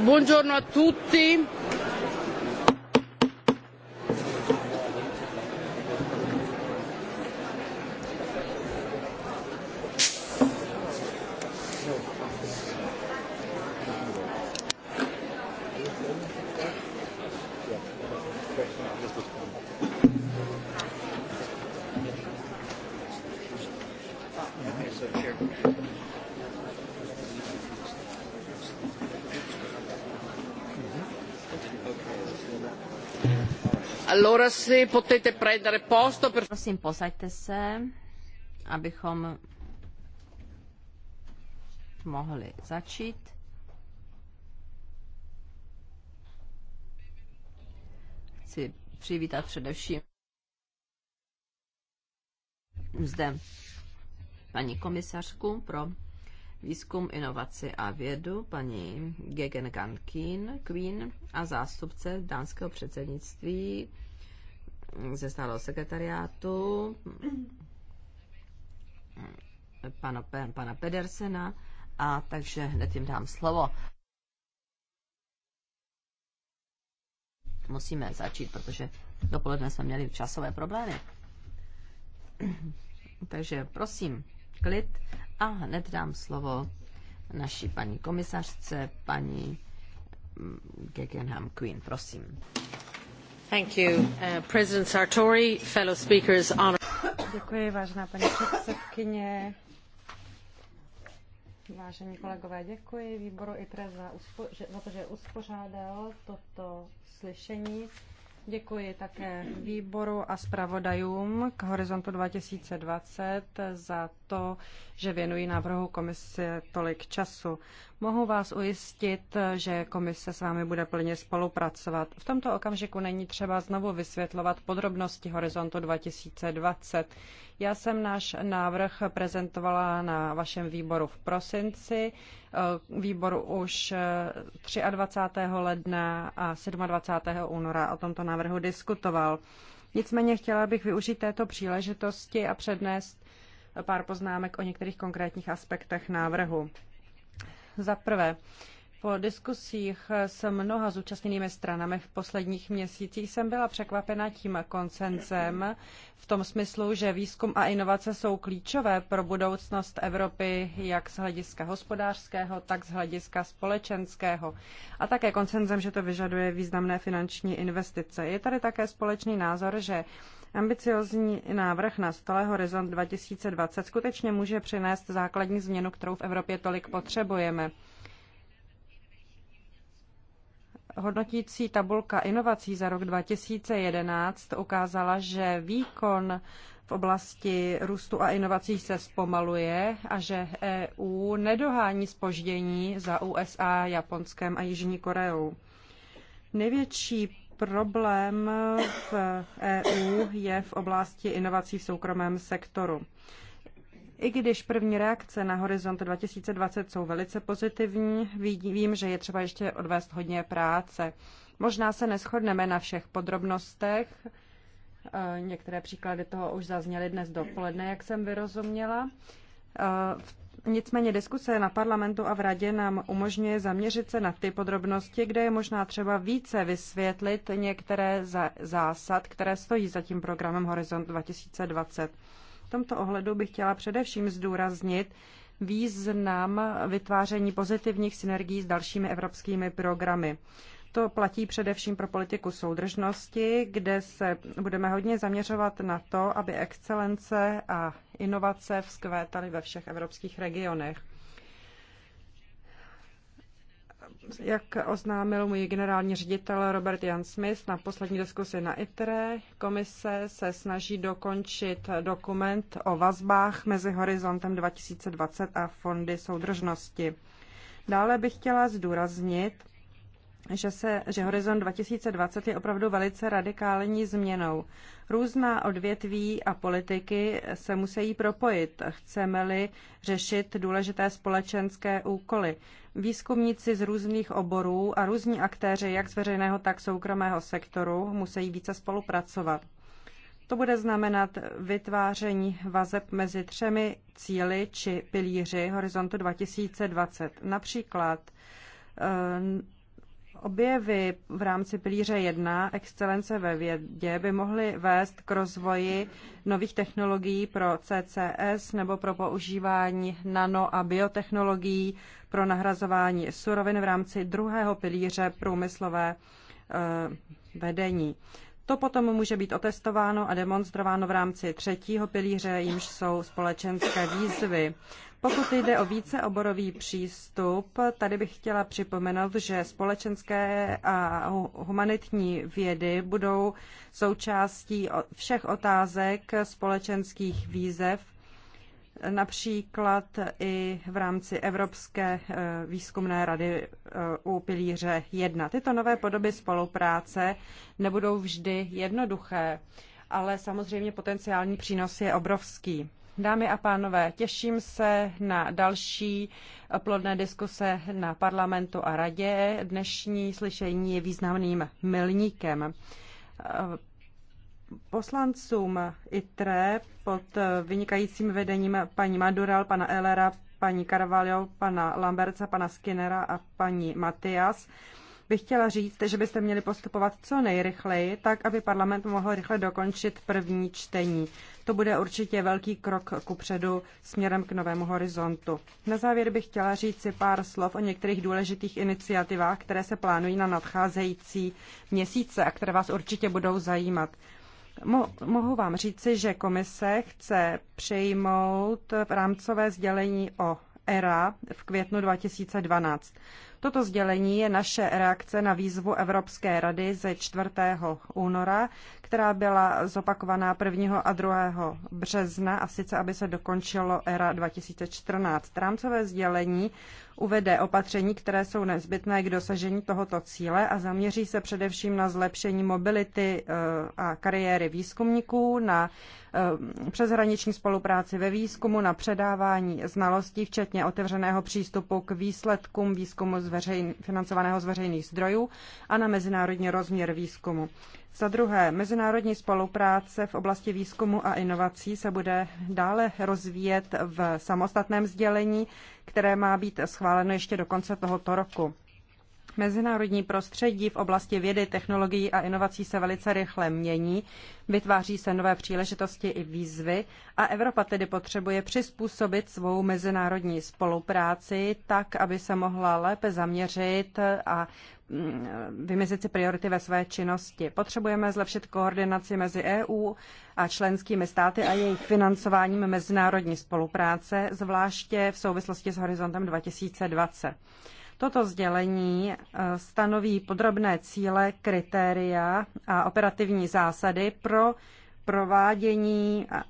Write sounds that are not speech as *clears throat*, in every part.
Buongiorno a tutti. Prosím, posaďte se, abychom mohli začít. Chci přivítat především zde paní komisařku pro výzkum, inovaci a vědu, paní Gegengan Keen, Queen a zástupce dánského předsednictví ze stálého sekretariátu pana, pana Pedersena a takže hned jim dám slovo. Musíme začít, protože dopoledne jsme měli časové problémy. Takže prosím, klid a hned dám slovo naší paní komisařce, paní Gegenham Queen. Prosím. Uh, Sartori, Děkuji, vážená paní předsedkyně. Vážení kolegové, děkuji výboru ITRE za, za to, že uspořádal toto slyšení. Děkuji také výboru a zpravodajům k Horizontu 2020 za to, že věnují návrhu komise tolik času. Mohu vás ujistit, že komise s vámi bude plně spolupracovat. V tomto okamžiku není třeba znovu vysvětlovat podrobnosti Horizontu 2020. Já jsem náš návrh prezentovala na vašem výboru v prosinci. Výbor už 23. ledna a 27. února o tomto návrhu diskutoval. Nicméně chtěla bych využít této příležitosti a přednést pár poznámek o některých konkrétních aspektech návrhu. Za prvé, po diskusích s mnoha zúčastněnými stranami v posledních měsících jsem byla překvapena tím koncencem v tom smyslu, že výzkum a inovace jsou klíčové pro budoucnost Evropy jak z hlediska hospodářského, tak z hlediska společenského. A také koncenzem, že to vyžaduje významné finanční investice. Je tady také společný názor, že Ambiciozní návrh na stole Horizont 2020 skutečně může přinést základní změnu, kterou v Evropě tolik potřebujeme. Hodnotící tabulka inovací za rok 2011 ukázala, že výkon v oblasti růstu a inovací se zpomaluje a že EU nedohání spoždění za USA, Japonskem a Jižní Koreou. Největší problém v EU je v oblasti inovací v soukromém sektoru. I když první reakce na Horizont 2020 jsou velice pozitivní, vím, že je třeba ještě odvést hodně práce. Možná se neschodneme na všech podrobnostech. E, některé příklady toho už zazněly dnes dopoledne, jak jsem vyrozuměla. E, v Nicméně diskuse na parlamentu a v radě nám umožňuje zaměřit se na ty podrobnosti, kde je možná třeba více vysvětlit některé zásad, které stojí za tím programem Horizont 2020. V tomto ohledu bych chtěla především zdůraznit význam vytváření pozitivních synergií s dalšími evropskými programy. To platí především pro politiku soudržnosti, kde se budeme hodně zaměřovat na to, aby excelence a inovace vzkvétaly ve všech evropských regionech. Jak oznámil můj generální ředitel Robert Jan Smith na poslední diskusi na ITRE, komise se snaží dokončit dokument o vazbách mezi horizontem 2020 a fondy soudržnosti. Dále bych chtěla zdůraznit, že, se, že Horizon 2020 je opravdu velice radikální změnou. Různá odvětví a politiky se musí propojit, chceme-li řešit důležité společenské úkoly. Výzkumníci z různých oborů a různí aktéři, jak z veřejného, tak soukromého sektoru, musí více spolupracovat. To bude znamenat vytváření vazeb mezi třemi cíly či pilíři horizontu 2020. Například eh, Objevy v rámci pilíře 1 excelence ve vědě by mohly vést k rozvoji nových technologií pro CCS nebo pro používání nano a biotechnologií pro nahrazování surovin v rámci druhého pilíře průmyslové eh, vedení. To potom může být otestováno a demonstrováno v rámci třetího pilíře, jimž jsou společenské výzvy. Pokud jde o víceoborový přístup, tady bych chtěla připomenout, že společenské a humanitní vědy budou součástí všech otázek společenských výzev, například i v rámci Evropské e, výzkumné rady e, u pilíře 1. Tyto nové podoby spolupráce nebudou vždy jednoduché, ale samozřejmě potenciální přínos je obrovský. Dámy a pánové, těším se na další plodné diskuse na parlamentu a radě. Dnešní slyšení je významným milníkem. Poslancům ITRE pod vynikajícím vedením paní Madural, pana Elera, paní Carvalho, pana Lamberca, pana Skinnera a paní Matias bych chtěla říct, že byste měli postupovat co nejrychleji, tak aby parlament mohl rychle dokončit první čtení. To bude určitě velký krok ku předu směrem k novému horizontu. Na závěr bych chtěla říct si pár slov o některých důležitých iniciativách, které se plánují na nadcházející měsíce a které vás určitě budou zajímat. Mo- mohu vám říci, že komise chce v rámcové sdělení o ERA v květnu 2012. Toto sdělení je naše reakce na výzvu Evropské rady ze 4. února, která byla zopakovaná 1. a 2. března, a sice aby se dokončilo era 2014. Rámcové sdělení uvede opatření, které jsou nezbytné k dosažení tohoto cíle a zaměří se především na zlepšení mobility eh, a kariéry výzkumníků, na eh, přeshraniční spolupráci ve výzkumu, na předávání znalostí, včetně otevřeného přístupu k výsledkům výzkumu z veřejn, financovaného z veřejných zdrojů a na mezinárodní rozměr výzkumu. Za druhé, mezinárodní spolupráce v oblasti výzkumu a inovací se bude dále rozvíjet v samostatném sdělení, které má být schváleno ještě do konce tohoto roku. Mezinárodní prostředí v oblasti vědy, technologií a inovací se velice rychle mění, vytváří se nové příležitosti i výzvy a Evropa tedy potřebuje přizpůsobit svou mezinárodní spolupráci tak, aby se mohla lépe zaměřit a mm, vymezit si priority ve své činnosti. Potřebujeme zlepšit koordinaci mezi EU a členskými státy a jejich financováním mezinárodní spolupráce, zvláště v souvislosti s horizontem 2020. Toto sdělení eh, stanoví podrobné cíle, kritéria a operativní zásady pro provádění eh,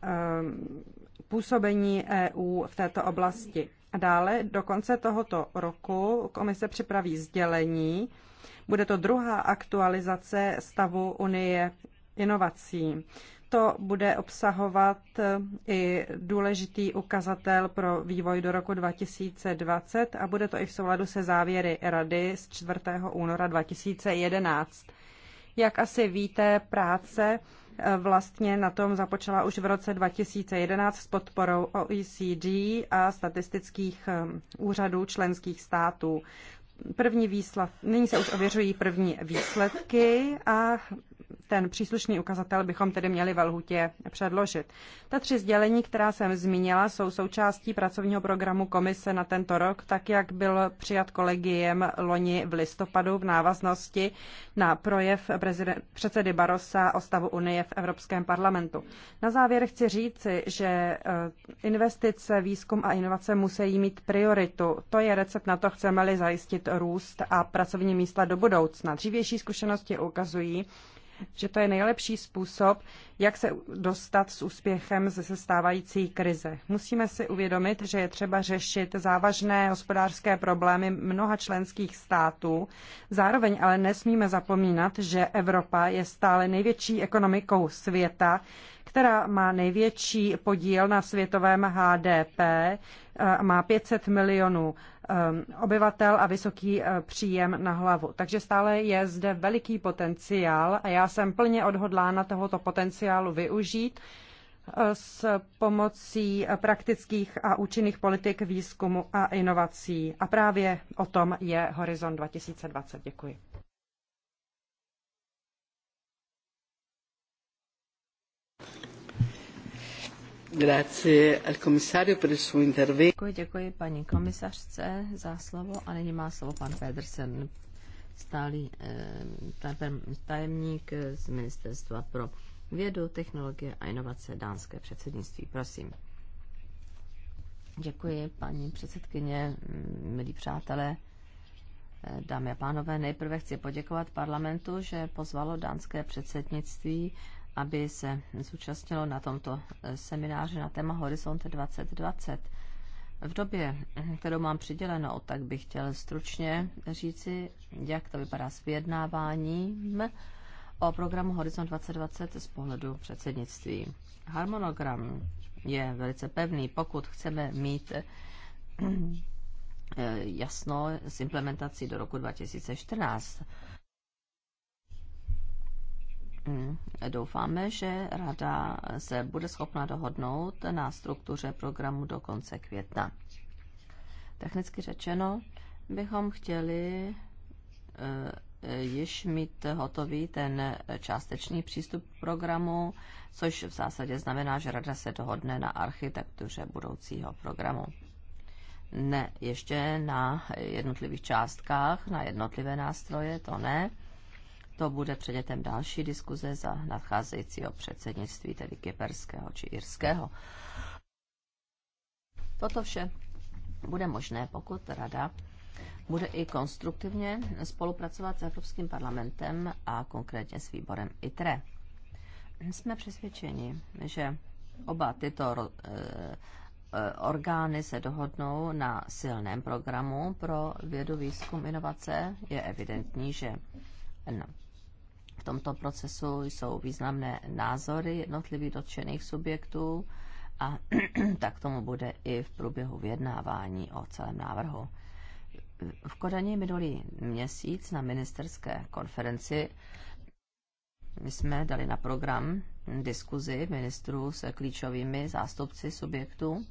působení EU v této oblasti. A dále do konce tohoto roku komise připraví sdělení. Bude to druhá aktualizace stavu Unie inovací to bude obsahovat e, i důležitý ukazatel pro vývoj do roku 2020 a bude to i v souladu se závěry Rady z 4. února 2011. Jak asi víte, práce e, vlastně na tom započala už v roce 2011 s podporou OECD a statistických e, úřadů členských států. První výsled, nyní se už ověřují první výsledky a ten příslušný ukazatel bychom tedy měli ve lhutě předložit. Ta tři sdělení, která jsem zmínila, jsou součástí pracovního programu komise na tento rok, tak jak byl přijat kolegiem loni v listopadu v návaznosti na projev předsedy Barossa o stavu Unie v Evropském parlamentu. Na závěr chci říci, že eh, investice, výzkum a inovace musí mít prioritu. To je recept na to, chceme-li zajistit růst a pracovní místa do budoucna. Dřívější zkušenosti ukazují, že to je nejlepší způsob, jak se dostat s úspěchem ze sestávající krize. Musíme si uvědomit, že je třeba řešit závažné hospodářské problémy mnoha členských států. Zároveň ale nesmíme zapomínat, že Evropa je stále největší ekonomikou světa, která má největší podíl na světovém HDP, eh, má 500 milionů eh, obyvatel a vysoký eh, příjem na hlavu. Takže stále je zde veliký potenciál a já jsem plně odhodlána tohoto potenciálu využít s pomocí praktických a účinných politik výzkumu a inovací. A právě o tom je Horizon 2020. Děkuji. Děkuji, děkuji paní komisařce za slovo a nyní má slovo pan Pedersen, stálý eh, tajemník z Ministerstva pro vědu, technologie a inovace dánské předsednictví. Prosím. Děkuji, paní předsedkyně, milí přátelé, eh, dámy a pánové. Nejprve chci poděkovat parlamentu, že pozvalo dánské předsednictví aby se zúčastnilo na tomto eh, semináři na téma Horizont 2020. V době, hm, kterou mám přidělenou, tak bych chtěl stručně říci, jak to vypadá s vyjednáváním o programu Horizont 2020 z pohledu předsednictví. Harmonogram je velice pevný, pokud chceme mít eh, hm, eh, jasno s implementací do roku 2014. Mm. Doufáme, že Rada se bude schopna dohodnout na struktuře programu do konce května. Technicky řečeno, bychom chtěli eh, již mít hotový ten částečný přístup k programu, což v zásadě znamená, že Rada se dohodne na architektuře budoucího programu. Ne ještě na jednotlivých částkách, na jednotlivé nástroje, to ne, to bude předmětem další diskuze za nadcházejícího předsednictví, tedy kyperského či irského. Toto vše bude možné, pokud Rada bude i konstruktivně spolupracovat s Evropským parlamentem a konkrétně s výborem ITRE. Jsme přesvědčeni, že oba tyto eh, eh, orgány se dohodnou na silném programu pro vědu, výzkum, inovace. Je evidentní, že v tomto procesu jsou významné názory jednotlivých dotčených subjektů a *clears throat* tak tomu bude i v průběhu vyjednávání o celém návrhu. V Kodani minulý měsíc na ministerské konferenci my jsme dali na program diskuzi ministrů se klíčovými zástupci subjektů.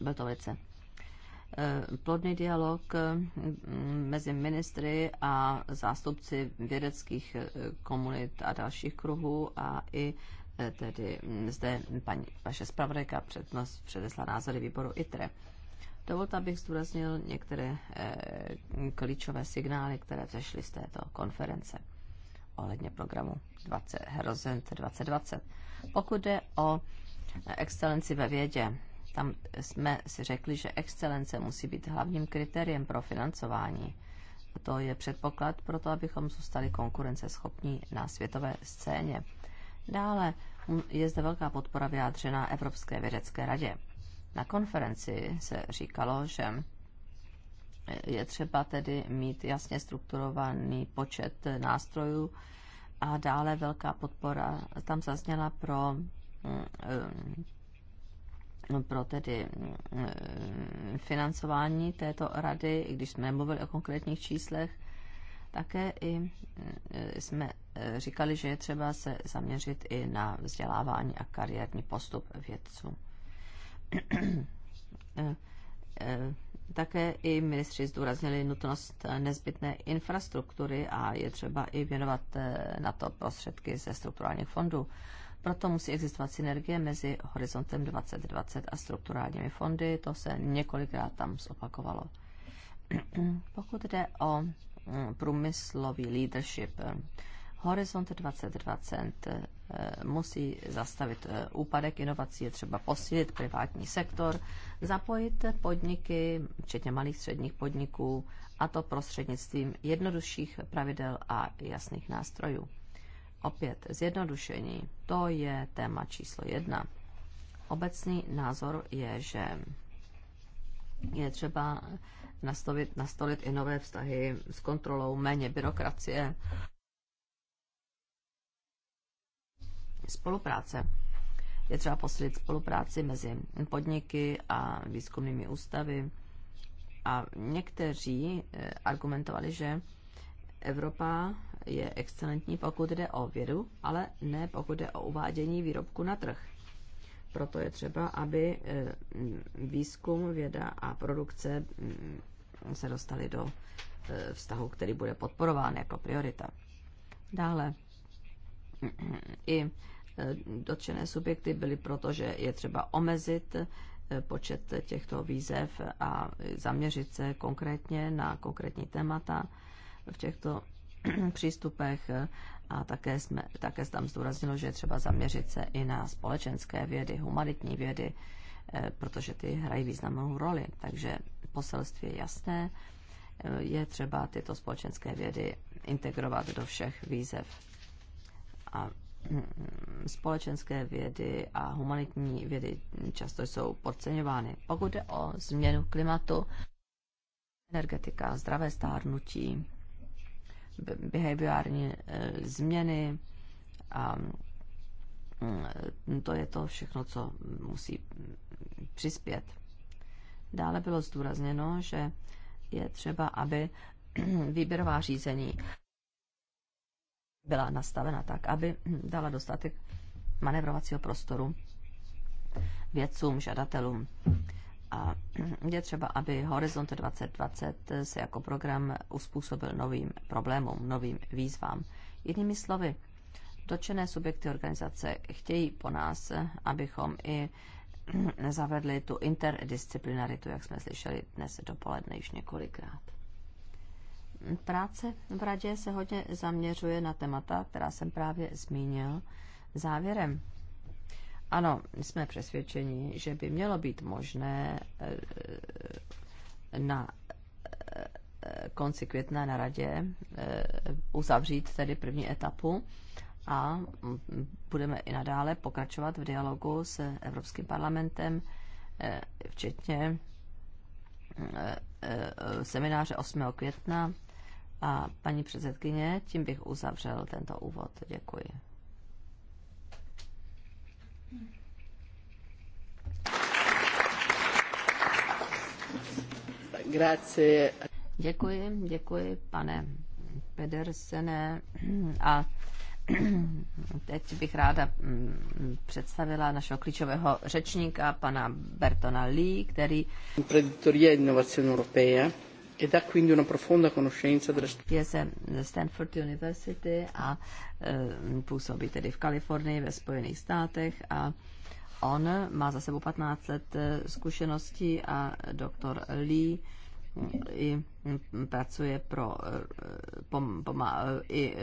Byl to velice Eh, plodný dialog eh, mezi ministry a zástupci vědeckých eh, komunit a dalších kruhů a i tedy zde paní, vaše zpravodajka přednost předesla názory výboru ITRE. Dovolte, abych zdůraznil některé klíčové signály, které vzešly z této konference ohledně programu 20, Horizont 2020. Pokud jde o excelenci ve vědě, tam jsme si řekli, že excelence musí být hlavním kritériem pro financování. To je předpoklad pro to, abychom zůstali konkurenceschopní na světové scéně. Dále je zde velká podpora vyjádřená Evropské vědecké radě. Na konferenci se říkalo, že je třeba tedy mít jasně strukturovaný počet nástrojů a dále velká podpora tam zazněla pro mm, pro tedy mm, financování této rady, i když jsme mluvili o konkrétních číslech, také i mm, jsme eh, říkali, že je třeba se zaměřit i na vzdělávání a kariérní postup vědců. *clears throat* Eh, eh, také i ministři zdůraznili nutnost nezbytné infrastruktury a je třeba i věnovat na to prostředky ze strukturálních fondů. Proto musí existovat synergie mezi horizontem 2020 a strukturálními fondy. To se několikrát tam zopakovalo. Pokud jde o mm, průmyslový leadership, Horizont 2020 eh, musí zastavit eh, úpadek inovací, je třeba posílit privátní sektor, zapojit podniky, včetně malých středních podniků, a to prostřednictvím jednodušších pravidel a jasných nástrojů. Opět zjednodušení. To je téma číslo jedna. Obecný názor je, že je třeba nastavit, nastolit i nové vztahy s kontrolou, méně byrokracie, spolupráce. Je třeba posilit spolupráci mezi podniky a výzkumnými ústavy. A někteří eh, argumentovali, že Evropa je excelentní, pokud jde o vědu, ale ne pokud jde o uvádění výrobku na trh. Proto je třeba, aby eh, výzkum, věda a produkce mm, se dostaly do eh, vztahu, který bude podporován jako priorita. Dále mm, i eh, dotčené subjekty byly proto, že je třeba omezit počet těchto výzev a zaměřit se konkrétně na konkrétní témata v těchto *clears throat* přístupech eh, a také, jsme, také tam zdůraznilo, že je třeba zaměřit se i na společenské vědy, humanitní vědy, eh, protože ty hrají významnou roli. Takže poselství je jasné, eh, je třeba tyto společenské vědy integrovat do všech výzev. A mm, mm, společenské vědy a humanitní vědy často jsou podceňovány. Pokud jde o změnu klimatu, energetika, zdravé stárnutí, behaviorální eh, změny a mm, to je to všechno, co musí přispět. Dále bylo zdůrazněno, že je třeba, aby *clears throat* výběrová řízení byla nastavena tak, aby *clears throat* dala dostatek manevrovacího prostoru vědcům, žadatelům a je třeba, aby Horizont 2020 se jako program uspůsobil novým problémům, novým výzvám. Jinými slovy, dotčené subjekty organizace chtějí po nás, abychom i zavedli tu interdisciplinaritu, jak jsme slyšeli dnes dopoledne již několikrát. Práce v radě se hodně zaměřuje na témata, která jsem právě zmínil. Závěrem ano, jsme přesvědčeni, že by mělo být možné eh, na eh, konci května na radě eh, uzavřít tedy první etapu a budeme i nadále pokračovat v dialogu s Evropským parlamentem, včetně semináře 8. května. A paní předsedkyně, tím bych uzavřel tento úvod. Děkuji. Děkuji, děkuji, pane Pedersene. A teď bych ráda mm, představila našeho klíčového řečníka, pana Bertona Lee, který e innovazione e quindi una profonda conoscenza della Je ze Stanford University a eh, působí tedy v Kalifornii ve Spojených státech a on má za sebou 15 let eh, zkušeností a doktor Lee eh, i hm, pracuje pro eh, pom, pom, i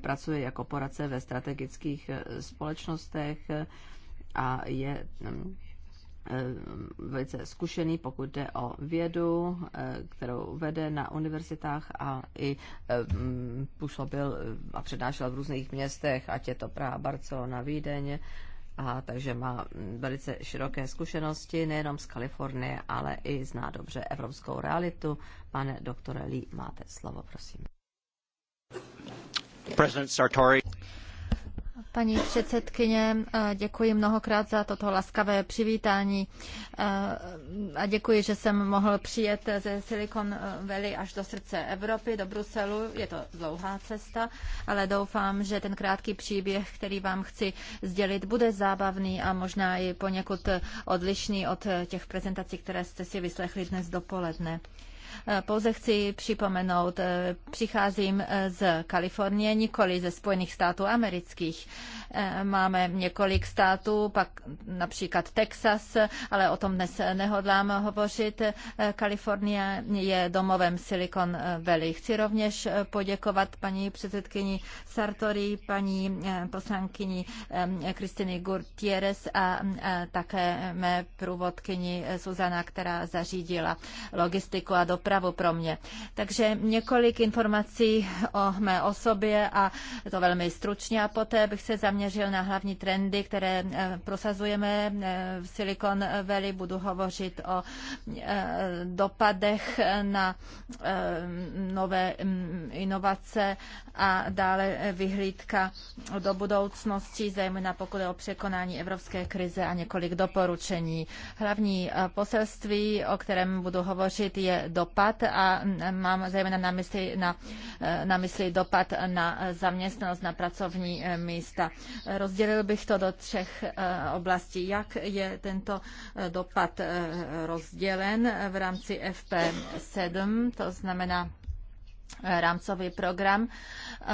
pracuje jako poradce ve strategických společnostech a je hm, velice zkušený, pokud jde o vědu, kterou vede na univerzitách a i hm, působil a přednášel v různých městech, ať je to Praha, Barcelona, Vídeň a takže má velice široké zkušenosti nejenom z Kalifornie, ale i zná dobře evropskou realitu. Pane doktore Lee, máte slovo, prosím. President Sartori. Paní předsedkyně, eh, děkuji mnohokrát za toto laskavé přivítání eh, a děkuji, že jsem mohl přijet ze Silicon Valley až do srdce Evropy, do Bruselu. Je to dlouhá cesta, ale doufám, že ten krátký příběh, který vám chci sdělit, bude zábavný a možná i poněkud odlišný od těch prezentací, které jste si vyslechli dnes dopoledne. Eh, pouze chci připomenout, eh, přicházím eh, z Kalifornie, nikoli ze Spojených států amerických. Máme několik států, pak například Texas, ale o tom dnes nehodlám hovořit. Kalifornie je domovem Silicon Valley. Chci rovněž poděkovat paní předsedkyni Sartori, paní poslankyni Kristiny Gutierrez a také mé průvodkyni Suzana, která zařídila logistiku a dopravu zprávu pro mě. Takže několik informací o mé osobě a to velmi stručně a poté bych se zaměřil na hlavní trendy, které eh, prosazujeme eh, v Silicon Valley. Budu hovořit o eh, dopadech na nové mm, inovace a dále vyhlídka do budoucnosti, zejména pokud je o překonání evropské krize a několik doporučení. Hlavní poselství, o kterém budu hovořit, je dopad dopad a mám zejména na mysli, na, na mysli dopad na zaměstnanost, na pracovní eh, místa. Rozdělil bych to do třech eh, oblastí. Jak je tento eh, dopad rozdělen v rámci FP7, to znamená rámcový program eh,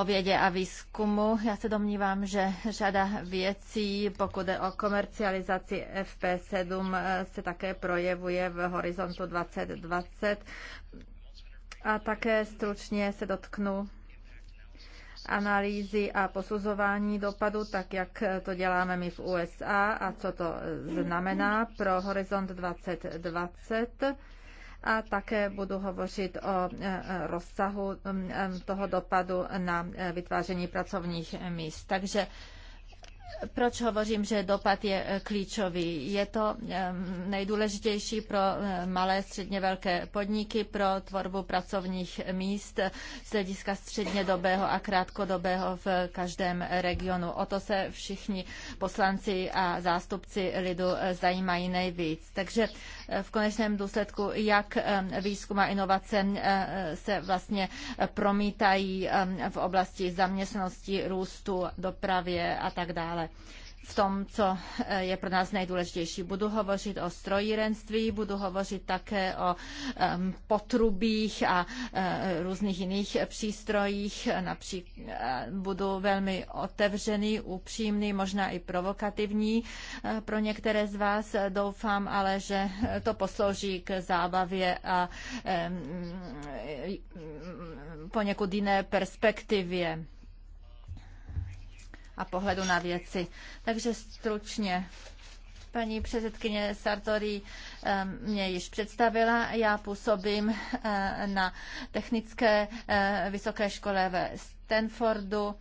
o vědě a výzkumu. Já se domnívám, že řada věcí, pokud je o komercializaci FP7, eh, se také projevuje v horizontu 2020. A také stručně se dotknu analýzy a posuzování dopadu, tak jak to děláme my v USA a co to znamená pro horizont 2020 a také budu hovořit o e, e, rozsahu e, toho dopadu na vytváření pracovních míst. Takže proč hovořím, že dopad je klíčový? Je to nejdůležitější pro malé, středně velké podniky, pro tvorbu pracovních míst z hlediska střednědobého a krátkodobého v každém regionu. O to se všichni poslanci a zástupci lidu zajímají nejvíc. Takže v konečném důsledku, jak výzkum a inovace se vlastně promítají v oblasti zaměstnanosti, růstu, dopravě a tak dále v tom, co eh, je pro nás nejdůležitější. Budu hovořit o strojírenství, budu hovořit také o um, potrubích a uh, různých jiných přístrojích. Například uh, eh, budu velmi otevřený, upřímný, možná i provokativní uh, pro některé z vás. Doufám ale, že to poslouží k zábavě a um, poněkud jiné perspektivě a pohledu na věci. Takže stručně. Paní předsedkyně Sartori eh, mě již představila. Já působím eh, na technické eh, vysoké škole ve Stanfordu,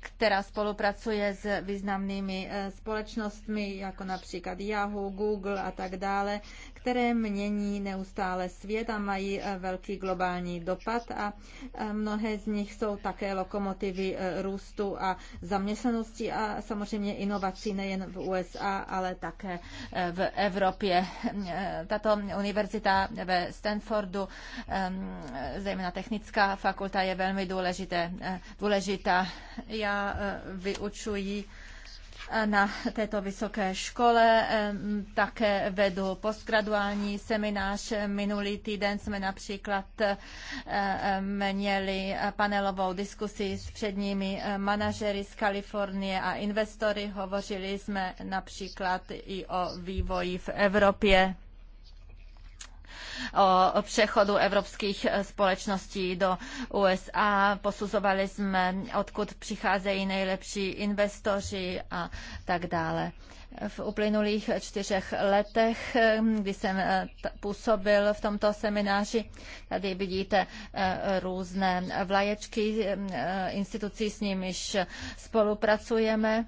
která spolupracuje s významnými společnostmi, jako například Yahoo, Google a tak dále, které mění neustále svět a mají eh, velký globální dopad a eh, mnohé z nich jsou také lokomotivy eh, růstu a zaměstnanosti a samozřejmě inovací nejen v USA, ale také v Evropě. Tato univerzita ve Stanfordu, zejména technická fakulta, je velmi důležité, důležitá. Já vyučuji Eh, na této vysoké škole. Také vedu postgraduální seminář. Minulý týden jsme například eh, eh, měli panelovou diskusi s předními manažery z Kalifornie a investory. Hovořili jsme například i o vývoji v Evropě o přechodu evropských společností do USA. Posuzovali jsme, odkud přicházejí nejlepší investoři a tak dále. V uplynulých čtyřech letech, kdy jsem eh, působil v tomto semináři, tady vidíte eh, různé vlaječky eh, institucí, s nimiž spolupracujeme.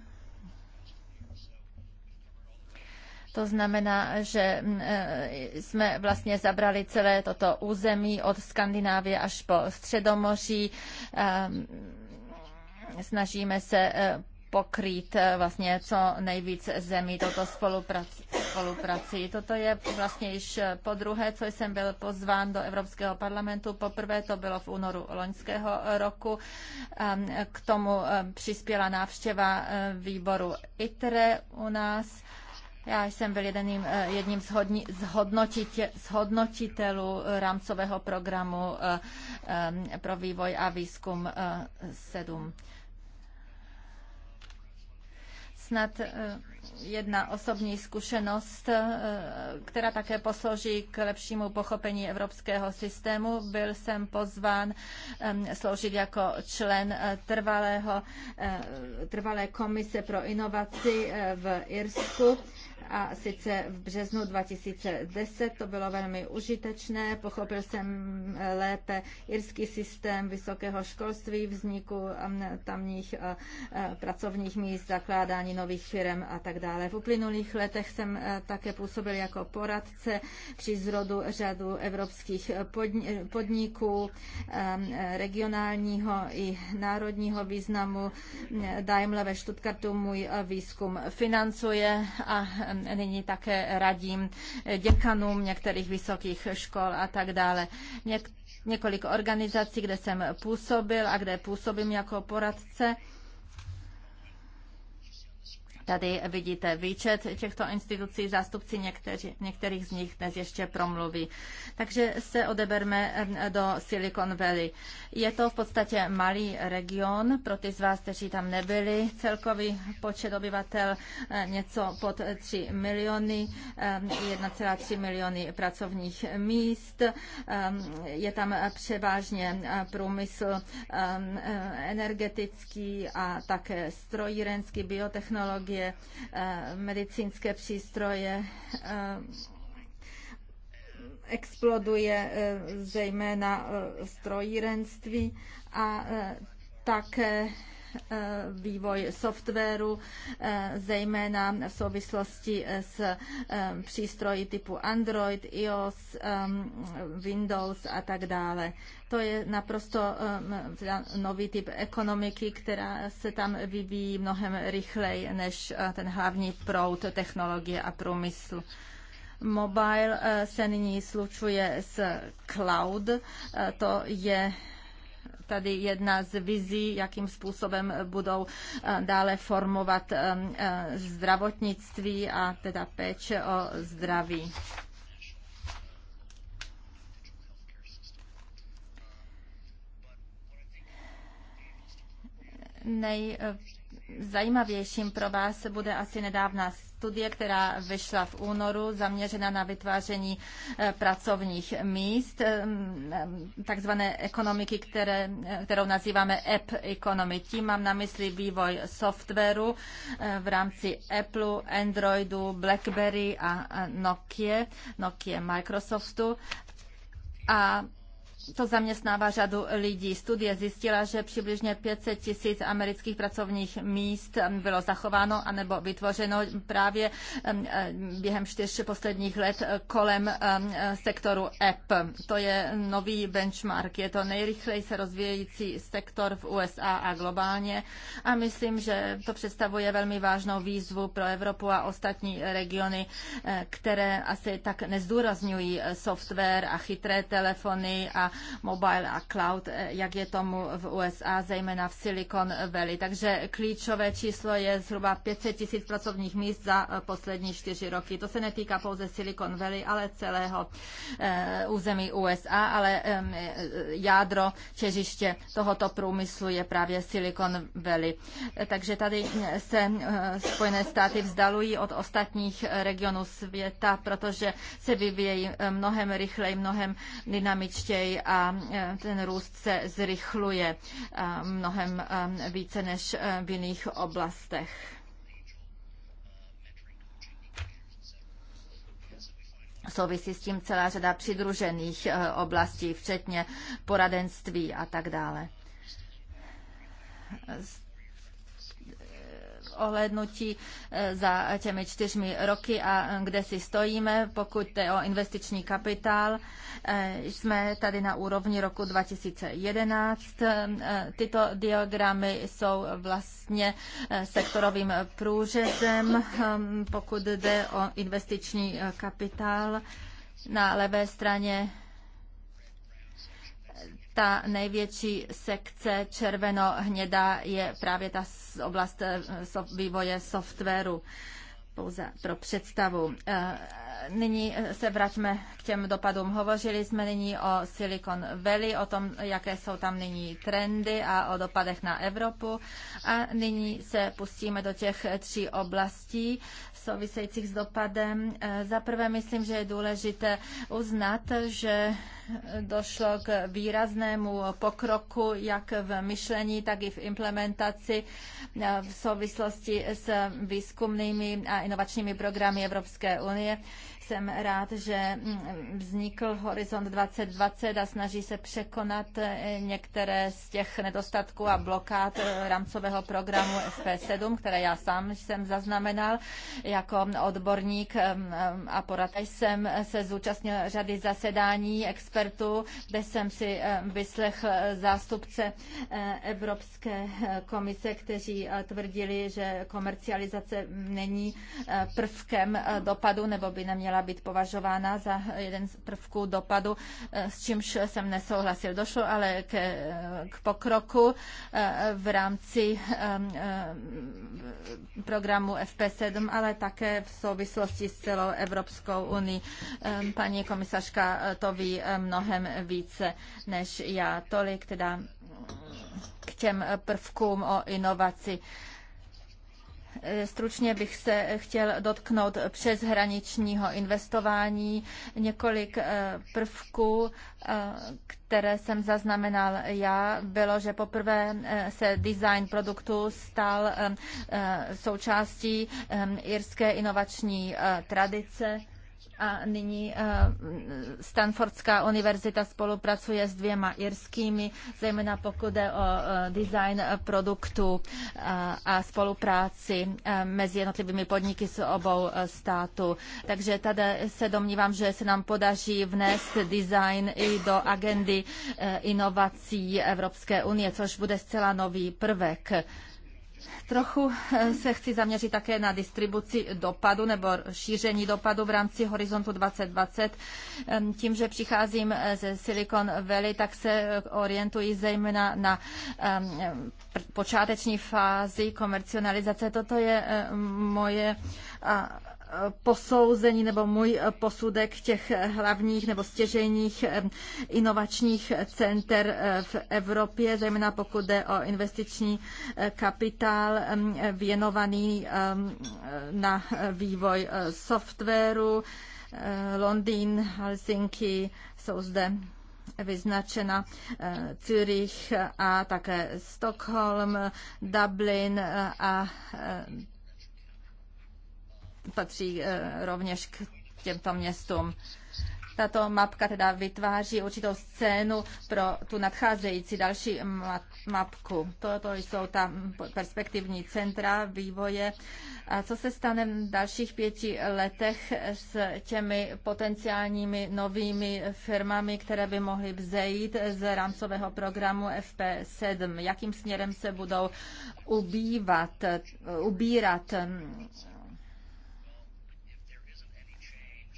To znamená, že mm, e, jsme vlastně zabrali celé toto území od Skandinávie až po Středomoří. Ehm, snažíme se e, pokrýt e, vlastně co nejvíc zemí toto spoluprací. spoluprací. Toto je vlastně již po druhé, co jsem byl pozván do Evropského parlamentu. Poprvé to bylo v únoru loňského roku. Ehm, k tomu přispěla návštěva výboru ITRE u nás já jsem byl jedním, eh, jedním z, hodni, z, hodnotitě, z hodnotitelů eh, rámcového programu eh, pro vývoj a výzkum 7. Snad jedna osobní zkušenost, která také poslouží k lepšímu pochopení evropského systému. Byl jsem pozván sloužit jako člen trvalého, trvalé komise pro inovaci v Irsku a sice v březnu 2010. To bylo velmi užitečné. Pochopil jsem eh, lépe irský systém vysokého školství, vzniku mm, tamních eh, eh, pracovních míst, zakládání nových firm a tak dále. V uplynulých letech jsem také působil jako poradce při zrodu řadu evropských podniků ehm, regionálního i národního významu. Daimler ve Stuttgartu můj výzkum financuje a ehm, nyní také radím děkanům některých vysokých škol a tak dále. Něk- několik organizací, kde jsem působil a kde působím jako poradce, Tady vidíte výčet těchto institucí, zástupci někteří, některých z nich dnes ještě promluví. Takže se odeberme do Silicon Valley. Je to v podstatě malý region, pro ty z vás, kteří tam nebyli, celkový počet obyvatel eh, něco pod 3 miliony, 1,3 miliony pracovních míst, je tam převážně eh, průmysl eh, energetický a také strojírenský, biotechnologický, technologie, eh, medicínské přístroje eh, exploduje eh, zejména strojírenství a také Eh, vývoj softwaru, eh, zejména v souvislosti s eh, přístroji typu Android, iOS, Windows a tak dále. To je naprosto nový typ ekonomiky, která se tam vyvíjí mnohem rychleji než ten hlavní proud technologie a průmysl. Mobile se nyní slučuje s cloud. To je tady jedna z vizí, jakým způsobem budou eh, dále formovat eh, eh, zdravotnictví a teda péče o zdraví. Nej, zajímavějším pro vás bude asi nedávná studie, která vyšla v únoru, zaměřena na vytváření eh, pracovních míst, mm, mm, takzvané ekonomiky, které, eh, kterou nazýváme app economy. Tím mám na mysli vývoj softwaru eh, v rámci Apple, Androidu, BlackBerry a Nokia, Nokia Microsoftu. A to zaměstnává řadu lidí. Studie zjistila, že přibližně 500 tisíc amerických pracovních míst bylo zachováno anebo vytvořeno právě e, během čtyř posledních let e, kolem e, sektoru app. To je nový benchmark. Je to nejrychleji se rozvíjející sektor v USA a globálně a myslím, že to představuje velmi vážnou výzvu pro Evropu a ostatní regiony, které asi tak nezdůrazňují software a chytré telefony a mobile a cloud, eh, jak je tomu v USA, zejména v Silicon Valley. Takže klíčové číslo je zhruba 500 tisíc pracovních míst za eh, poslední čtyři roky. To se netýká pouze Silicon Valley, ale celého eh, území USA, ale jádro, těžiště tohoto průmyslu je právě Silicon Valley. Takže tady se Spojené státy vzdalují od ostatních regionů světa, protože se vyvíjejí mnohem rychleji, mnohem dynamičtěji a e, ten růst se zrychluje e, mnohem e, více než v jiných oblastech. Souvisí s tím celá řada přidružených oblastí, včetně poradenství a tak dále ohlednutí e, za těmi čtyřmi roky a e, kde si stojíme, pokud jde o investiční kapitál. E, jsme tady na úrovni roku 2011. Tyto diagramy jsou vlastně sektorovým průřezem, pokud jde o investiční kapitál. Na levé straně ta největší sekce červeno-hnědá je právě ta oblast eh, vývoje softwaru pouze pro představu. Eh, nyní eh, se vraťme k těm dopadům. Hovořili jsme nyní o Silicon Valley, o tom, jaké jsou tam nyní trendy a o dopadech na Evropu. A nyní se pustíme do těch tří oblastí souvisejících s dopadem. Za prvé myslím, že je důležité uznat, že došlo k výraznému pokroku jak v myšlení, tak i v implementaci v souvislosti s výzkumnými a inovačními programy Evropské unie. Jsem rád, že mm, vznikl Horizont 2020 a snaží se překonat eh, některé z těch nedostatků a blokád eh, rámcového programu FP7, které já sám jsem zaznamenal jako odborník mm, mm, a porad. Jsem se zúčastnil řady zasedání expertů, kde jsem si eh, vyslechl zástupce Evropské komise, kteří tvrdili, že komercializace není prvkem dopadu nebo by neměla mala být považována za jeden z prvků dopadu, eh, s čímž jsem nesouhlasil. Došlo ale k, eh, k pokroku eh, v rámci programu FP7, ale také v souvislosti s celou Evropskou unii. Ehm, paní komisařka to ví mnohem více než já. Tolik teda k těm prvkům o inovaci. Eh, stručně bych se chtěl dotknout přeshraničního investování. Několik eh, prvků, eh, které jsem zaznamenal já, bylo, že poprvé se design produktu stal součástí irské inovační tradice a nyní eh, Stanfordská univerzita spolupracuje s dvěma irskými, zejména pokud jde o eh, design produktů eh, a spolupráci mezi jednotlivými podniky z obou států. Takže tady se domnívám, že se nám podaří vnést design i do agendy inovací Evropské unie, což bude zcela nový prvek. Trochu eh, se chci zaměřit také na distribuci dopadu nebo šíření dopadu v rámci Horizontu 2020. Tím, že přicházím eh, ze Silicon Valley, tak se eh, orientuji zejména na počáteční fázi komercionalizace. Toto je moje posouzení nebo můj posudek těch hlavních nebo stěžejních eh, inovačních center eh, v Evropě, zejména pokud jde o investiční eh, kapitál věnovaný na vývoj softwaru. Londýn, Helsinki jsou zde vyznačena Zürich a také Stockholm, Dublin a patří eh, rovněž k těmto městům. Tato mapka teda vytváří určitou scénu pro tu nadcházející další mapku. Toto jsou ta perspektivní centra vývoje. A co se stane v dalších pěti letech s těmi potenciálními novými firmami, které by mohly vzejít z rámcového programu FP7? Jakým směrem se budou ubývat, ubírat?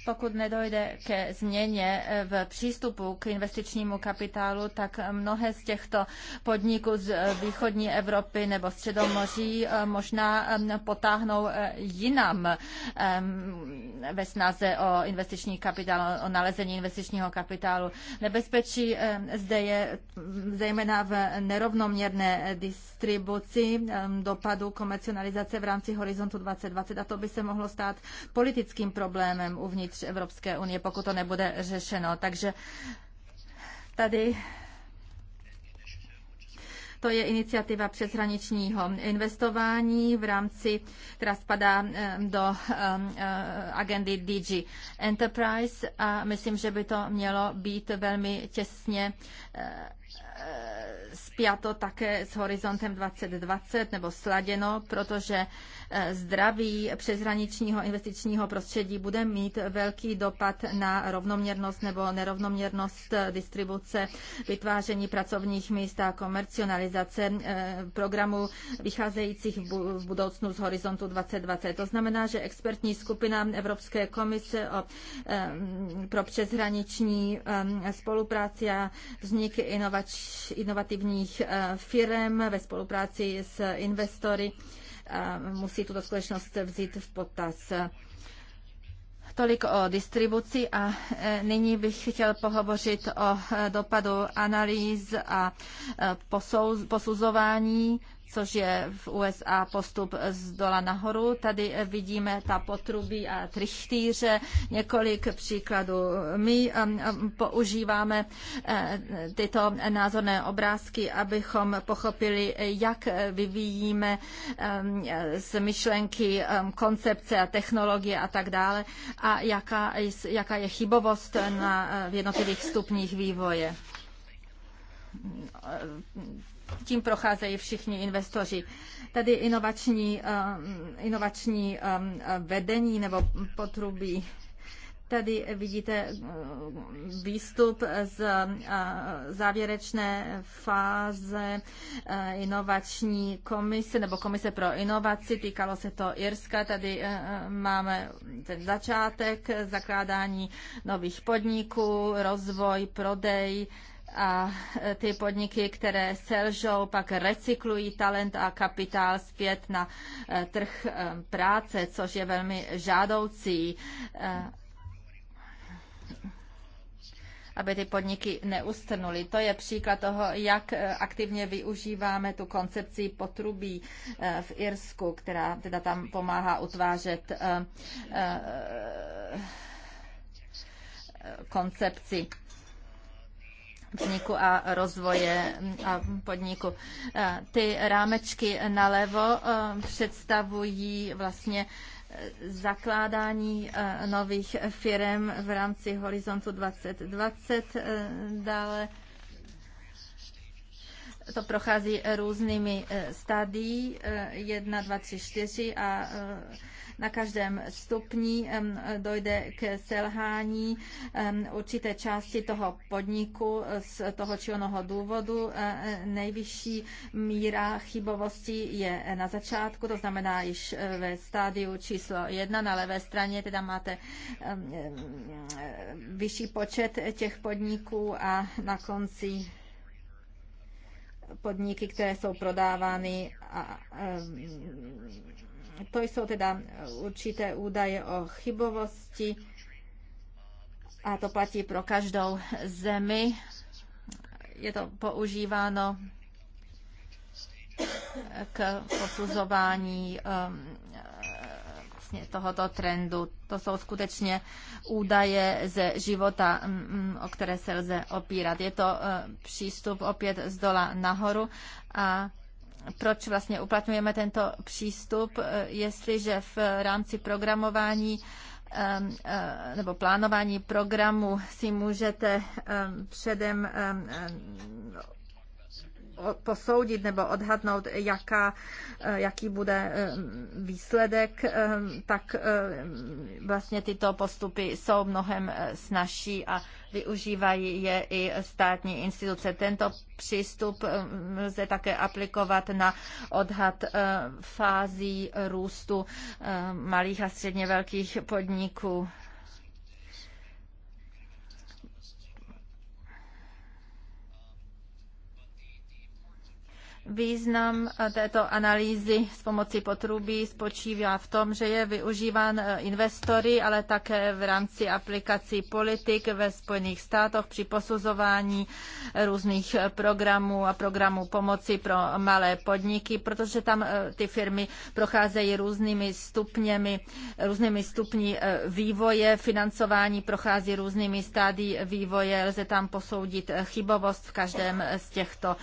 Pokud nedojde ke změně eh, v přístupu k investičnímu kapitálu, tak mnohé z těchto podniků z eh, východní Evropy nebo středomoří eh, možná potáhnou jinam ve snaze o investiční kapitál, o nalezení investičního kapitálu. Nebezpečí zde je mm, zejména v nerovnoměrné distribuci dopadu komercionalizace v rámci horizontu 2020 a to by se mohlo stát politickým problémem uvnitř uvnitř Evropské unie, pokud to nebude řešeno. Takže tady to je iniciativa přeshraničního investování v rámci, která spadá eh, do eh, agendy DG Enterprise a myslím, že by to mělo být velmi těsně eh, spjato také s horizontem 2020 nebo sladěno, protože eh, zdraví přeshraničního investičního prostředí bude mít velký dopad na rovnoměrnost nebo nerovnoměrnost eh, distribuce, vytváření pracovních míst a komercionalizace eh, programů vycházejících v budoucnu z horizontu 2020. To znamená, že expertní skupina Evropské komise o, pro přeshraniční spolupráci a vznik inovač, inovativní nadnárodních eh, firm ve spolupráci s investory eh, musí tuto skutečnost vzít v potaz. Tolik o distribuci a eh, nyní bych chtěl pohovořit o dopadu analýz a posuzování což je v USA postup z dola nahoru. Tady eh, vidíme ta potrubí a trichtýře. Několik příkladů. My eh, eh, používáme tyto názorné obrázky, abychom pochopili, jak vyvíjíme z myšlenky koncepce a technologie a tak dále a jaká, jaká je chybovost na, v jednotlivých stupních vývoje tím procházejí všichni investoři. Tady inovační, eh, inovační eh, vedení nebo potrubí tady vidíte eh, výstup z závěrečné fáze inovační komise nebo komise pro inovaci. Týkalo se to Irska. Tady máme ten začátek zakládání nových podniků, rozvoj, prodej, a e, ty podniky, které selžou, pak recyklují talent a kapitál zpět na e, trh e, práce, což je velmi žádoucí aby ty podniky neustrnuly. To je příklad toho, jak aktivně využíváme tu koncepci potrubí v Irsku, která teda tam pomáhá utvářet koncepci vzniku a rozvoje a podniku. Ty rámečky nalevo e, představují vlastně e, zakládání e, nových firm v rámci Horizontu 2020, dále to prochází různými stadií 1, 2, 3, 4 a e, na každém stupni dojde k selhání určité části toho podniku z toho či onoho důvodu. E, e, nejvyšší míra chybovosti je na začátku, to znamená již ve stádiu číslo jedna na levé straně, teda máte vyšší počet těch podniků a na konci podniky, které jsou prodávány a to jsou teda určité údaje o chybovosti a to platí pro každou zemi. Je to používáno k posuzování um, vlastně tohoto trendu. To jsou skutečně údaje ze života, mm, mm, o které se lze opírat. Je to eh, přístup opět z dola nahoru a proč vlastně uplatňujeme tento přístup, eh, jestliže v rámci programování eh, nebo plánování programu si můžete předem posoudit nebo odhadnout, jaká, eh, jaký bude eh, výsledek, eh, tak vlastně tyto postupy jsou mnohem snažší a využívají je i státní instituce. Tento přístup lze také aplikovat na odhad fází růstu malých a středně velkých podniků. Význam eh, této analýzy s pomocí potrubí spočívá v tom, že je využíván eh, investory, ale také v rámci aplikací politik ve Spojených státech při posuzování eh, různých programů a programů pomoci pro malé podniky, protože tam ty firmy procházejí různými stupněmi, různými stupni vývoje, financování prochází různými stádií vývoje, lze tam posoudit chybovost v každém z těchto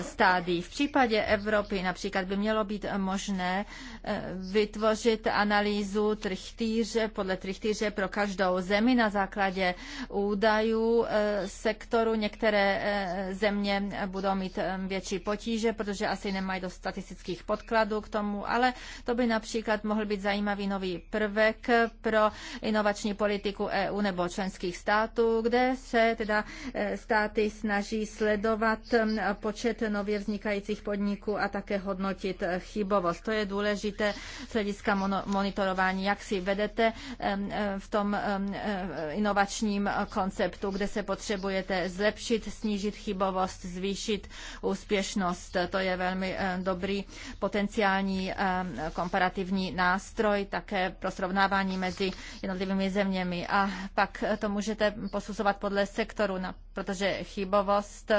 stádií. V případě Evropy například by mělo být možné eh, vytvořit analýzu trichtýře, podle trichtýře pro každou zemi na základě údajů eh, sektoru. Některé eh, země budou mít větší potíže, protože asi nemají dost statistických podkladů k tomu, ale to by například mohl být zajímavý nový prvek pro inovační politiku EU nebo členských států, kde se teda státy snaží sledovat mm, počet nově vznikajících souvisejících podniků a také hodnotit eh, chybovost. To je důležité z hlediska monitorování, jak si vedete eh, v tom eh, inovačním konceptu, kde se potřebujete zlepšit, snížit chybovost, zvýšit úspěšnost. To je velmi dobrý potenciální komparativní nástroj také pro srovnávání mezi jednotlivými zeměmi. A pak to můžete posuzovat podle sektoru, protože chybovost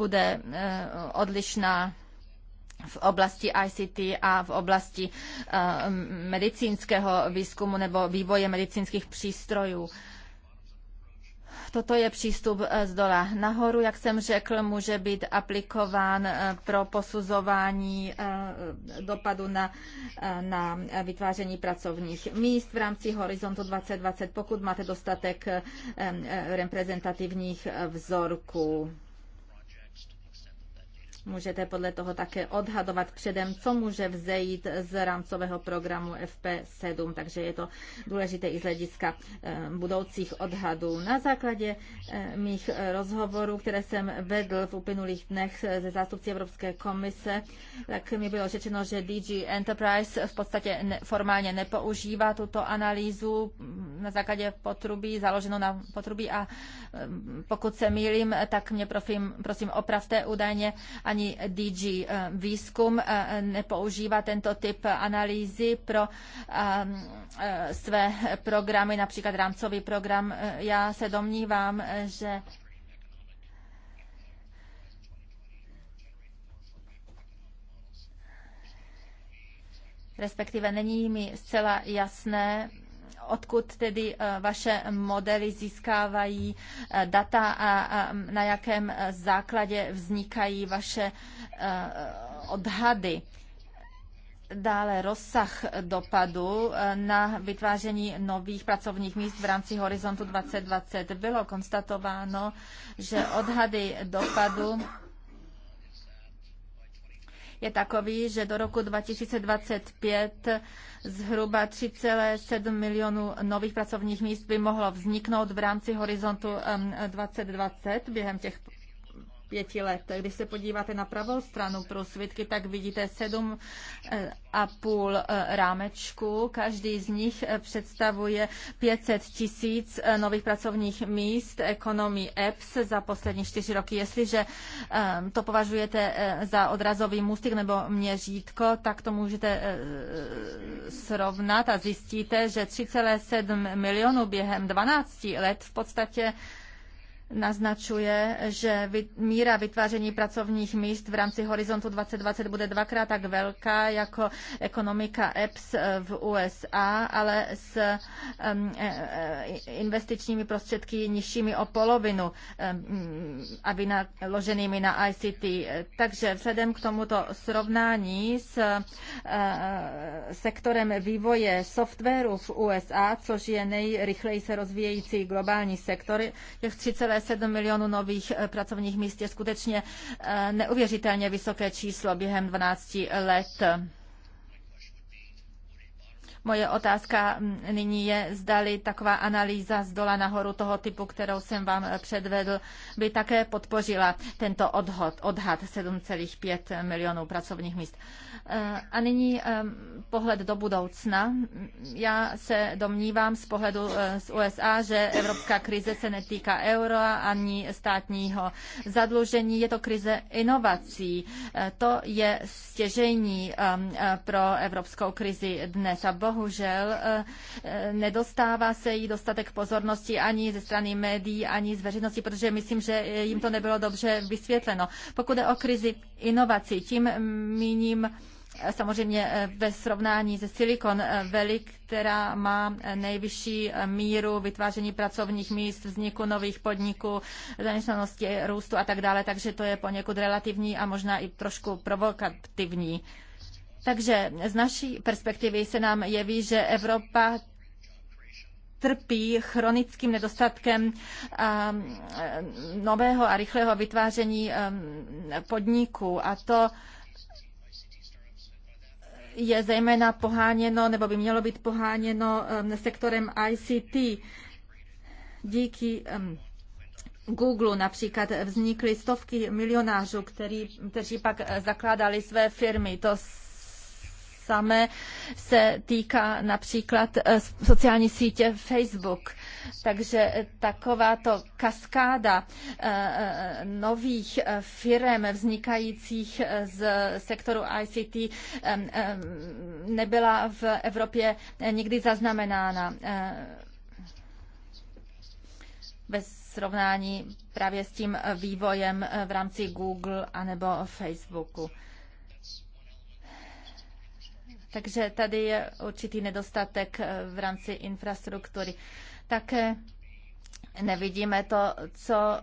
bude eh, odlišná v oblasti ICT a v oblasti eh, medicínského výzkumu nebo vývoje medicínských přístrojů. Toto je přístup eh, z dola nahoru, jak jsem řekl, může být aplikován pro posuzování dopadu na, na vytváření pracovních míst v rámci Horizontu 2020, pokud máte dostatek reprezentativních vzorků. Můžete podle toho také odhadovat předem, co může vzejít z rámcového programu FP7, takže je to důležité i z hlediska eh, budoucích odhadů. Na základě eh, mých rozhovorů, které jsem vedl v uplynulých dnech ze zástupci Evropské komise, tak mi bylo řečeno, že DG Enterprise v podstatě formálně nepoužívá tuto analýzu na základě potrubí, založenou na potrubí a eh, pokud se mýlím, tak mě prosím, prosím opravte údajně ani ani DG eh, výzkum eh, nepoužívá tento typ analýzy pro ehm, eh, své programy, například rámcový program. Já se domnívám, že respektive není mi zcela jasné, odkud tedy eh, vaše modely získávají eh, data a na jakém základě vznikají vaše eh, odhady dále rozsah dopadu na vytváření nových pracovních míst v rámci Horizontu 2020. Bylo konstatováno, že odhady dopadu je takový, že do roku 2025 zhruba 3,7 milionů nových pracovních míst by mohlo vzniknout v rámci horizontu 2020 během těch pěti let. Když se podíváte na pravou stranu pro svědky, tak vidíte sedm eh, a půl eh, rámečku. Každý z nich eh, představuje 500 tisíc nových pracovních míst ekonomii EPS za poslední čtyři roky. Jestliže to považujete za odrazový mustik nebo měřítko, tak to můžete srovnat a zjistíte, že 3,7 milionů během 12 let v podstatě naznačuje, že míra vytváření pracovních míst v rámci Horizontu 2020 bude dvakrát tak velká jako ekonomika EPS eh, v USA, ale s e, e, investičními prostředky nižšími o polovinu a vynaloženými na ICT. Takže vzhledem k tomuto srovnání s eh, sektorem vývoje softwaru v USA, což je nejrychleji se rozvíjející globální sektor, těch 7 milionů nových eh, pracovních míst je skutečně eh, neuvěřitelně vysoké číslo během 12 let. Moje otázka mm, nyní je, zdali taková analýza z dola nahoru toho typu, kterou jsem vám eh, předvedl, by také podpořila tento odhod, odhad 7,5 milionů pracovních míst. Eh, a nyní pohled do budoucna. Já se domnívám z pohledu eh, z USA, že evropská krize se netýká euro ani státního zadlužení. Je to krize inovací. To je stěžení pro evropskou krizi dnes. A bohužel eh, eh, nedostává se jí dostatek pozornosti ani ze strany médií, ani z veřejnosti, protože myslím, že eh, jim to nebylo dobře vysvětleno. Pokud je o krizi inovací, tím míním samozřejmě ve srovnání se Silicon Valley, která má nejvyšší míru vytváření pracovních míst, vzniku nových podniků, zaměstnanosti, růstu a tak dále, takže to je poněkud relativní a možná i trošku provokativní. Takže z naší perspektivy se nám jeví, že Evropa trpí chronickým nedostatkem um, nového a rychlého vytváření um, podniků a to je zejména poháněno, nebo by mělo být poháněno um, sektorem ICT. Díky Google například vznikly stovky milionářů, který, kteří pak zakládali své firmy. To samé se týká například eh, sociální sítě Facebook. Takže takováto kaskáda eh, eh, nových firm vznikajících z sektoru ICT nebyla v Evropě nikdy zaznamenána ve srovnání právě s tím vývojem v rámci Google anebo Facebooku. Takže tady je určitý nedostatek eh, v rámci infrastruktury. Také eh, nevidíme to, co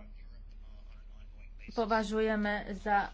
považujeme za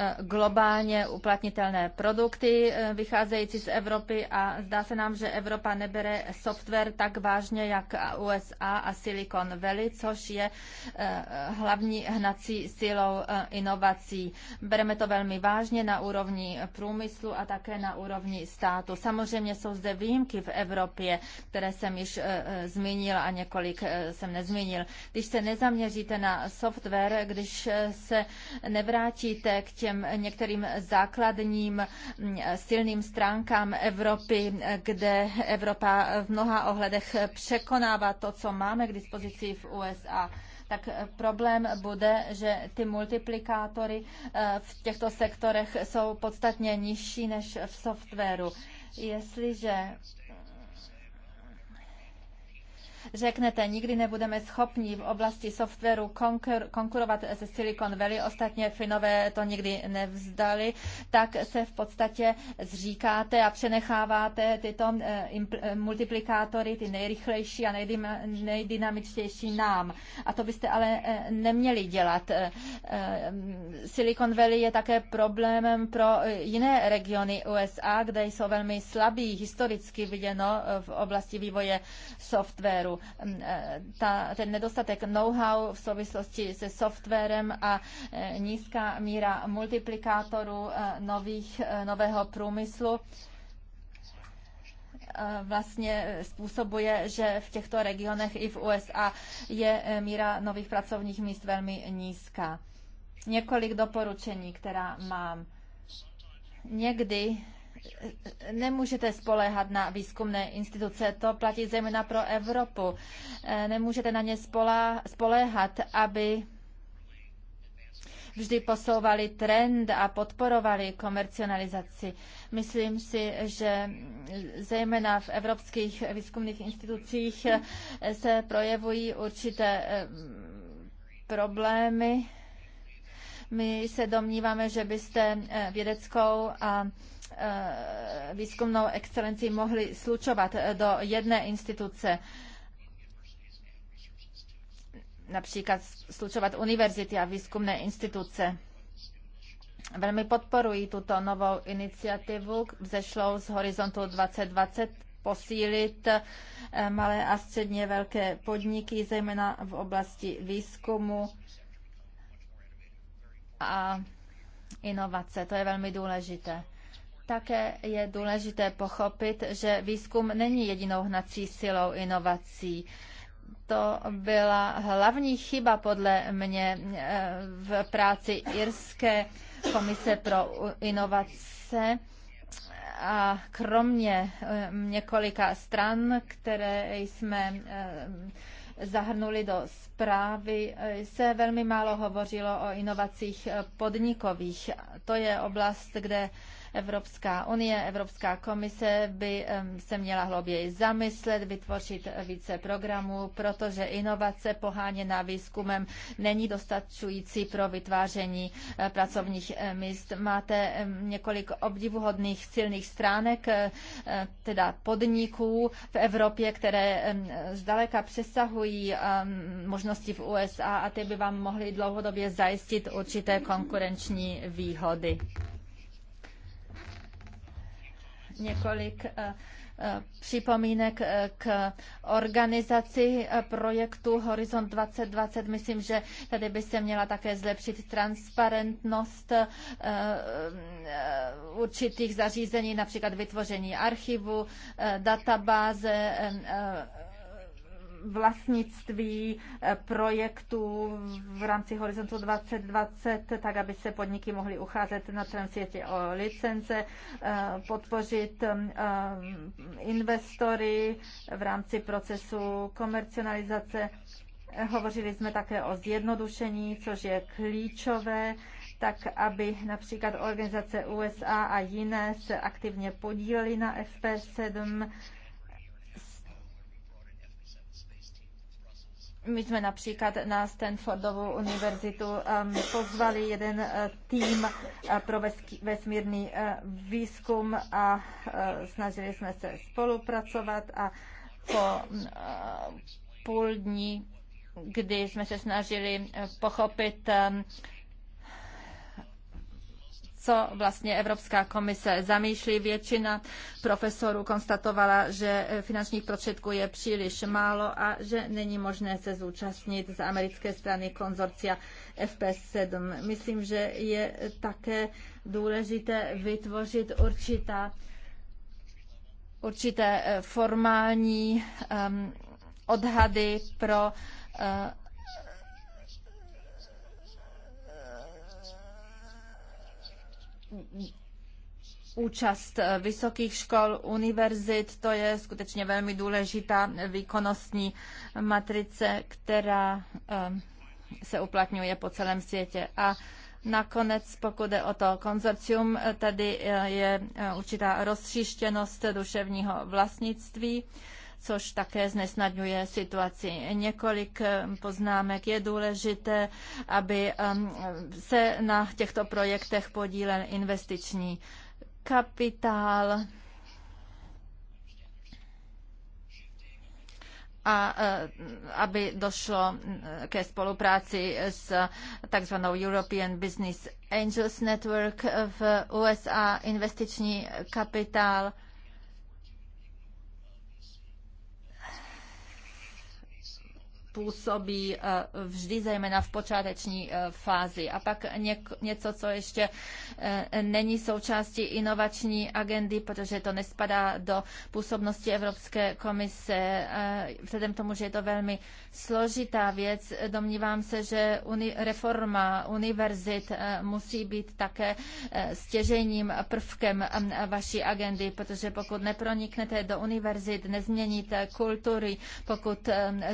Eh, globálně uplatnitelné produkty eh, vycházející z Evropy a zdá se nám, že Evropa nebere software tak vážně jak USA a Silicon Valley, což je eh, hlavní hnací silou inovací. Bereme to velmi vážně na úrovni průmyslu a také na úrovni státu. Samozřejmě jsou zde výjimky v Evropě, které jsem již zmínil a několik jsem nezmínil. Když se nezaměříte na software, když se nevrátíte k těm těm některým základním mm, silným stránkám Evropy, kde Evropa v mnoha ohledech překonává to, co máme k dispozici v USA tak problém bude, že ty multiplikátory eh, v těchto sektorech jsou podstatně nižší než v softwaru. Jestliže řeknete, nikdy nebudeme schopni v oblasti softwaru konkur- konkurovat se Silicon Valley, ostatně Finové to nikdy nevzdali, tak se v podstatě zříkáte a přenecháváte tyto eh, eh, multiplikátory, ty nejrychlejší a nejdynamičtější nám. A to byste ale eh, neměli dělat. Silicon Valley je také problémem pro jiné regiony USA, kde jsou velmi slabí historicky viděno v oblasti vývoje softwaru. Mm, eh, ta, ten nedostatek know-how v souvislosti se softwarem a eh, nízká míra multiplikátoru eh, nových, nového průmyslu vlastně způsobuje, že v těchto regionech i v USA je míra nových pracovních míst velmi nízká. Několik doporučení, která mám. Někdy nemůžete spolehat na výzkumné instituce. To platí zejména pro Evropu. Eh, nemůžete na ně spoléhat, aby vždy posouvali trend a podporovali komercionalizaci. Myslím si, že zejména v evropských výzkumných institucích eh, se projevují určité eh, problémy. My se domníváme, že byste vědeckou a Eh, výzkumnou excelenci mohli slučovat eh, do jedné instituce například slučovat univerzity a výzkumné instituce. Velmi podporuji tuto novou iniciativu vzešlou z Horizontu 2020 posílit eh, malé a středně velké podniky, zejména v oblasti výzkumu a inovace. To je velmi důležité. Také je důležité pochopit, že výzkum není jedinou hnací silou inovací to byla hlavní chyba podle mě eh, v práci Irské komise pro inovace. A kromě eh, několika stran, které jsme eh, zahrnuli do zprávy, se velmi málo hovořilo o inovacích podnikových. To je oblast, kde Evropská unie, Evropská komise by se měla hlouběji zamyslet, vytvořit více programů, protože inovace poháněná výzkumem není dostačující pro vytváření eh, pracovních eh, míst. Máte několik obdivuhodných silných stránek, eh, teda podniků v Evropě, které zdaleka přesahují možnosti v USA a ty by vám mohly dlouhodobě zajistit určité konkurenční výhody několik eh, eh, připomínek eh, k organizaci projektu Horizont 2020. Myslím, že tady by se měla také zlepšit transparentnost určitých zařízení, například vytvoření archivu, databáze, vlastnictví eh, projektů v rámci Horizontu 2020, tak aby se podniky mohly ucházet na celém světě o licence, eh, podpořit eh, investory v rámci procesu komercionalizace. Hovořili jsme také o zjednodušení, což je klíčové tak aby například organizace USA a jiné se aktivně podílely na FP7 My jsme například na Stanfordovou univerzitu um, pozvali jeden uh, tým uh, pro vesmírný uh, výzkum a snažili jsme se spolupracovat a po půl dní, kdy jsme se snažili pochopit um, co vlastně Evropská komise zamýšlí. Většina profesorů konstatovala, že finančních prostředků je příliš málo a že není možné se zúčastnit z americké strany konzorcia FP7. Myslím, že je také důležité vytvořit určitá určité eh, formální um, odhady pro uh, účast eh, vysokých škol, univerzit, to je skutečně velmi důležitá výkonnostní matrice, která eh, se uplatňuje po celém světě. A Nakonec, pokud jde o to konzorcium, eh, tady je určitá roztříštěnost duševního vlastnictví což také znesnadňuje situaci. Několik eh, poznámek je důležité, aby ehm, se na těchto projektech podílel investiční kapitál. a eh, aby došlo mm, ke spolupráci s takzvanou European Business Angels Network v USA investiční kapitál působí eh, vždy, zejména v počáteční eh, fázi. A pak něco, co ještě eh, není součástí inovační agendy, protože to nespadá do působnosti Evropské komise. Vzhledem tomu, že je to velmi složitá věc, domnívám se, že reforma univerzit musí být také stěžením prvkem vaší agendy, protože pokud neproniknete do univerzit, nezměníte kultury, pokud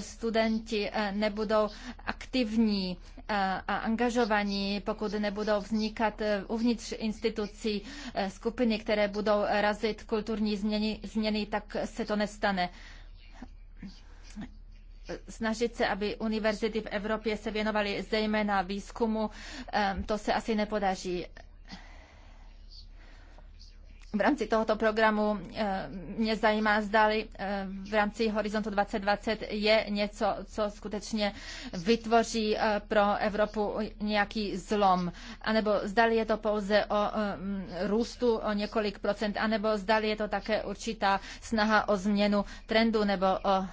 studenti děti eh, nebudou aktivní eh, a angažovaní, pokud nebudou vznikat eh, uvnitř institucí skupiny, které budou razit kulturní změny, změny tak se to nestane snažit se, aby univerzity v Evropě se věnovaly zejména výzkumu, to se asi nepodaří v rámci tohoto programu eh, mě zajímá, zdali eh, v rámci Horizontu 2020 je něco, co skutečně vytvoří eh, pro Evropu nějaký zlom, a nebo zdali je to pouze o růstu o několik procent, anebo zdali je to také určitá snaha o změnu trendu nebo o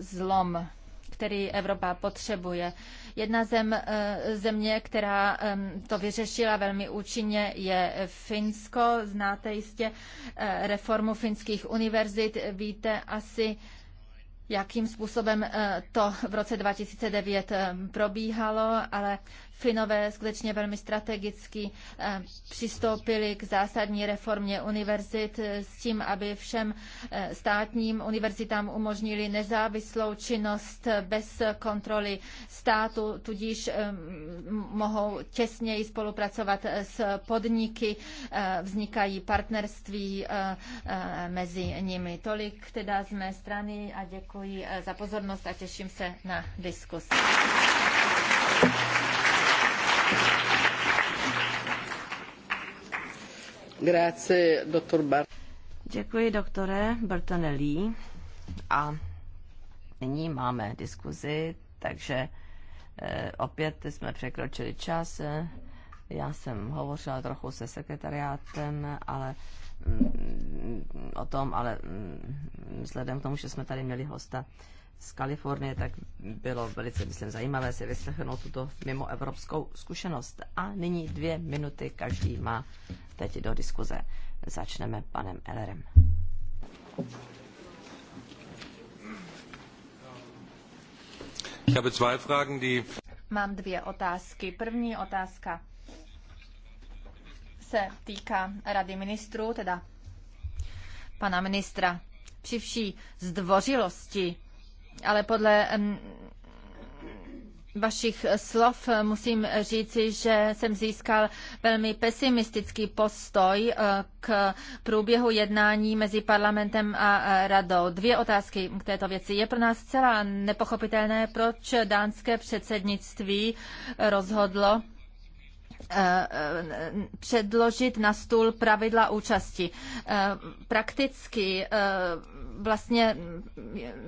zlom, který Evropa potřebuje. Jedna zem, eh, země, která to vyřešila velmi účinně, je Finsko. Znáte jistě eh, reformu finských univerzit. Víte asi, jakým způsobem eh, to v roce 2009 probíhalo, ale Finové skutečně velmi strategicky eh, přistoupili k zásadní reformě univerzit eh, s tím, aby všem eh, státním univerzitám umožnili nezávislou činnost bez kontroly státu, tudíž mohou těsněji spolupracovat s podniky, vznikají partnerství mezi nimi. Tolik teda z mé strany a děkuji za pozornost a těším se na diskusi. Grazie, Bart. Děkuji, doktore Bartonelli. A nyní máme diskuzi, takže eh, opět jsme překročili čas. Eh, já jsem hovořila trochu se sekretariátem, ale mm, mm, o tom, ale mm, vzhledem k tomu, že jsme tady měli hosta z Kalifornie, tak bylo velice, myslím, zajímavé si vyslechnout tuto mimoevropskou zkušenost. A nyní dvě minuty každý má teď do diskuze. Začneme panem Ellerem. Mám dvě otázky. První otázka se týká Rady ministrů, teda pana ministra. Při vší zdvořilosti ale podle vašich slov musím říci, že jsem získal velmi pesimistický postoj eh, k průběhu jednání mezi parlamentem a eh, radou. Dvě otázky k této věci. Je pro nás celá nepochopitelné, proč dánské předsednictví rozhodlo eh, předložit na stůl pravidla účasti. Prakticky vlastně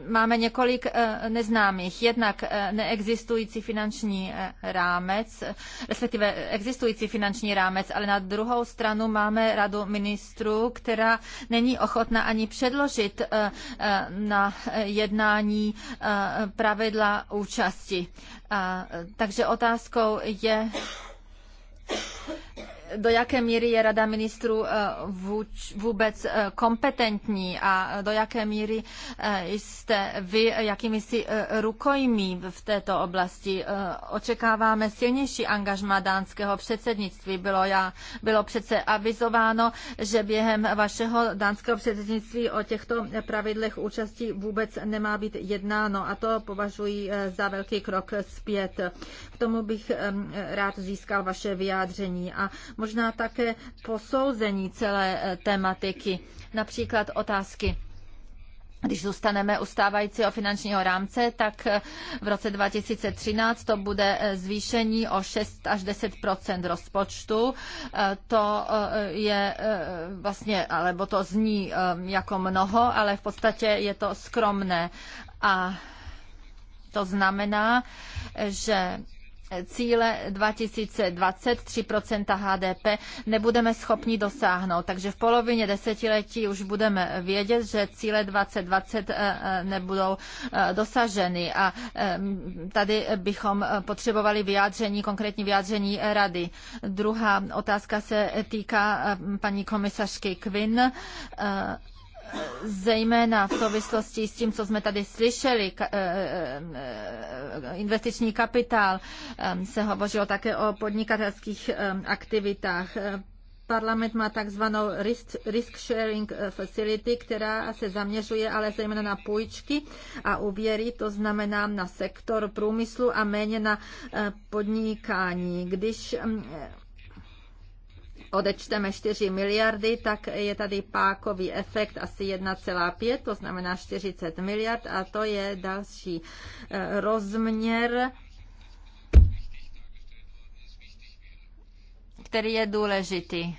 máme několik eh, neznámých. Jednak eh, neexistující finanční eh, rámec, respektive existující finanční rámec, ale na druhou stranu máme radu ministrů, která není ochotna ani předložit na jednání pravidla účasti. Takže otázkou je, do jaké míry je Rada ministrů eh, vůbec eh, kompetentní a eh, do jaké míry jste vy jakými si rukojmí v této oblasti. Očekáváme silnější angažma dánského předsednictví. Bylo, já, bylo přece avizováno, že během vašeho dánského předsednictví o těchto pravidlech účasti vůbec nemá být jednáno a to považuji za velký krok zpět. K tomu bych rád získal vaše vyjádření. A možná také posouzení celé eh, tematiky, například otázky když zůstaneme u stávajícího finančního rámce, tak eh, v roce 2013 to bude eh, zvýšení o 6 až 10 rozpočtu. To je vlastně, alebo to zní jako mnoho, ale v podstatě je to skromné. A to znamená, že cíle 2020 3% HDP nebudeme schopni dosáhnout. Takže v polovině desetiletí už budeme vědět, že cíle 2020 eh, eh, nebudou eh, dosaženy. A tady bychom potřebovali vyjádření, konkrétní vyjádření rady. Druhá otázka se týká paní komisařky Quinn zejména v souvislosti s tím, co jsme tady slyšeli, eh, eh, eh, investiční kapitál, se hovořilo také o podnikatelských aktivitách. Parlament má takzvanou risk sharing facility, která se zaměřuje ale zejména na půjčky a úvěry, to znamená na sektor průmyslu a méně na podnikání. Když mm, odečteme 4 miliardy, tak je tady pákový efekt asi 1,5, to znamená 40 miliard a to je další eh, rozměr, který je důležitý.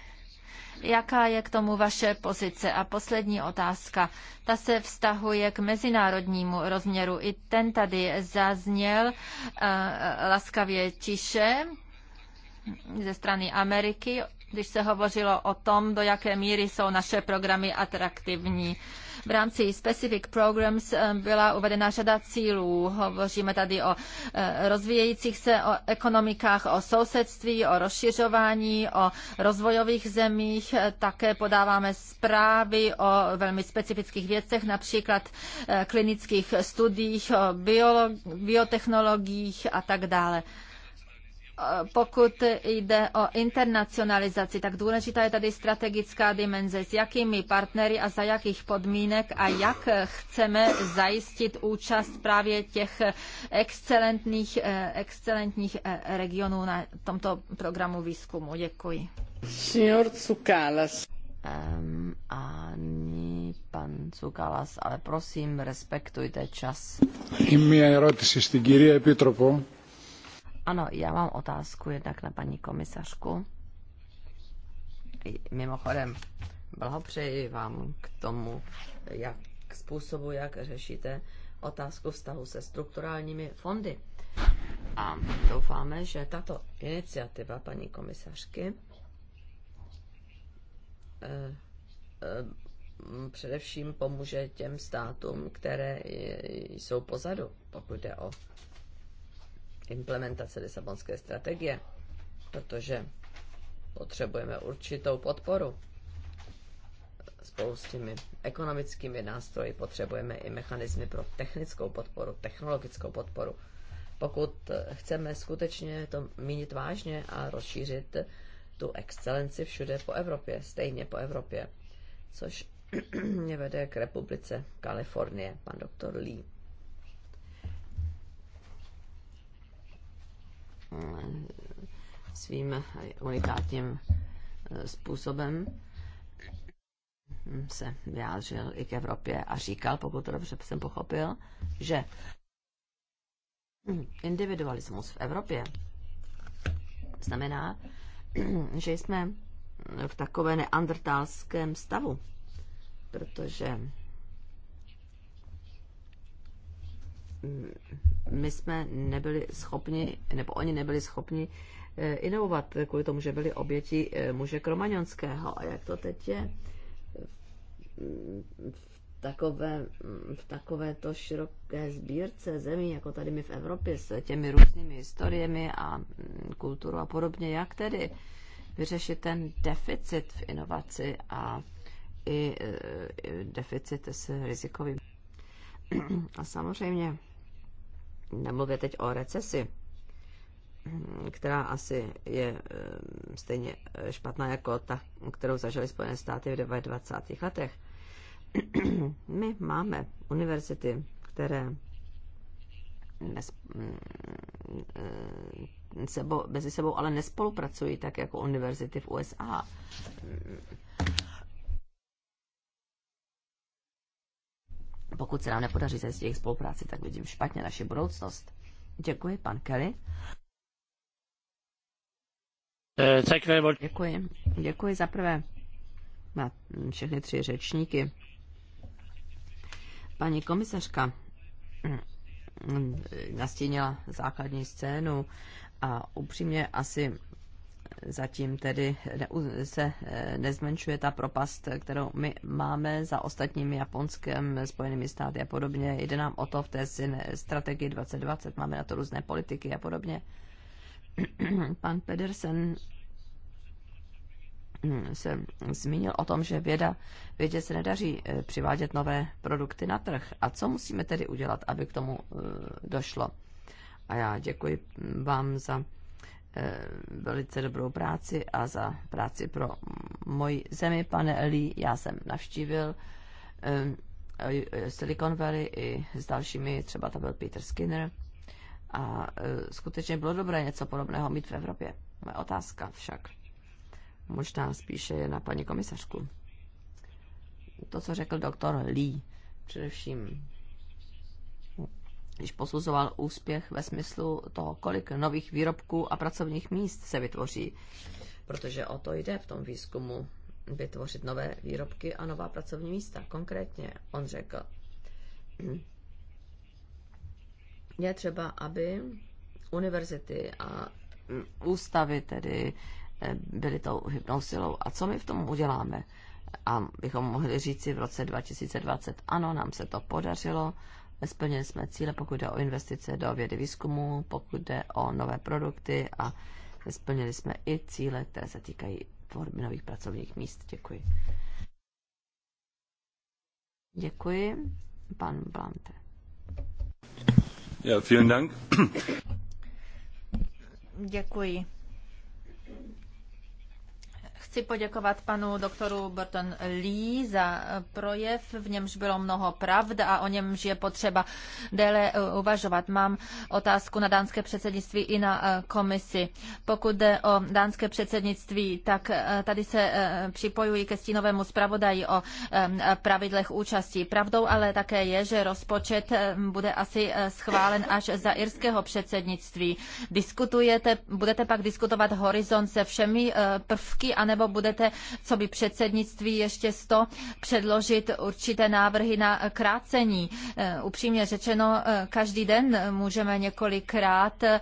Jaká je k tomu vaše pozice? A poslední otázka. Ta se vztahuje k mezinárodnímu rozměru. I ten tady zazněl uh, laskavě tiše ze strany Ameriky když se hovořilo o tom, do jaké míry jsou naše programy atraktivní. V rámci Specific Programs eh, byla uvedena řada cílů. Hovoříme tady o eh, rozvíjejících se o ekonomikách, o sousedství, o rozšiřování, o rozvojových zemích. Eh, také podáváme zprávy o velmi specifických věcech, například klinických studiích, o biotechnologiích a tak dále pokud jde o internacionalizaci, tak důležitá je tady strategická dimenze, s jakými partnery a za jakých podmínek a jak chceme zajistit účast právě těch eh, excelentních, excelentních regionů na tomto programu výzkumu. Děkuji. Signor Cukalas. Um, ani pan Cukalas, ale prosím, respektujte čas. Mám erotisi στην κυρία Επίτροπο. Ano, já mám otázku jednak na paní komisařku. Mimochodem, blahopřeji vám k tomu, jak k způsobu, jak řešíte otázku vztahu se strukturálními fondy. A doufáme, že tato iniciativa paní komisařky eh, eh, především pomůže těm státům, které jsou pozadu, pokud jde o implementace Lisabonské strategie, protože potřebujeme určitou podporu. Spolu s těmi ekonomickými nástroji potřebujeme i mechanismy pro technickou podporu, technologickou podporu. Pokud chceme skutečně to mínit vážně a rozšířit tu excelenci všude po Evropě, stejně po Evropě, což *clears throat* mě vede k republice Kalifornie, pan doktor Lee. svým unikátním eh, způsobem se vyjádřil i k Evropě a říkal, pokud to dobře jsem pochopil, že individualismus v Evropě znamená, *clears throat* že jsme v takové neandrtálském stavu, protože my jsme nebyli schopni, nebo oni nebyli schopni eh, inovovat kvůli tomu, že byli oběti eh, muže Kromaňonského. A jak to teď je? V takové, v takové to široké sbírce zemí, jako tady my v Evropě, s těmi různými historiemi a mm, kulturou a podobně, jak tedy vyřešit ten deficit v inovaci a i, eh, i deficit s rizikovým. A samozřejmě nemluvě teď o recesi, která asi je eh, stejně eh, špatná jako ta, kterou zažili Spojené státy v 20. letech. *clears throat* My máme univerzity, které mm, eh, sebo, mezi sebou ale nespolupracují tak jako univerzity v USA. Pokud se nám nepodaří zajistit jejich spolupráci, tak vidím špatně naši budoucnost. Děkuji, pan Kelly. Eh, Děkuji. Děkuji za prvé na všechny tři řečníky. Paní komisařka mm, nastínila základní scénu a upřímně asi zatím tedy se eh, nezmenšuje ta propast, kterou my máme za ostatními Japonskem, Spojenými státy a podobně. Jde nám o to v té strategii 2020, máme na to různé politiky a podobně. *clears throat* Pan Pedersen hm, se zmínil o tom, že věda, vědě se nedaří eh, přivádět nové produkty na trh. A co musíme tedy udělat, aby k tomu eh, došlo? A já děkuji hm, vám za Eh, velice dobrou práci a za práci pro moji zemi, pane Eli. Já jsem navštívil eh, eh, Silicon Valley i s dalšími, třeba to byl Peter Skinner. A skutečně bylo dobré něco podobného mít v Evropě. Moje otázka však možná spíše je na paní komisařku. To, co řekl doktor Lee, především když posuzoval úspěch ve smyslu toho, kolik nových výrobků a pracovních míst se vytvoří. Protože o to jde v tom výzkumu, vytvořit nové výrobky a nová pracovní místa. Konkrétně on řekl, je třeba, aby univerzity a ústavy tedy eh, byly tou hybnou silou. A co my v tom uděláme? A bychom mohli říci v roce 2020, ano, nám se to podařilo, Splnili jsme cíle, pokud jde o investice do vědy výzkumu, pokud jde o nové produkty a splnili jsme i cíle, které se týkají tvorby nových pracovních míst. Děkuji. Děkuji. Pan Blante. Ja, vielen Dank. Děkuji. Chci poděkovat panu doktoru Burton Lee za projev, v němž bylo mnoho pravd a o němž je potřeba déle eh, uvažovat. Mám otázku na dánské předsednictví i na eh, komisi. Pokud jde o dánské předsednictví, tak eh, tady se připojuji ke stínovému zpravodaji o pravidlech účasti. Pravdou ale také je, že rozpočet bude asi schválen až za irského předsednictví. Diskutujete, budete pak diskutovat horizont se všemi prvky, anebo budete, co by předsednictví ještě sto, předložit určité návrhy na krácení. Eh, upřímně řečeno, eh, každý den můžeme několikrát eh,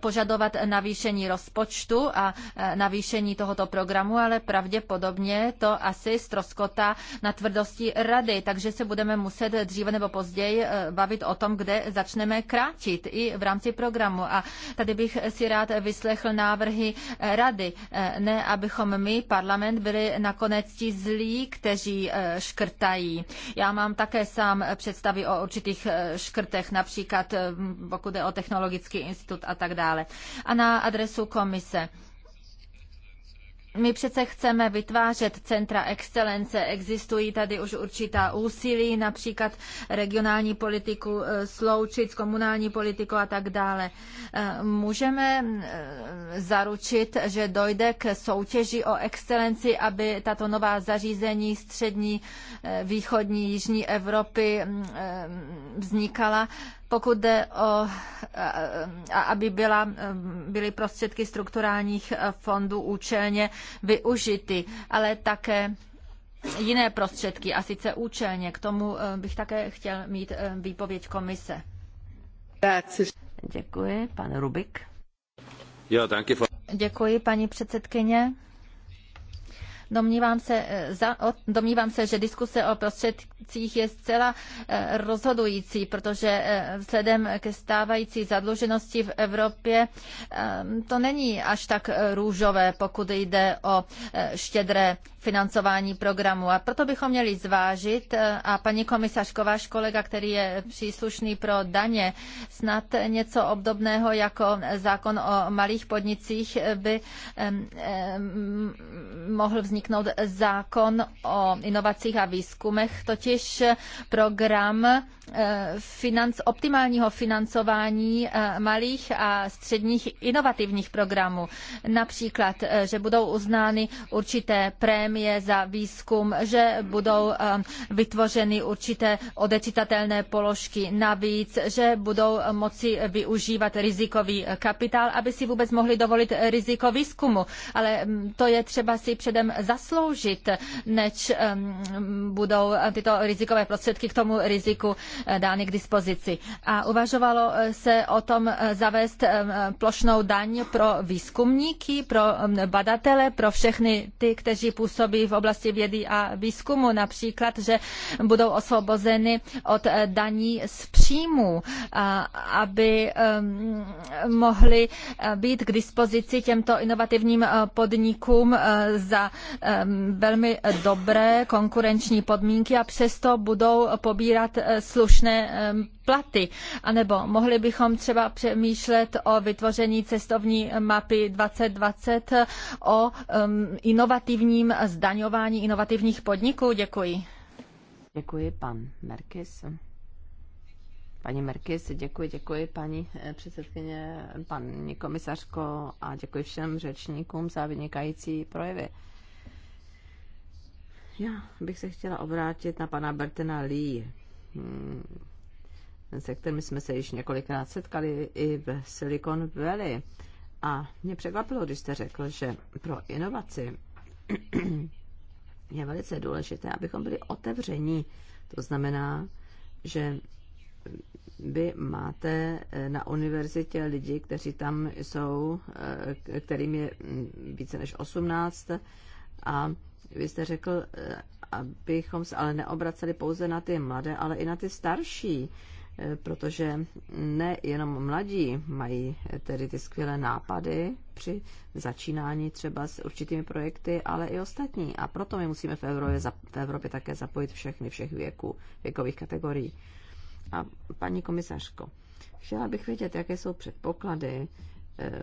požadovat navýšení rozpočtu a navýšení tohoto programu, ale pravděpodobně to asi stroskota na tvrdosti rady, takže se budeme muset dříve nebo později bavit o tom, kde začneme krátit i v rámci programu. A tady bych si rád vyslechl návrhy rady, ne abychom my, parlament, byli nakonec ti zlí, kteří eh, škrtají. Já mám také sám představy o určitých eh, škrtech, například eh, pokud je o technologický institut a tak dále. A na adresu komise my přece chceme vytvářet centra excelence. Existují tady už určitá úsilí, například regionální politiku eh, sloučit s komunální politikou a tak dále. Eh, můžeme eh, zaručit, že dojde k soutěži o excelenci, aby tato nová zařízení střední, východní, jižní Evropy mm, vznikala pokud jde o, eh, aby byla, eh, byly prostředky strukturálních eh, fondů účelně využity, ale také jiné prostředky, a sice účelně. K tomu bych také chtěl mít výpověď komise. Děkuji, pan Rubik. Děkuji, paní předsedkyně. Domnívám se, eh, za, o, domnívám se, že diskuse o prostředcích je zcela eh, rozhodující, protože eh, vzhledem ke stávající zadluženosti v Evropě to není až tak růžové, pokud jde o štědré financování programu. A proto bychom měli zvážit, eh, a paní komisařko, váš kolega, který je příslušný pro daně, snad něco obdobného jako zákon o malých podnicích by mohl vzniknout zákon o inovacích a výzkumech, totiž program eh, financ, optimálního financování eh, malých a středních inovativních programů. Například, že budou uznány určité prémie, je za výzkum, že budou eh, vytvořeny určité odečitatelné položky navíc, že budou moci využívat rizikový kapitál, aby si vůbec mohli dovolit riziko výzkumu. Ale mm, to je třeba si předem zasloužit, než ehm, budou tyto rizikové prostředky k tomu riziku eh, dány k dispozici. A uvažovalo eh, se o tom zavést ehm, plošnou daň pro výzkumníky, pro ehm, badatele, pro všechny ty, kteří působí působí v oblasti vědy a výzkumu, například, že budou osvobozeny od eh, daní z příjmů, aby ehm, mohly eh, být k dispozici těmto inovativním eh, podnikům za ehm, velmi dobré konkurenční podmínky a přesto budou pobírat slušné ehm, platy. A nebo mohli bychom třeba přemýšlet o vytvoření cestovní mapy 2020 o um, inovativním zdaňování inovativních podniků. Děkuji. Děkuji, pan Merkis. Paní Merkis, děkuji, děkuji paní eh, předsedkyně, paní komisařko a děkuji všem řečníkům za vynikající projevy. Já bych se chtěla obrátit na pana Bertena Lee hmm, se kterými jsme se již několikrát setkali i v Silicon Valley. A mě překvapilo, když jste řekl, že pro inovaci je velice důležité, abychom byli otevření. To znamená, že vy máte eh, na univerzitě lidi, kteří tam jsou, eh, kterým je hm, více než 18 a vy jste řekl, eh, abychom se ale neobraceli pouze na ty mladé, ale i na ty starší protože nejenom mladí mají tedy ty skvělé nápady při začínání třeba s určitými projekty, ale i ostatní. A proto my musíme v Evropě, v Evropě také zapojit všechny všech věků, věkových kategorií. A paní komisařko, chtěla bych vědět, jaké jsou předpoklady eh,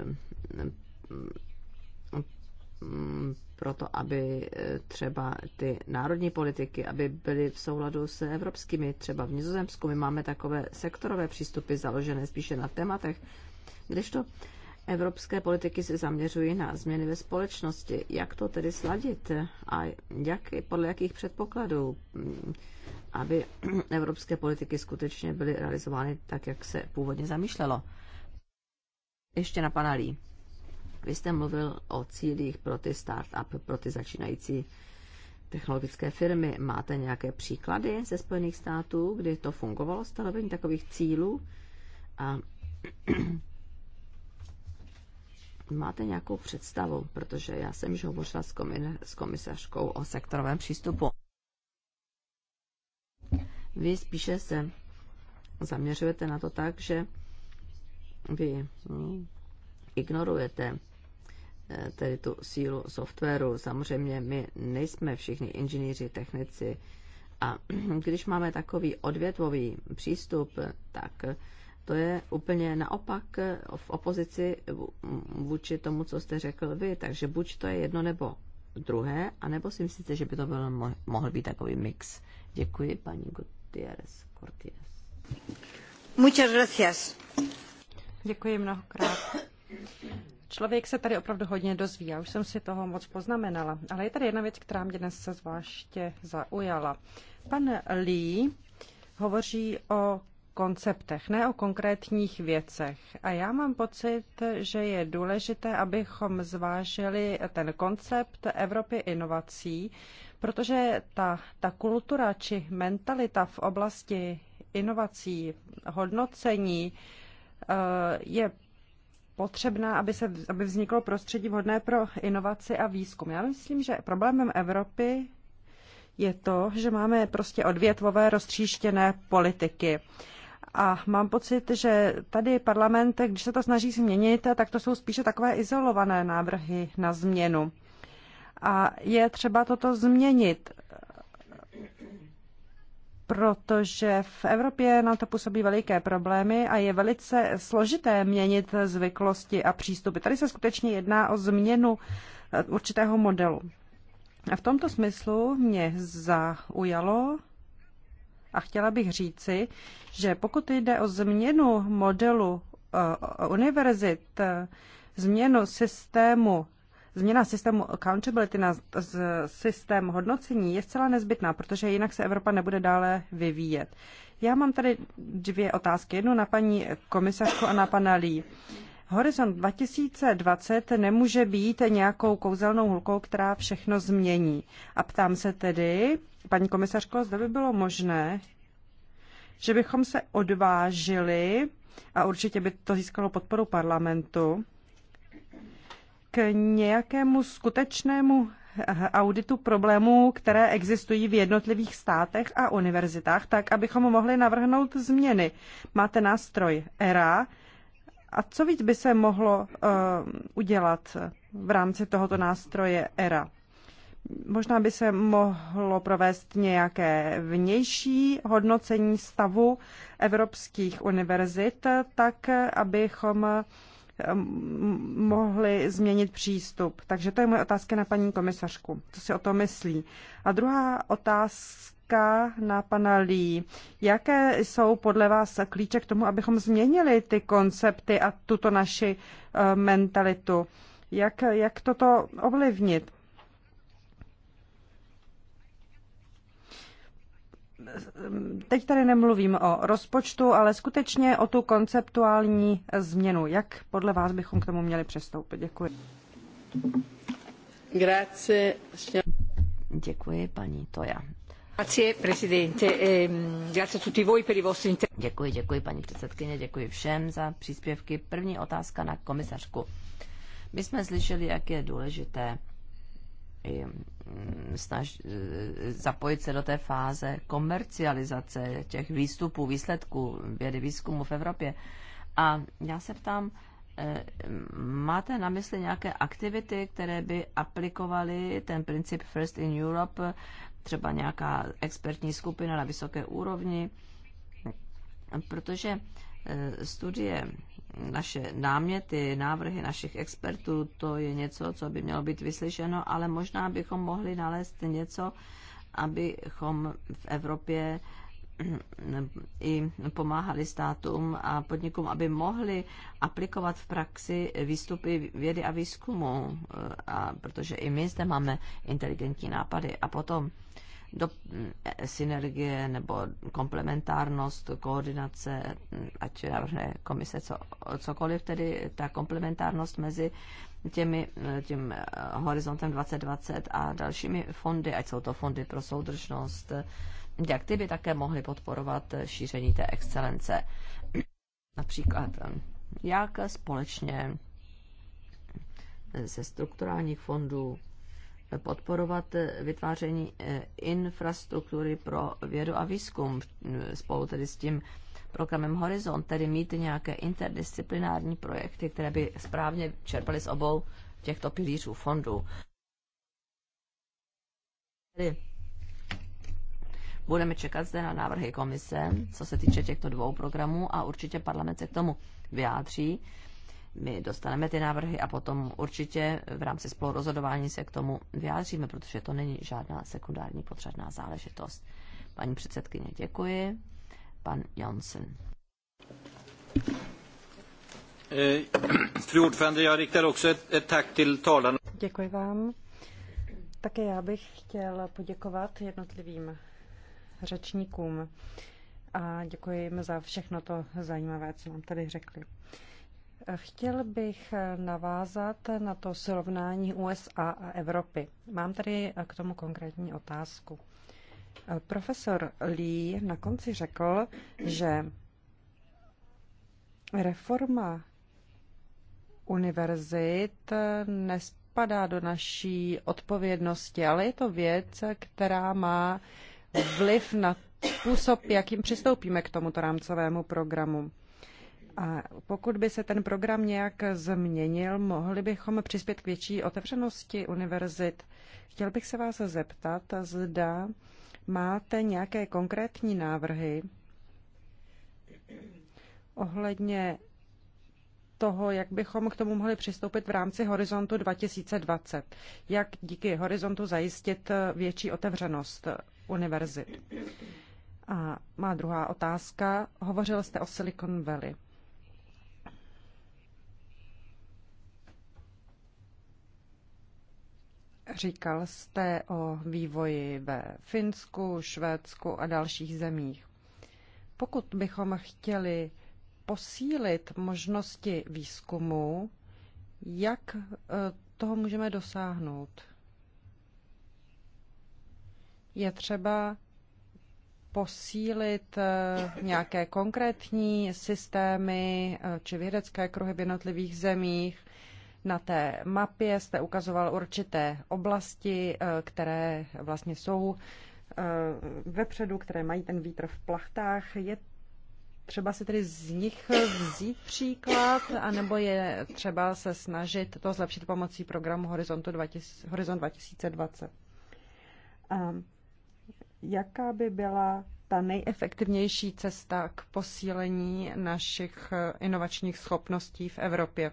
mm, proto aby eh, třeba ty národní politiky, aby byly v souladu s evropskými. Třeba v Nizozemsku my máme takové sektorové přístupy založené spíše na tématech, kdežto evropské politiky se zaměřují na změny ve společnosti. Jak to tedy sladit a jak, podle jakých předpokladů, mm, aby *clears throat* evropské politiky skutečně byly realizovány tak, jak se původně zamýšlelo? Ještě na pana Lee. Vy jste mluvil o cílích pro ty start pro ty začínající technologické firmy. Máte nějaké příklady ze Spojených států, kdy to fungovalo, stanovení takových cílů? A *clears throat* máte nějakou představu, protože já jsem již hovořila s, komi- s komisařkou o sektorovém přístupu. Vy spíše se zaměřujete na to tak, že vy hm, ignorujete Eh, tedy tu sílu softwaru. Samozřejmě my nejsme všichni inženýři, technici a *clears throat* když máme takový odvětvový přístup, tak to je úplně naopak eh, v opozici vůči tomu, co jste řekl vy. Takže buď to je jedno nebo druhé, anebo si myslíte, že by to byl, mohl být takový mix. Děkuji, paní Gutierrez Cortines. Muchas gracias. Děkuji mnohokrát. Člověk se tady opravdu hodně dozví, já už jsem si toho moc poznamenala. Ale je tady jedna věc, která mě dnes se zvláště zaujala. Pan Lee hovoří o konceptech, ne o konkrétních věcech. A já mám pocit, že je důležité, abychom zvážili ten koncept Evropy inovací, protože ta, ta kultura či mentalita v oblasti inovací, hodnocení eh, je potřebná, aby, se, aby vzniklo prostředí vhodné pro inovaci a výzkum. Já myslím, že problémem Evropy je to, že máme prostě odvětvové roztříštěné politiky. A mám pocit, že tady parlament, když se to snaží změnit, tak to jsou spíše takové izolované návrhy na změnu. A je třeba toto změnit protože v Evropě na to působí veliké problémy a je velice složité měnit zvyklosti a přístupy. Tady se skutečně jedná o změnu eh, určitého modelu. A v tomto smyslu mě zaujalo a chtěla bych říci, že pokud jde o změnu modelu eh, univerzit, eh, změnu systému změna systému accountability na systém hodnocení je zcela nezbytná, protože jinak se Evropa nebude dále vyvíjet. Já mám tady dvě otázky. Jednu na paní komisařku a na pana Lee. Horizont 2020 nemůže být nějakou kouzelnou hulkou, která všechno změní. A ptám se tedy, paní komisařko, zda by bylo možné, že bychom se odvážili, a určitě by to získalo podporu parlamentu, k nějakému skutečnému auditu problémů, které existují v jednotlivých státech a univerzitách, tak abychom mohli navrhnout změny. Máte nástroj ERA. A co víc by se mohlo uh, udělat v rámci tohoto nástroje ERA? Možná by se mohlo provést nějaké vnější hodnocení stavu evropských univerzit, tak abychom uh, Ehm, mohli změnit přístup. Takže to je moje otázka na paní komisařku. Co si o to myslí? A druhá otázka na pana Lí. Jaké jsou podle vás klíče k tomu, abychom změnili ty koncepty a tuto naši ehm, mentalitu? Jak, jak toto ovlivnit? teď tady nemluvím o rozpočtu, ale skutečně o tu konceptuální změnu. Jak podle vás bychom k tomu měli přistoupit? Děkuji. Grazie. Děkuji, paní Toja. Ehm, děkuji, děkuji, paní předsedkyně, děkuji všem za příspěvky. První otázka na komisařku. My jsme slyšeli, jak je důležité Mm, snaž, e, zapojit se do té fáze komercializace těch výstupů, výsledků vědy výzkumu v Evropě. A já se ptám, e, máte na mysli nějaké aktivity, které by aplikovaly ten princip First in Europe, třeba nějaká expertní skupina na vysoké úrovni? Protože e, studie naše náměty, návrhy našich expertů, to je něco, co by mělo být vyslyšeno, ale možná bychom mohli nalézt něco, abychom v Evropě i pomáhali státům a podnikům, aby mohli aplikovat v praxi výstupy vědy a výzkumu, a protože i my zde máme inteligentní nápady. A potom do, eh, synergie nebo komplementárnost, koordinace, ať navrhne komise co, cokoliv, tedy ta komplementárnost mezi těmi, eh, tím eh, horizontem 2020 a dalšími fondy, ať jsou to fondy pro soudržnost, jak ty by také mohly podporovat šíření té excelence. *clears throat* Například, jak společně ze strukturálních fondů podporovat eh, vytváření eh, infrastruktury pro vědu a výzkum spolu tedy s tím programem Horizont, tedy mít nějaké interdisciplinární projekty, které by správně čerpaly z obou těchto pilířů fondů. Tedy budeme čekat zde na návrhy komise, co se týče těchto dvou programů a určitě parlament se k tomu vyjádří my dostaneme ty návrhy a potom určitě v rámci spolurozhodování se k tomu vyjádříme, protože to není žádná sekundární potřebná záležitost. Paní předsedkyně, děkuji. Pan Janssen. Eh, děkuji vám. Také já bych chtěl poděkovat jednotlivým řečníkům a děkuji jim za všechno to zajímavé, co nám tady řekli. Chtěl bych navázat na to srovnání USA a Evropy. Mám tady k tomu konkrétní otázku. Profesor Lee na konci řekl, že reforma univerzit nespadá do naší odpovědnosti, ale je to věc, která má vliv na způsob, jakým přistoupíme k tomuto rámcovému programu. A pokud by se ten program nějak změnil, mohli bychom přispět k větší otevřenosti univerzit. Chtěl bych se vás zeptat, zda máte nějaké konkrétní návrhy ohledně toho, jak bychom k tomu mohli přistoupit v rámci Horizontu 2020. Jak díky Horizontu zajistit větší otevřenost univerzit? A má druhá otázka. Hovořil jste o Silicon Valley. Říkal jste o vývoji ve Finsku, Švédsku a dalších zemích. Pokud bychom chtěli posílit možnosti výzkumu, jak eh, toho můžeme dosáhnout? Je třeba posílit eh, nějaké konkrétní systémy eh, či vědecké kruhy v jednotlivých zemích, na té mapě jste ukazoval určité oblasti, eh, které vlastně jsou eh, vepředu, které mají ten vítr v plachtách. Je třeba si tedy z nich vzít příklad, anebo je třeba se snažit to zlepšit pomocí programu Horizontu 20, Horizont 2020? A ehm, jaká by byla ta nejefektivnější cesta k posílení našich eh, inovačních schopností v Evropě?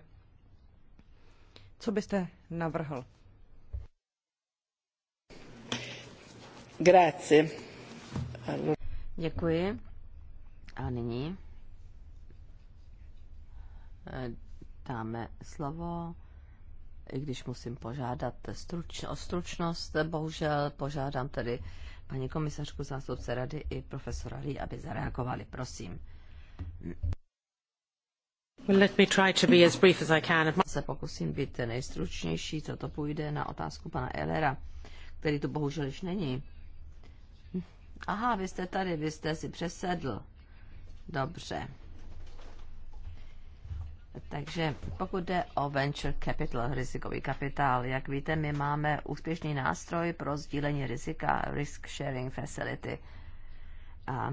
Co byste navrhl? Grazie. Děkuji. A nyní eh, dáme slovo, i když musím požádat struč, o stručnost, bohužel požádám tedy paní komisařku zástupce rady i profesora Lee, aby zareagovali, prosím. Se pokusím být nejstručnější, co to půjde na otázku pana Elera, který tu bohužel již není. Aha, vy jste tady, vy jste si přesedl. Dobře. Takže pokud jde o venture capital, rizikový kapitál, jak víte, my máme úspěšný nástroj pro sdílení rizika, risk sharing facility. A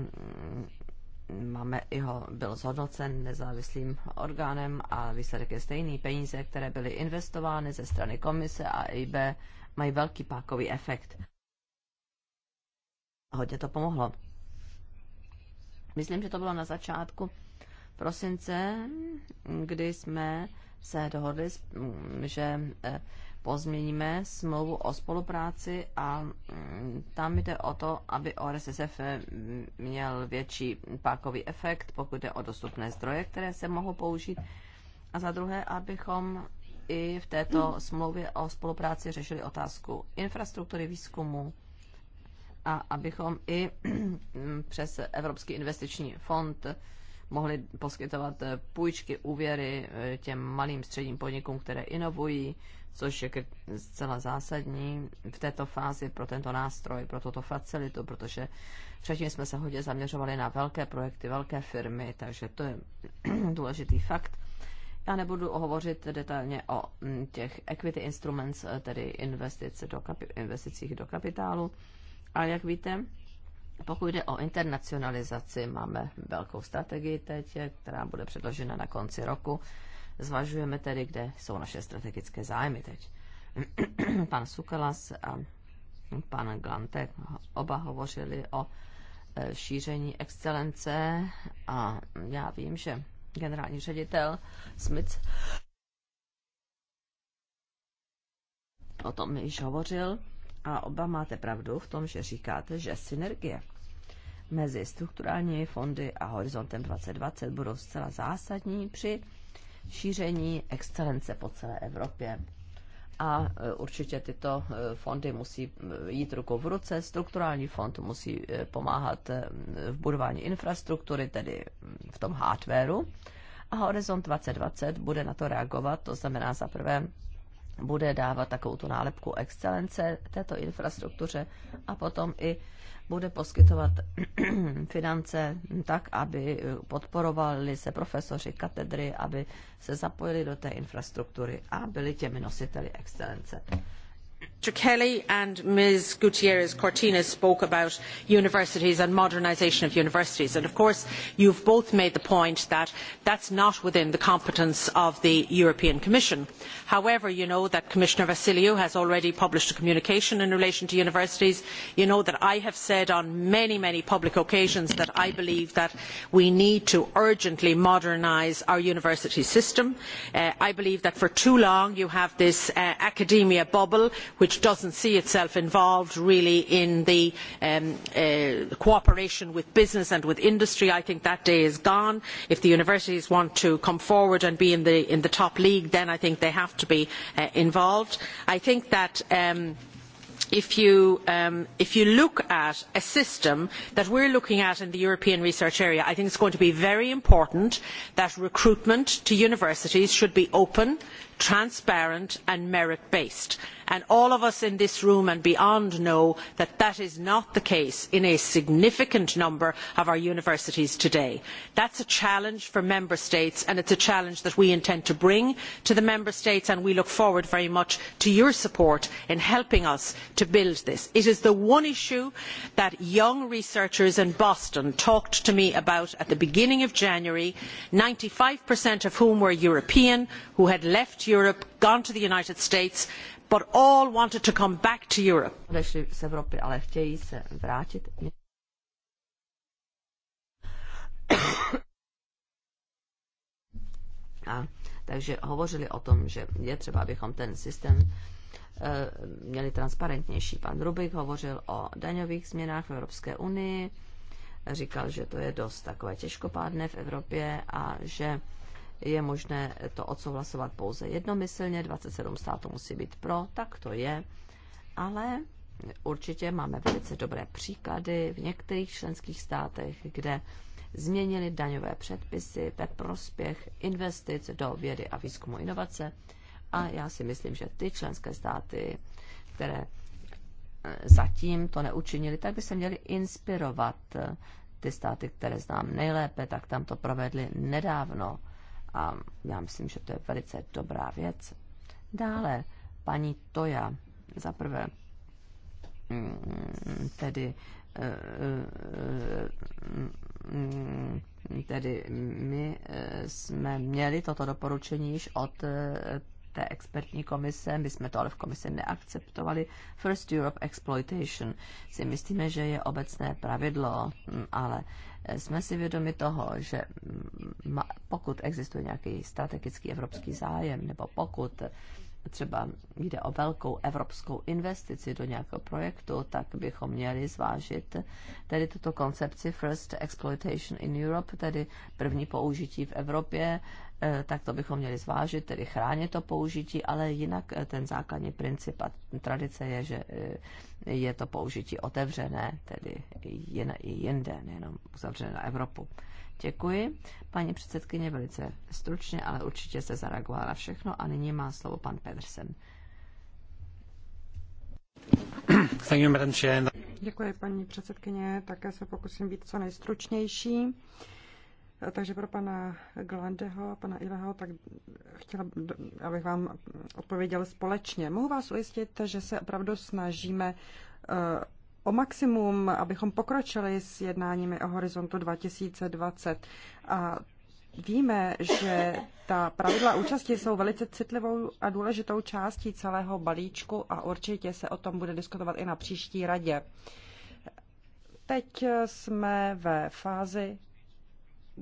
máme jeho, byl zhodnocen nezávislým orgánem a výsledek je stejný. Peníze, které byly investovány ze strany komise a EIB, mají velký pákový efekt. Hodně to pomohlo. Myslím, že to bylo na začátku prosince, kdy jsme se dohodli, že eh, pozměníme smlouvu o spolupráci a mm, tam jde o to, aby ORSSF mm, měl větší pákový efekt, pokud jde o dostupné zdroje, které se mohou použít. A za druhé, abychom i v této smlouvě o spolupráci řešili otázku infrastruktury výzkumu a abychom i mm, přes Evropský investiční fond mohli poskytovat půjčky, úvěry eh, těm malým středním podnikům, které inovují, což je zcela zásadní v této fázi pro tento nástroj, pro toto facilitu, protože předtím jsme se hodně zaměřovali na velké projekty, velké firmy, takže to je *clears throat* důležitý fakt. Já nebudu hovořit detailně o mm, těch equity instruments, eh, tedy investice do kapi- investicích do kapitálu, ale jak víte, pokud jde o internacionalizaci, máme velkou strategii teď, eh, která bude předložena na konci roku Zvažujeme tedy, kde jsou naše strategické zájmy teď. *clears throat* pan Sukelas a pan Glantek oba hovořili o e, šíření excelence a já vím, že generální ředitel Smith o tom již hovořil a oba máte pravdu v tom, že říkáte, že synergie mezi strukturálními fondy a horizontem 2020 budou zcela zásadní při šíření excelence po celé Evropě. A e, určitě tyto e, fondy musí e, jít ruku v ruce. Strukturální fond musí pomáhat v budování infrastruktury, tedy mm, v tom hardwareu. A Horizont 2020 bude na to reagovat, to znamená za prvé bude dávat takovou tu nálepku excelence této infrastruktuře a potom i bude poskytovat *clears throat* finance tak, aby podporovali se profesoři katedry, aby se zapojili do té infrastruktury a byli těmi nositeli excelence. Mr Kelly and Ms Gutierrez Cortines spoke about universities and modernisation of universities and of course you have both made the point that that is not within the competence of the European Commission. However, you know that Commissioner Vassiliou has already published a communication in relation to universities. You know that I have said on many, many public occasions that I believe that we need to urgently modernise our university system. Uh, I believe that for too long you have this uh, academia bubble which which does not see itself involved really in the um, uh, cooperation with business and with industry i think that day is gone. if the universities want to come forward and be in the, top league then i think they have to be uh, involved. i think that um, um, if you look at a system that we are looking at in the european research area i think it is going to be very important that recruitment to universities should be open transparent and merit based and all of us in this room and beyond know that that is not the case in a significant number of our universities today. that is a challenge for member states and it is a challenge that we intend to bring to the member states and we look forward very much to your support in helping us to build this. it is the one issue that young researchers in boston talked to me about at the beginning of january ninety five of whom were european who had left Europe, gone to the United States, but all wanted to come back to Europe. takže hovořili o tom, že je třeba, abychom ten systém e, měli transparentnější. Pan Rubik hovořil o daňových změnách v Evropské unii, říkal, že to je dost takové těžkopádné v Evropě a že je možné to odsouhlasovat pouze jednomyslně, 27 států musí být pro, tak to je. Ale určitě máme velice dobré příklady v některých členských státech, kde změnili daňové předpisy ve prospěch investic do vědy a výzkumu inovace. A já si myslím, že ty členské státy, které eh, zatím to neučinili, tak by se měly inspirovat eh, ty státy, které znám nejlépe, tak tam to provedli nedávno a já myslím, že to je velice dobrá věc. Dále, paní Toja, za prvé, mm, tedy eh, eh, mm, tedy my eh, jsme měli toto doporučení již od té expertní komise, my jsme to ale v komisi neakceptovali. First Europe Exploitation si myslíme, že je obecné pravidlo, mm, ale jsme si vědomi toho, že pokud existuje nějaký strategický evropský zájem, nebo pokud třeba jde o velkou evropskou investici do nějakého projektu, tak bychom měli zvážit tedy tuto koncepci First Exploitation in Europe, tedy první použití v Evropě, Eh, tak to bychom měli zvážit, tedy chránit to použití, ale jinak eh, ten základní princip a tradice je, že eh, je to použití otevřené, tedy jen i jinde, nejenom uzavřené na Evropu. Děkuji. Paní předsedkyně velice stručně, ale určitě se zareagovala na všechno a nyní má slovo pan Pedersen. Děkuji, paní předsedkyně. Také se pokusím být co nejstručnější. Uh, takže pro pana Glandeho a pana Ileho, tak chtěla, abych vám odpověděl společně. Mohu vás ujistit, že se opravdu snažíme eh, o maximum, abychom pokročili s jednáními o horizontu 2020. A víme, že ta pravidla účasti jsou velice citlivou a důležitou částí celého balíčku a určitě se o tom bude diskutovat i na příští radě. Teď eh, jsme ve fázi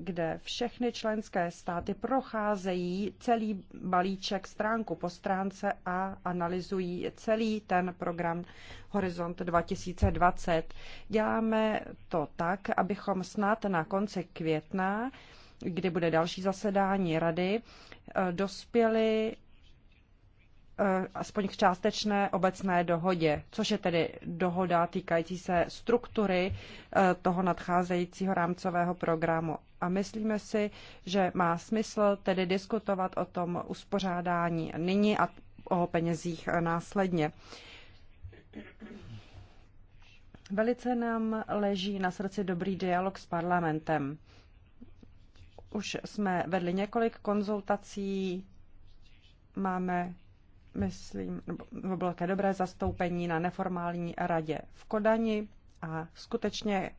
kde všechny členské státy procházejí celý balíček stránku po stránce a analyzují celý ten program Horizont 2020. Děláme to tak, abychom snad na konci května, kdy bude další zasedání rady, eh, dospěli Eh, aspoň k částečné obecné dohodě, což je tedy dohoda týkající se struktury eh, toho nadcházejícího rámcového programu. A myslíme si, že má smysl tedy diskutovat o tom uspořádání nyní a o penězích eh, následně. Velice nám leží na srdci dobrý dialog s parlamentem. Už jsme vedli několik konzultací, máme myslím, nebo bylo také dobré zastoupení na neformální radě v Kodani a skutečně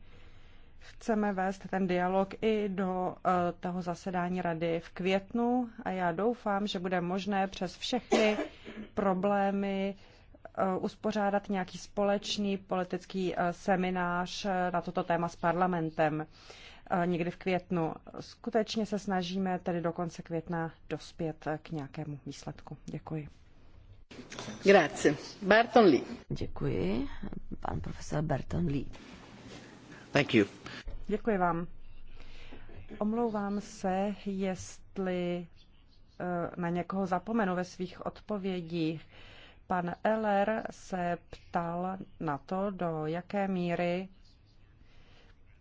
chceme vést ten dialog i do eh, toho zasedání rady v květnu a já doufám, že bude možné přes všechny problémy eh, uspořádat nějaký společný politický eh, seminář na toto téma s parlamentem někdy v květnu. Skutečně se snažíme tedy do konce května dospět k nějakému výsledku. Děkuji. Grazie. Barton Lee. Děkuji. Pan profesor Barton Lee. Thank you. Děkuji vám. Omlouvám se, jestli eh, na někoho zapomenu ve svých odpovědích. Pan Eller se ptal na to, do jaké míry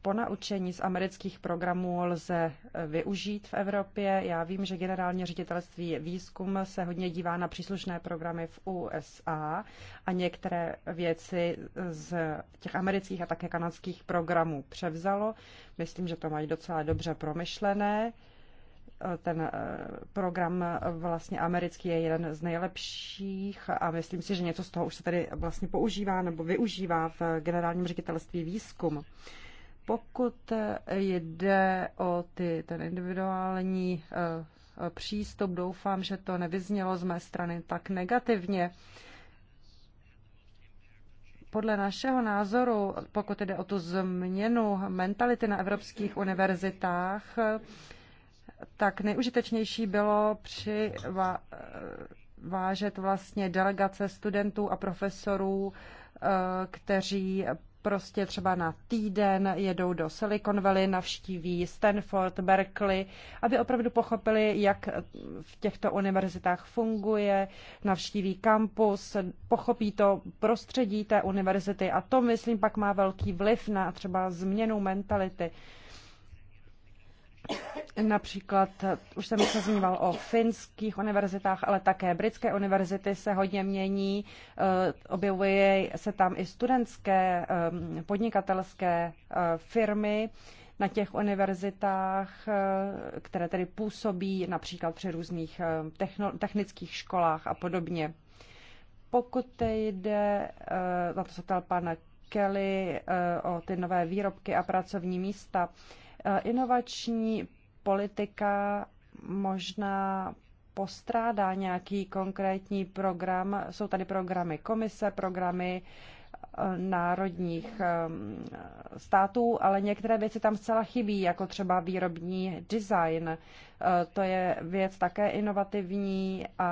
ponaučení z amerických programů lze e, využít v Evropě. Já vím, že generální ředitelství výzkum se hodně dívá na příslušné programy v USA a některé věci z těch amerických a také kanadských programů převzalo. Myslím, že to mají docela dobře promyšlené. E, ten e, program vlastně americký je jeden z nejlepších a myslím si, že něco z toho už se tady vlastně používá nebo využívá v generálním ředitelství výzkum. Pokud jde o ty, ten individuální eh, přístup, doufám, že to nevyznělo z mé strany tak negativně. Podle našeho názoru, pokud jde o tu změnu mentality na evropských univerzitách, tak nejužitečnější bylo při vážet vlastně delegace studentů a profesorů, eh, kteří prostě třeba na týden jedou do Silicon Valley, navštíví Stanford, Berkeley, aby opravdu pochopili, jak v těchto univerzitách funguje, navštíví kampus, pochopí to prostředí té univerzity a to, myslím, pak má velký vliv na třeba změnu mentality. Například, už jsem se zmiňoval o finských univerzitách, ale také britské univerzity se hodně mění. Eh, objevuje se tam i studentské eh, podnikatelské eh, firmy na těch univerzitách, které tedy působí například při různých technických školách a podobně. Pokud jde, na to se ptal pan Kelly, o ty nové výrobky a pracovní místa, Eh, inovační politika možná postrádá nějaký konkrétní program. Jsou tady programy komise, programy eh, národních ehm, států, ale některé věci tam zcela chybí, jako třeba výrobní design. Eh, to je věc také inovativní a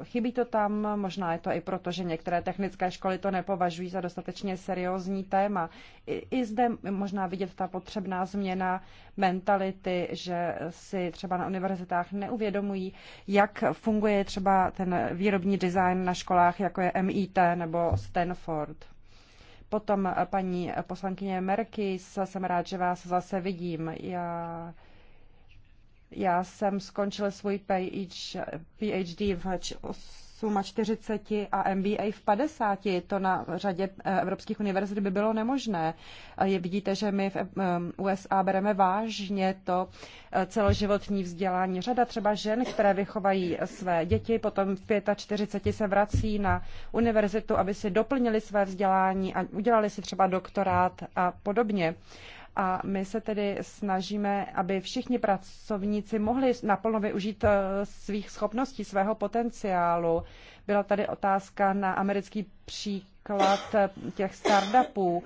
eh, chybí to tam, možná je to i proto, že některé technické školy to nepovažují za dostatečně seriózní téma. I, i zde možná vidět ta potřebná změna mentality, že si třeba na univerzitách neuvědomují, jak funguje třeba ten výrobní design na školách, jako je MIT nebo Stanford. Potom eh, paní poslankyně Merkis, jsem rád, že vás zase vidím. Já já jsem skončil svůj PhD v 48 a MBA v 50. To na řadě eh, evropských univerzit by bylo nemožné. Vidíte, že my v eh, USA um, bereme vážně to eh, celoživotní vzdělání. Řada třeba žen, které vychovají své děti, potom v 45 se vrací na univerzitu, aby si doplnili své vzdělání a udělali si třeba doktorát a podobně a my se tedy snažíme, aby všichni pracovníci mohli naplno využít eh, svých schopností, svého potenciálu. Byla tady otázka na americký příklad eh, těch startupů.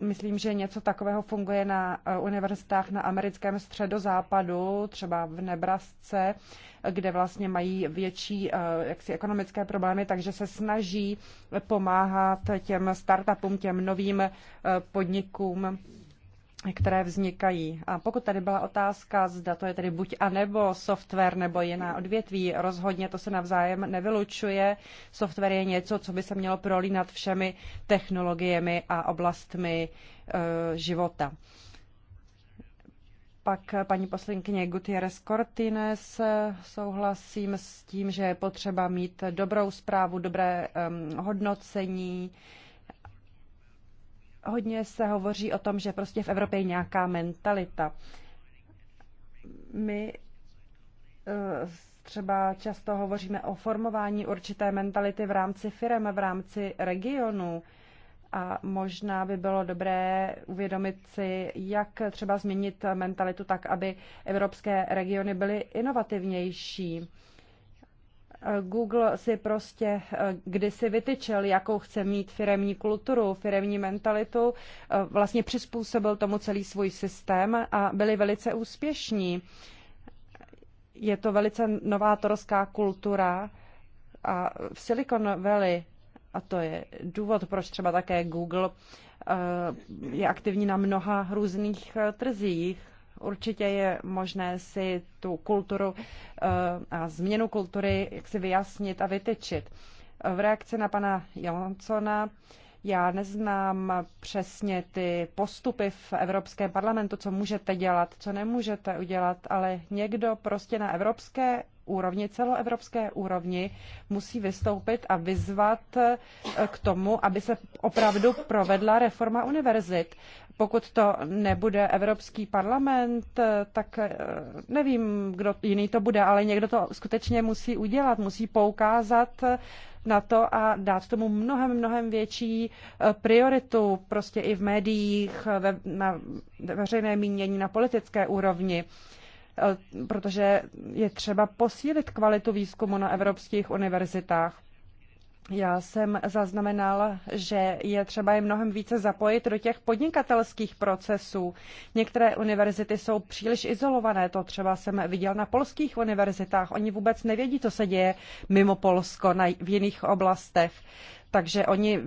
Myslím, že něco takového funguje na eh, univerzitách na americkém středozápadu, třeba v Nebrasce, kde vlastně mají větší jaksi, ekonomické problémy, takže se snaží pomáhat těm startupům, těm novým podnikům které vznikají. A pokud tady byla otázka, zda to je tedy buď a nebo software nebo jiná odvětví, rozhodně to se navzájem nevylučuje. Software je něco, co by se mělo prolínat všemi technologiemi a oblastmi e, života. Pak paní poslankyně Gutierrez Cortines e, souhlasím s tím, že je potřeba mít dobrou zprávu, dobré um, hodnocení, Hodně se hovoří o tom, že prostě v Evropě je nějaká mentalita. My eh, třeba často hovoříme o formování určité mentality v rámci firm, v rámci regionu A možná by bylo dobré uvědomit si, jak třeba změnit mentalitu tak, aby evropské regiony byly inovativnější. Google si prostě eh, kdysi vytyčel, jakou chce mít firemní kulturu, firemní mentalitu, eh, vlastně přizpůsobil tomu celý svůj systém a byli velice úspěšní. Je to velice novátorská kultura a v Silicon Valley, a to je důvod, proč třeba také Google eh, je aktivní na mnoha různých trzích, Určitě je možné si tu kulturu eh, a změnu kultury jak si vyjasnit a vytyčit. V reakci na pana Jonsona já neznám přesně ty postupy v Evropském parlamentu, co můžete dělat, co nemůžete udělat, ale někdo prostě na evropské úrovni, celoevropské úrovni musí vystoupit a vyzvat eh, k tomu, aby se opravdu provedla reforma univerzit pokud to nebude Evropský parlament, eh, tak eh, nevím, kdo jiný to bude, ale někdo to skutečně musí udělat, musí poukázat eh, na to a dát tomu mnohem, mnohem větší prioritu prostě i v médiích, ve, na veřejné mínění, na politické úrovni protože je třeba posílit kvalitu výzkumu na evropských univerzitách. Já jsem zaznamenal, že je třeba je mnohem více zapojit do těch podnikatelských procesů. Některé univerzity jsou příliš izolované, to třeba jsem viděl na polských univerzitách. Oni vůbec nevědí, co se děje mimo Polsko na, v jiných oblastech takže oni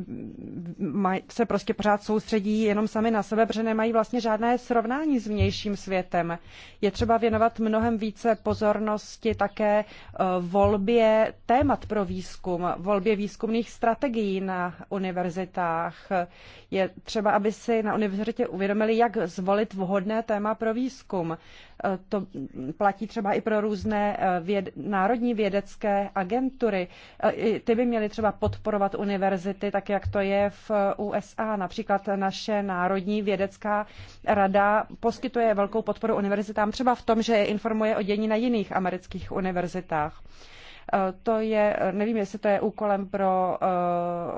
maj, se prostě pořád soustředí jenom sami na sebe, protože nemají vlastně žádné srovnání s vnějším světem. Je třeba věnovat mnohem více pozornosti také e, volbě témat pro výzkum, volbě výzkumných strategií na univerzitách. Je třeba, aby si na univerzitě uvědomili, jak zvolit vhodné téma pro výzkum. E, to platí třeba i pro různé e, věd, národní vědecké agentury. Ty by měly třeba podporovat univerzity univerzity, tak jak to je v USA. Například naše Národní vědecká rada poskytuje velkou podporu univerzitám třeba v tom, že je informuje o dění na jiných amerických univerzitách. Eh, to je, nevím, jestli to je úkolem pro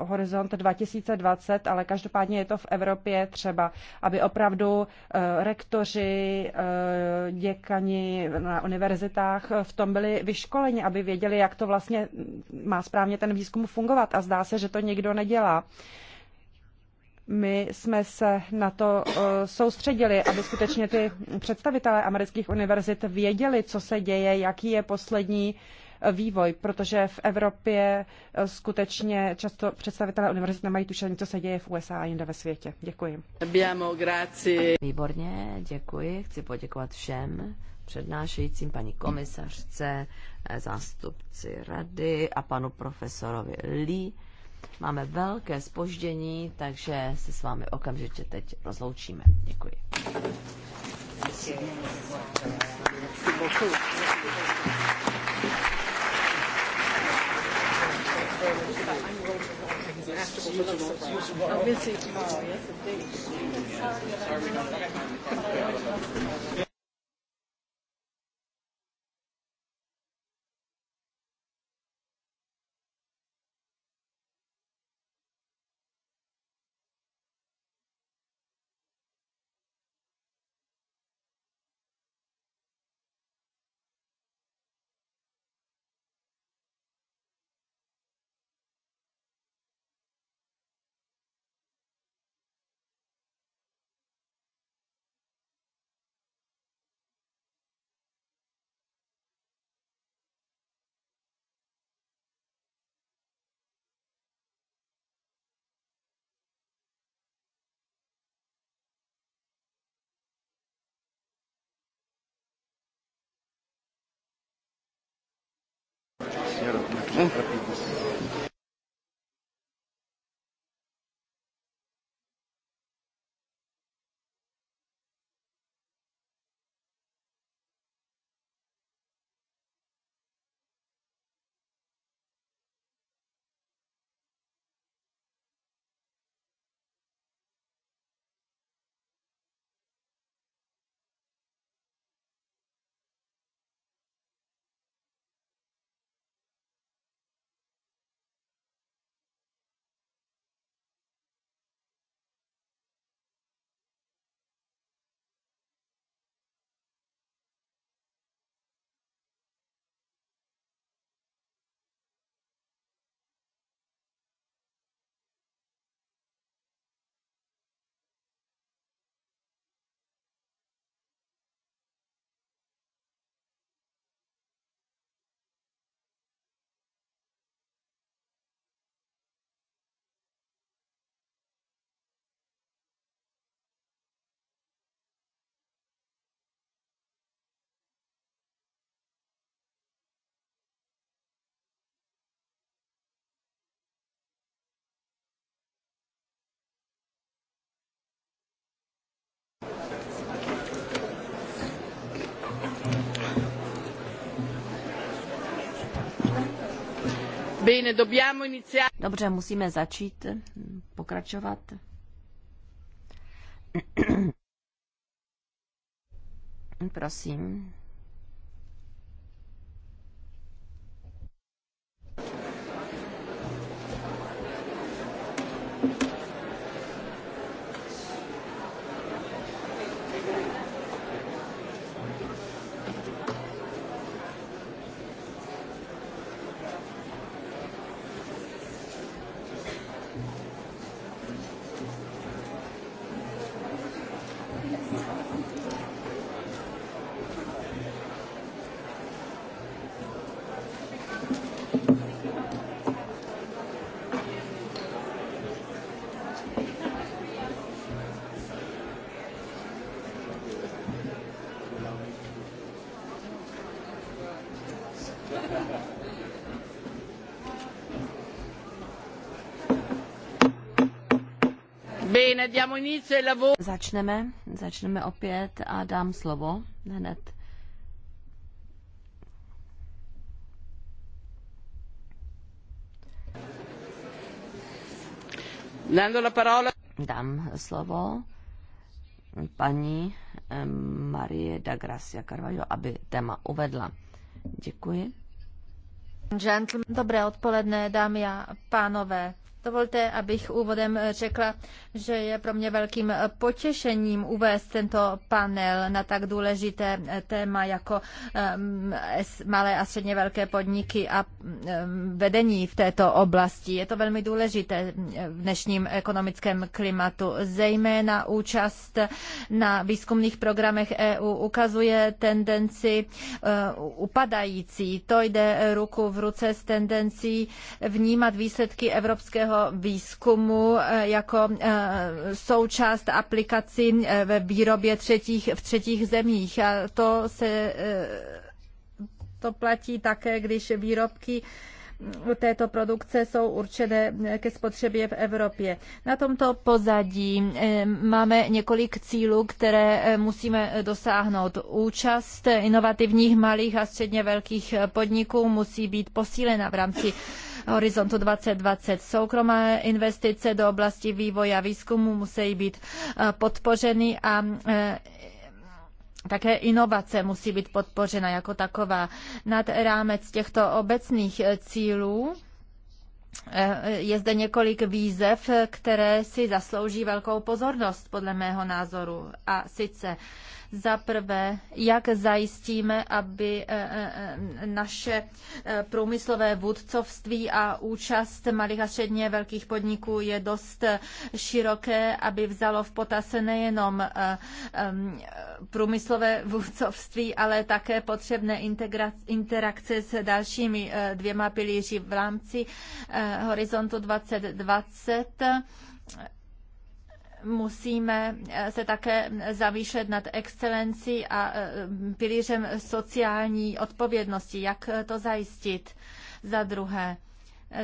uh, Horizont 2020, ale každopádně je to v Evropě třeba, aby opravdu uh, rektoři, uh, děkani na univerzitách v tom byli vyškoleni, aby věděli, jak to vlastně má správně ten výzkum fungovat. A zdá se, že to nikdo nedělá. My jsme se na to soustředili, aby skutečně ty představitelé amerických univerzit věděli, co se děje, jaký je poslední uh, vývoj, protože v Evropě eh, skutečně často představitelé univerzit nemají tušení, co se děje v USA a jinde ve světě. Děkuji. Výborně, děkuji. Chci poděkovat všem přednášejícím paní komisařce, eh, zástupci rady a panu profesorovi Lee. Máme velké spoždění, takže se s vámi okamžitě teď rozloučíme. Děkuji. Thank you going into that. I'm going to the things the so we'll see tomorrow. Yes, indeed. Sorry, Mm. Dobře, musíme začít, pokračovat. *clears throat* Prosím. Začneme, začneme opět a dám slovo hned. la parola. Dám slovo paní Marie da Gracia Carvalho, aby téma uvedla. Děkuji. Dobré odpoledne, dámy a pánové. Dovolte, abych úvodem řekla, že je pro mě velkým potěšením uvést tento panel na tak důležité téma jako eh, malé a středně velké podniky a eh, vedení v této oblasti. Je to velmi důležité v dnešním ekonomickém klimatu. Zejména účast na výzkumných programech EU ukazuje tendenci eh, upadající. To jde ruku v ruce s tendencí vnímat výsledky evropského vědeckého výzkumu eh, jako eh, součást aplikací eh, ve výrobě třetích, v třetích zemích. A to se to platí také, když výrobky mm, této produkce jsou určené ke spotřebě v Evropě. Na tomto pozadí máme několik cílů, které musíme dosáhnout. Účast inovativních malých a středně velkých podniků musí být posílena v rámci horizontu 2020. Soukromé investice do oblasti vývoje a výzkumu musí být eh, podpořeny a eh, také inovace musí být podpořena jako taková. Nad rámec těchto obecných eh, cílů je zde několik výzev, které si zaslouží velkou pozornost, podle mého názoru. A sice za prvé, jak zajistíme, aby eh, eh, eh, naše průmyslové vůdcovství a účast malých a středně velkých podniků je dost široké, aby vzalo v potaz nejenom průmyslové vůdcovství, ale také potřebné interakce s dalšími dvěma pilíři v rámci Horizontu 2020 musíme eh, se také zavýšet nad excelencí a eh, pilířem sociální odpovědnosti. Jak eh, to zajistit? Za druhé,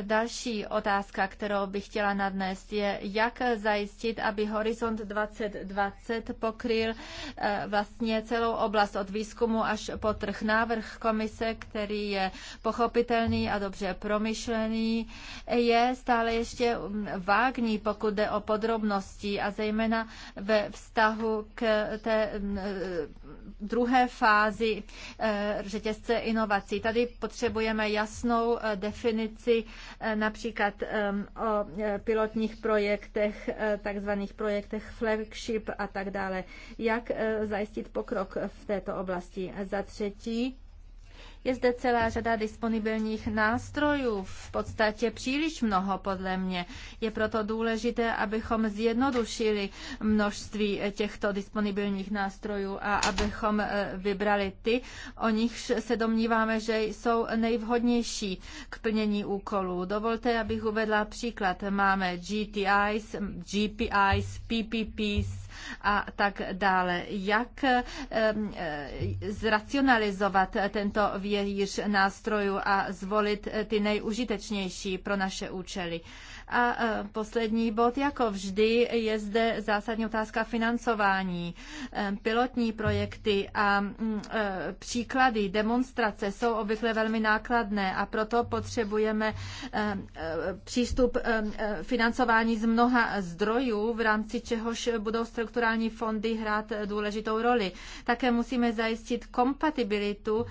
Další otázka, kterou bych chtěla nadnést, je, jak zajistit, aby Horizont 2020 pokryl eh, vlastně celou oblast od výzkumu až po trh. Návrh komise, který je pochopitelný a dobře promyšlený, je stále ještě mm, vágní, pokud jde o podrobnosti a zejména ve vztahu k té mm, eh, druhé fázi eh, řetězce inovací. Tady potřebujeme jasnou definici Eh, například o eh, pilotních projektech, eh, takzvaných projektech flagship a tak dále. Jak zajistit pokrok v této oblasti? Za třetí, je zde celá řada disponibilních nástrojů, v podstatě příliš mnoho podle mě. Je proto důležité, abychom zjednodušili množství eh, těchto disponibilních nástrojů a abychom eh, vybrali ty, o nichž se domníváme, že jsou nejvhodnější k plnění úkolů. Dovolte, abych uvedla příklad. Máme GTIs, GPIs, PPPs, a tak dále. Jak eh, eh, zracionalizovat tento vějíř nástrojů a zvolit eh, ty nejužitečnější pro naše účely? A e, poslední bod, jako vždy, je zde zásadní otázka financování. E, pilotní projekty a e, příklady, demonstrace jsou obvykle velmi nákladné a proto potřebujeme přístup financování z mnoha zdrojů, v rámci čehož budou strukturální fondy hrát důležitou roli. Také musíme zajistit kompatibilitu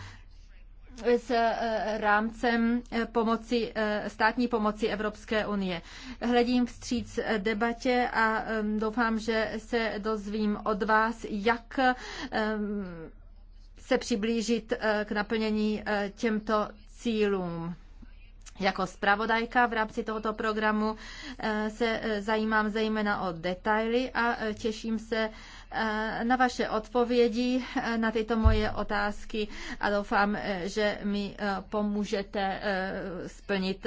s eh, rámcem eh, pomoci, eh, státní pomoci Evropské unie. Hledím vstříc debatě a doufám, že se dozvím od vás, jak se přiblížit k naplnění těmto cílům. Jako zpravodajka v rámci tohoto programu se zajímám zejména o detaily a těším se Eh, na vaše odpovědi eh, na tyto moje otázky a doufám, eh, že mi pomůžete splnit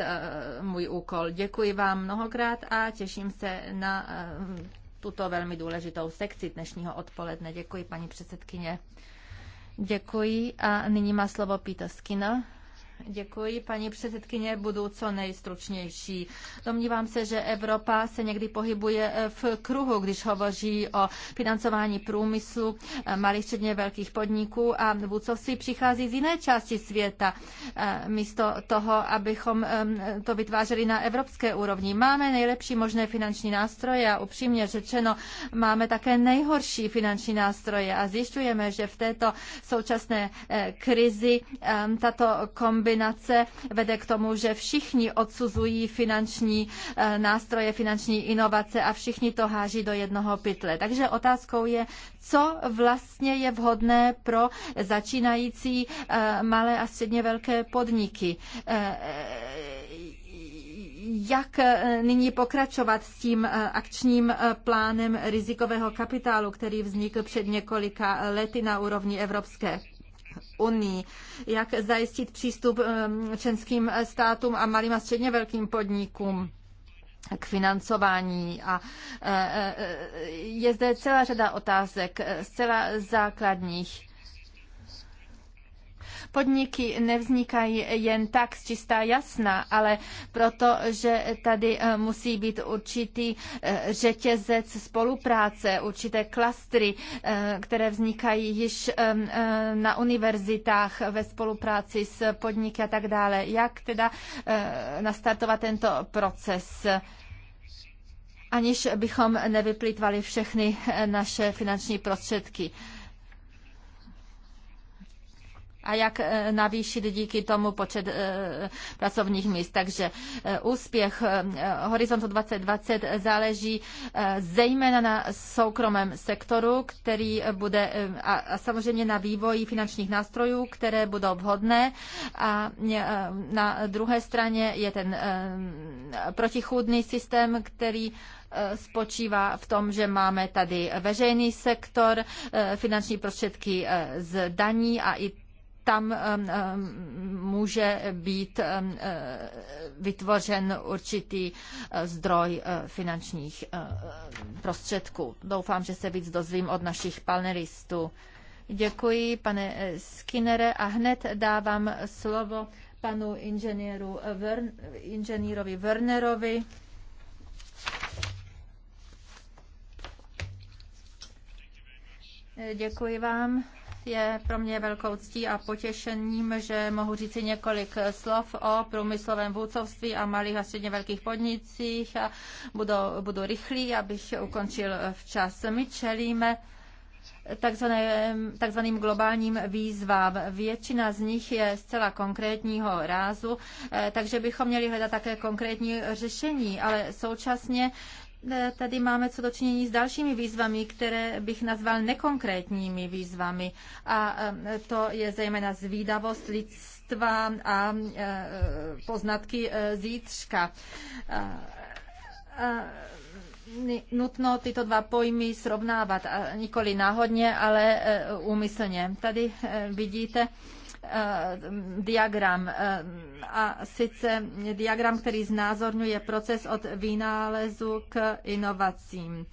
můj úkol. Děkuji vám mnohokrát a těším se na tuto velmi důležitou sekci dnešního odpoledne. Děkuji, paní předsedkyně. Děkuji a nyní má slovo Peter Skinner. Děkuji, paní předsedkyně, budu co nejstručnější. Domnívám se, že Evropa se někdy pohybuje eh, v kruhu, když hovoří o financování průmyslu eh, malých středně velkých podniků a vůcovství přichází z jiné části světa. Eh, místo toho, abychom to vytvářeli na evropské úrovni. Máme nejlepší možné finanční nástroje a upřímně řečeno máme také nejhorší finanční nástroje a zjišťujeme, že v této současné krizi tato kombinace kombinace vede k tomu, že všichni odsuzují finanční eh, nástroje, finanční inovace a všichni to háží do jednoho pytle. Takže otázkou je, co vlastně je vhodné pro začínající eh, malé a středně velké podniky eh, jak nyní pokračovat s tím akčním plánem rizikového kapitálu, který vznikl před několika lety na úrovni Evropské unii, jak zajistit přístup ehm, členským eh, státům a malým a středně velkým podnikům k financování. A eh, eh, je zde celá řada otázek, zcela základních Podniky nevznikají jen tak z čistá jasna, ale proto, že tady eh, musí být určitý eh, řetězec spolupráce, určité klastry, eh, které vznikají již na univerzitách ve spolupráci s podniky a tak dále. Jak teda nastartovat tento proces? aniž bychom nevyplýtvali všechny naše finanční prostředky a jak e, navýšit díky tomu počet e, pracovních míst. Takže e, úspěch Horizontu 2020 záleží zejména na soukromém sektoru, který bude a samozřejmě na vývoji finančních nástrojů, které budou vhodné. A na druhé straně je ten protichůdný systém, který spočívá v tom, že máme tady veřejný sektor, finanční prostředky z daní a i tam může být e, vytvořen určitý e, zdroj e, finančních prostředků. Doufám, že se víc dozvím od našich panelistů. Děkuji, pane Skinnere, a hned dávám slovo panu inženýru Vern, inženýrovi Wernerovi. Děkuji vám. Je pro mě velkou ctí a potěšením, že mohu říci několik slov o průmyslovém vůcovství a malých a středně velkých podnicích. A budu, budu rychlý, abych ukončil včas. My čelíme takzvaným, takzvaným globálním výzvám. Většina z nich je zcela konkrétního rázu, eh, takže bychom měli hledat také konkrétní řešení, ale současně E, tady máme co dočinění s dalšími výzvami, které bych nazval nekonkrétními výzvami. A e, to je zejména zvídavost lidstva a e, poznatky zítřka nutno tyto dva pojmy srovnávat, nikoli náhodně, ale úmyslně. Tady vidíte Eh, diagram. Eh, a sice diagram, který znázorňuje proces od vynálezu k inovacím.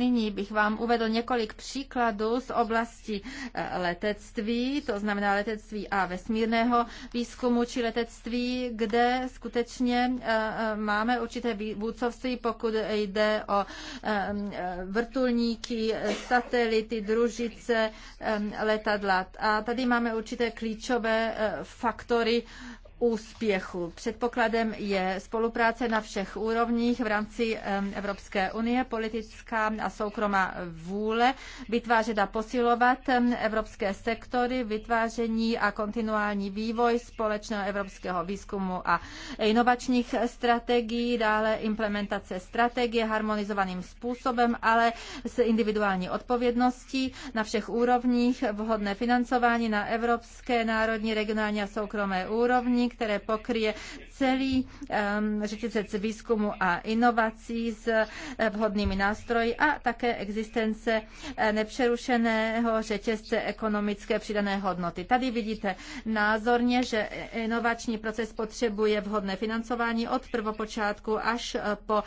Nyní bych vám uvedl několik příkladů z oblasti eh, letectví, to znamená letectví a vesmírného výzkumu či letectví, kde skutečně eh, eh, máme určité vůdcovství, pokud jde o vrtulníky, satelity, družice, letadla. A tady máme určité klíčové faktory úspěchu. Předpokladem je spolupráce na všech úrovních v rámci Evropské unie, politická a soukromá vůle, vytvářet a posilovat evropské sektory, vytváření a kontinuální vývoj společného evropského výzkumu a inovačních strategií, dále implementace strategie harmonizovaným způsobem, ale s individuální odpovědností na všech úrovních, vhodné financování na evropské, národní, regionální a soukromé úrovni, které pokryje celý um, řetězec výzkumu a inovací s eh, vhodnými nástroji a také existence eh, nepřerušeného řetězce ekonomické přidané hodnoty. Tady vidíte názorně, že inovační proces potřebuje vhodné financování od prvopočátku až eh, po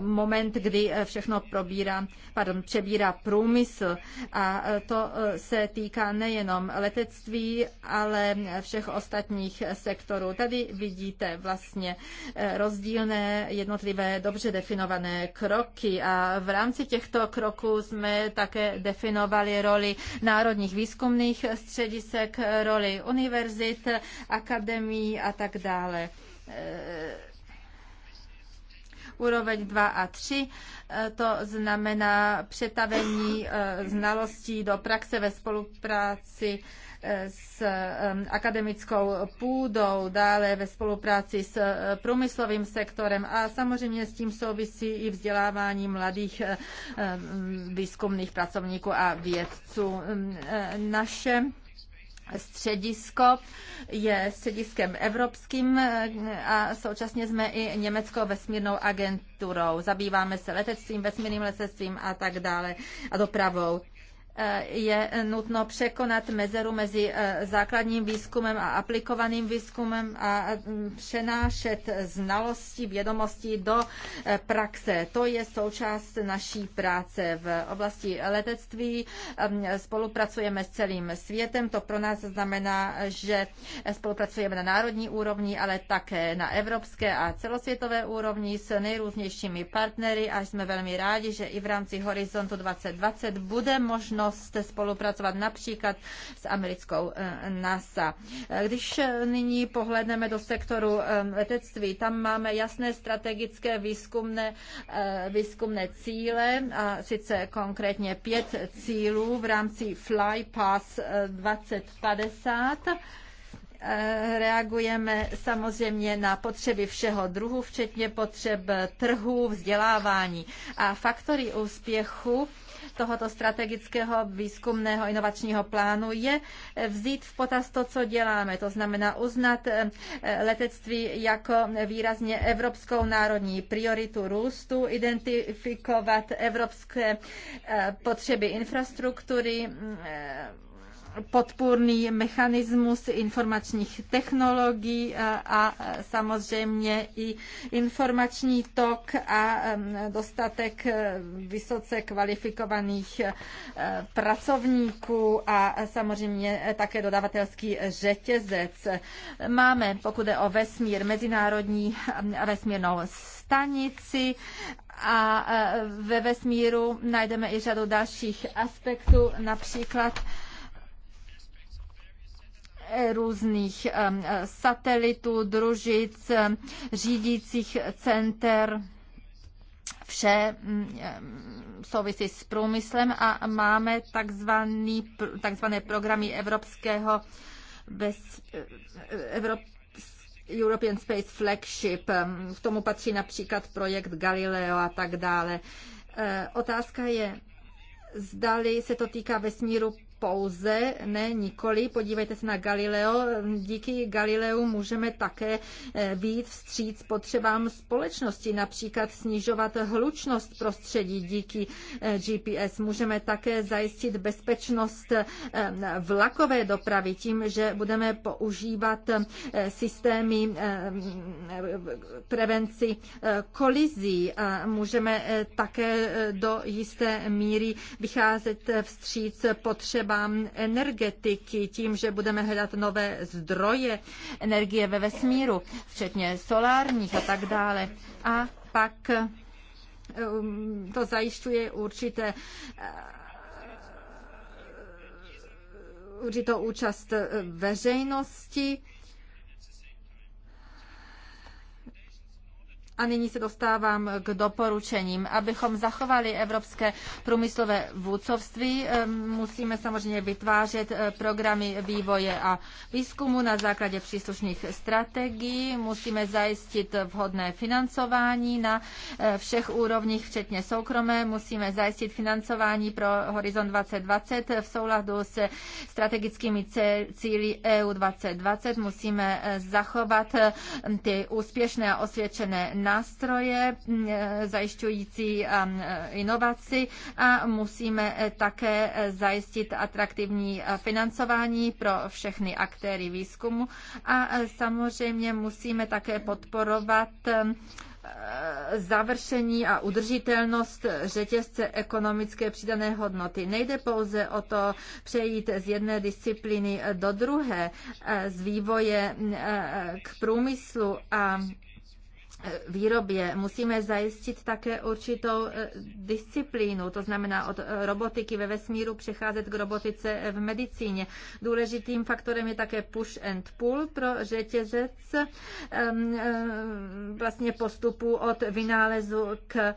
moment, kdy všechno probírá, pardon, přebírá průmysl. A to se týká nejenom letectví, ale všech ostatních soukromých sektorů. Tady vidíte vlastně eh, rozdílné jednotlivé dobře definované kroky a v rámci těchto kroků jsme také definovali roli národních výzkumných středisek, roli univerzit, akademií a tak dále eh, úroveň 2 a 3. Eh, to znamená přetavení znalostí do praxe ve spolupráci s akademickou půdou, dále ve spolupráci s eh, průmyslovým sektorem a samozřejmě s tím souvisí i vzdělávání mladých eh, výzkumných pracovníků a vědců. Eh, naše středisko je střediskem evropským a současně jsme i německou vesmírnou agenturou. Zabýváme se letectvím, vesmírným letectvím a tak dále a dopravou. Eh, je nutno překonat mezeru mezi eh, základním výzkumem a aplikovaným výzkumem a mm, přenášet znalosti, vědomosti do eh, praxe. To je součást naší práce v oblasti letectví. Ehm, spolupracujeme s celým světem. To pro nás znamená, že spolupracujeme na národní úrovni, ale také na evropské a celosvětové úrovni s nejrůznějšími partnery a jsme velmi rádi, že i v rámci Horizontu 2020 bude možno možnost spolupracovat například s americkou eh, NASA. Eh, když nyní pohledneme do sektoru eh, letectví, tam máme jasné strategické výzkumné, výzkumné cíle, a sice konkrétně pět cílů v rámci FlyPass 2050 reagujeme samozřejmě na potřeby všeho druhu, včetně potřeb trhu, vzdělávání. A faktory úspěchu tohoto strategického výzkumného inovačního plánu je vzít v potaz to, co děláme. To znamená uznat eh, letectví jako výrazně evropskou národní prioritu růstu, identifikovat evropské eh, potřeby infrastruktury, mm, eh, podpůrný mechanismus informačních technologií eh, a eh, samozřejmě i informační tok a dostatek eh, vysoce kvalifikovaných pracovníků a samozřejmě také dodavatelský řetězec. Máme, pokud je o vesmír, mezinárodní vesmírnou stanici a ve vesmíru najdeme i řadu dalších aspektů, například různých satelitů, družic, řídících center. Vše mm, souvisí s průmyslem a máme takzvaný, takzvané programy Evropského bez, eh, Evrop, European Space Flagship. K tomu patří například projekt Galileo a tak dále. Eh, otázka je, zdali se to týká vesmíru pouze, ne nikoli. Podívejte se na Galileo. Díky Galileu můžeme také eh, výjít vstříc potřebám společnosti, například snižovat hlučnost prostředí díky eh, GPS. Můžeme také zajistit bezpečnost eh, vlakové dopravy tím, že budeme používat systémy prevenci kolizí. Můžeme také do jisté míry vycházet vstříc potřebám potřebám energetiky, tím, že budeme hledat nové zdroje energie ve vesmíru, včetně solárních a tak dále. A pak um, to zajišťuje určité určitou účast veřejnosti A nyní se dostávám k doporučením. Abychom zachovali evropské průmyslové vůdcovství, musíme samozřejmě vytvářet eh, programy vývoje a výzkumu na základě příslušných strategií. Musíme zajistit vhodné financování na eh, všech úrovních, včetně soukromé. Musíme zajistit financování pro Horizon 2020 v souladu se strategickými cíly EU 2020. Musíme eh, zachovat ty úspěšné a osvědčené nástroje mm, e, zajišťující um, e, inovaci a musíme e, také zajistit atraktivní financování pro všechny aktéry výzkumu a samozřejmě musíme také podporovat završení a udržitelnost řetězce ekonomické přidané hodnoty. Nejde pouze o to přejít z jedné disciplíny do druhé, z vývoje k průmyslu a výrobě musíme zajistit také určitou eh, disciplínu, to znamená od eh, robotiky ve vesmíru přecházet k robotice v medicíně. Důležitým faktorem je také push and pull pro řetězec vlastně postupu od vynálezu k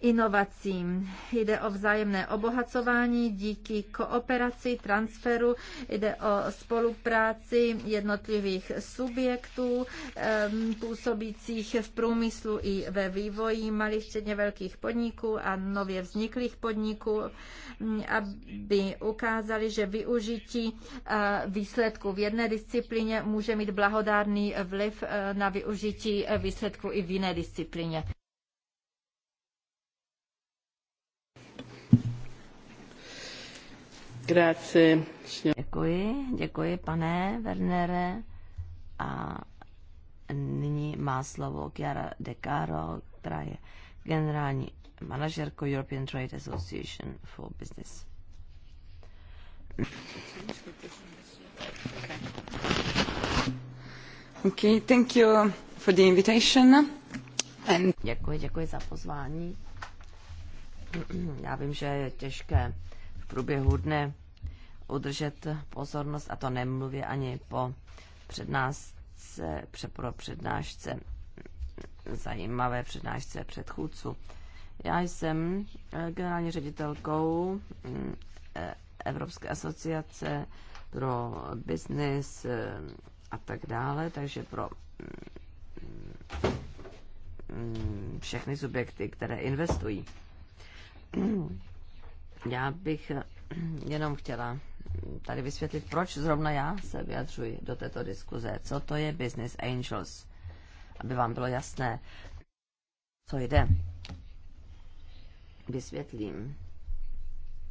inovacím. Jde o vzájemné obohacování díky kooperaci, transferu, jde o spolupráci jednotlivých subjektů působících v průmyslu i ve vývoji malých, středně velkých podniků a nově vzniklých podniků, aby ukázali, že využití e, výsledku v jedné disciplíně může mít blahodárný vliv e, na využití e, výsledku i v jiné disciplíně. Grazie. Děkuji, děkuji pane Wernere. A nyní má slovo Chiara De Caro, která je generální manažerkou European Trade Association for Business. Okay, thank you for the invitation. And... Děkuji, děkuji za pozvání. Já vím, že je těžké průběhu dne udržet pozornost, a to nemluvě ani po přednášce, přepro přednášce, zajímavé přednášce předchůdců. Já jsem eh, generální ředitelkou mm, eh, Evropské asociace pro biznis eh, a tak dále, takže pro mm, mm, všechny subjekty, které investují. Já bych eh, jenom chtěla tady vysvětlit, proč zrovna já se vyjadřuji do této diskuze. Co to je Business Angels? Aby vám bylo jasné, co jde. Vysvětlím,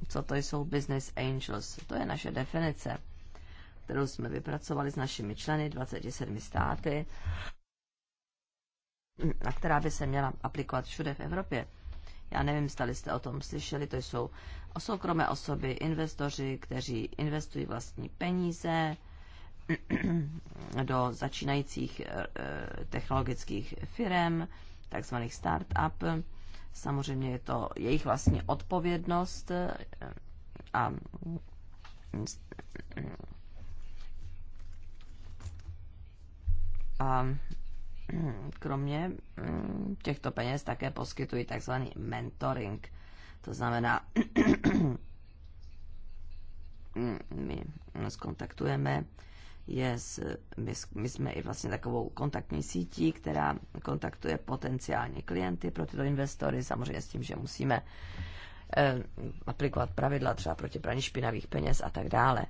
co to jsou Business Angels. To je naše definice, kterou jsme vypracovali s našimi členy 27 státy a která by se měla aplikovat všude v Evropě. Já nevím, stali jste o tom slyšeli, to jsou soukromé osoby, investoři, kteří investují vlastní peníze *clears throat* do začínajících eh, technologických firm, takzvaných start-up. Samozřejmě je to jejich vlastní odpovědnost eh, a a Mm, kromě mm, těchto peněz také poskytují takzvaný mentoring. To znamená, *clears throat* mm, my skontaktujeme je s, my, my jsme i vlastně takovou kontaktní sítí, která kontaktuje potenciální klienty pro tyto investory, samozřejmě s tím, že musíme eh, aplikovat pravidla třeba proti praní špinavých peněz a tak dále.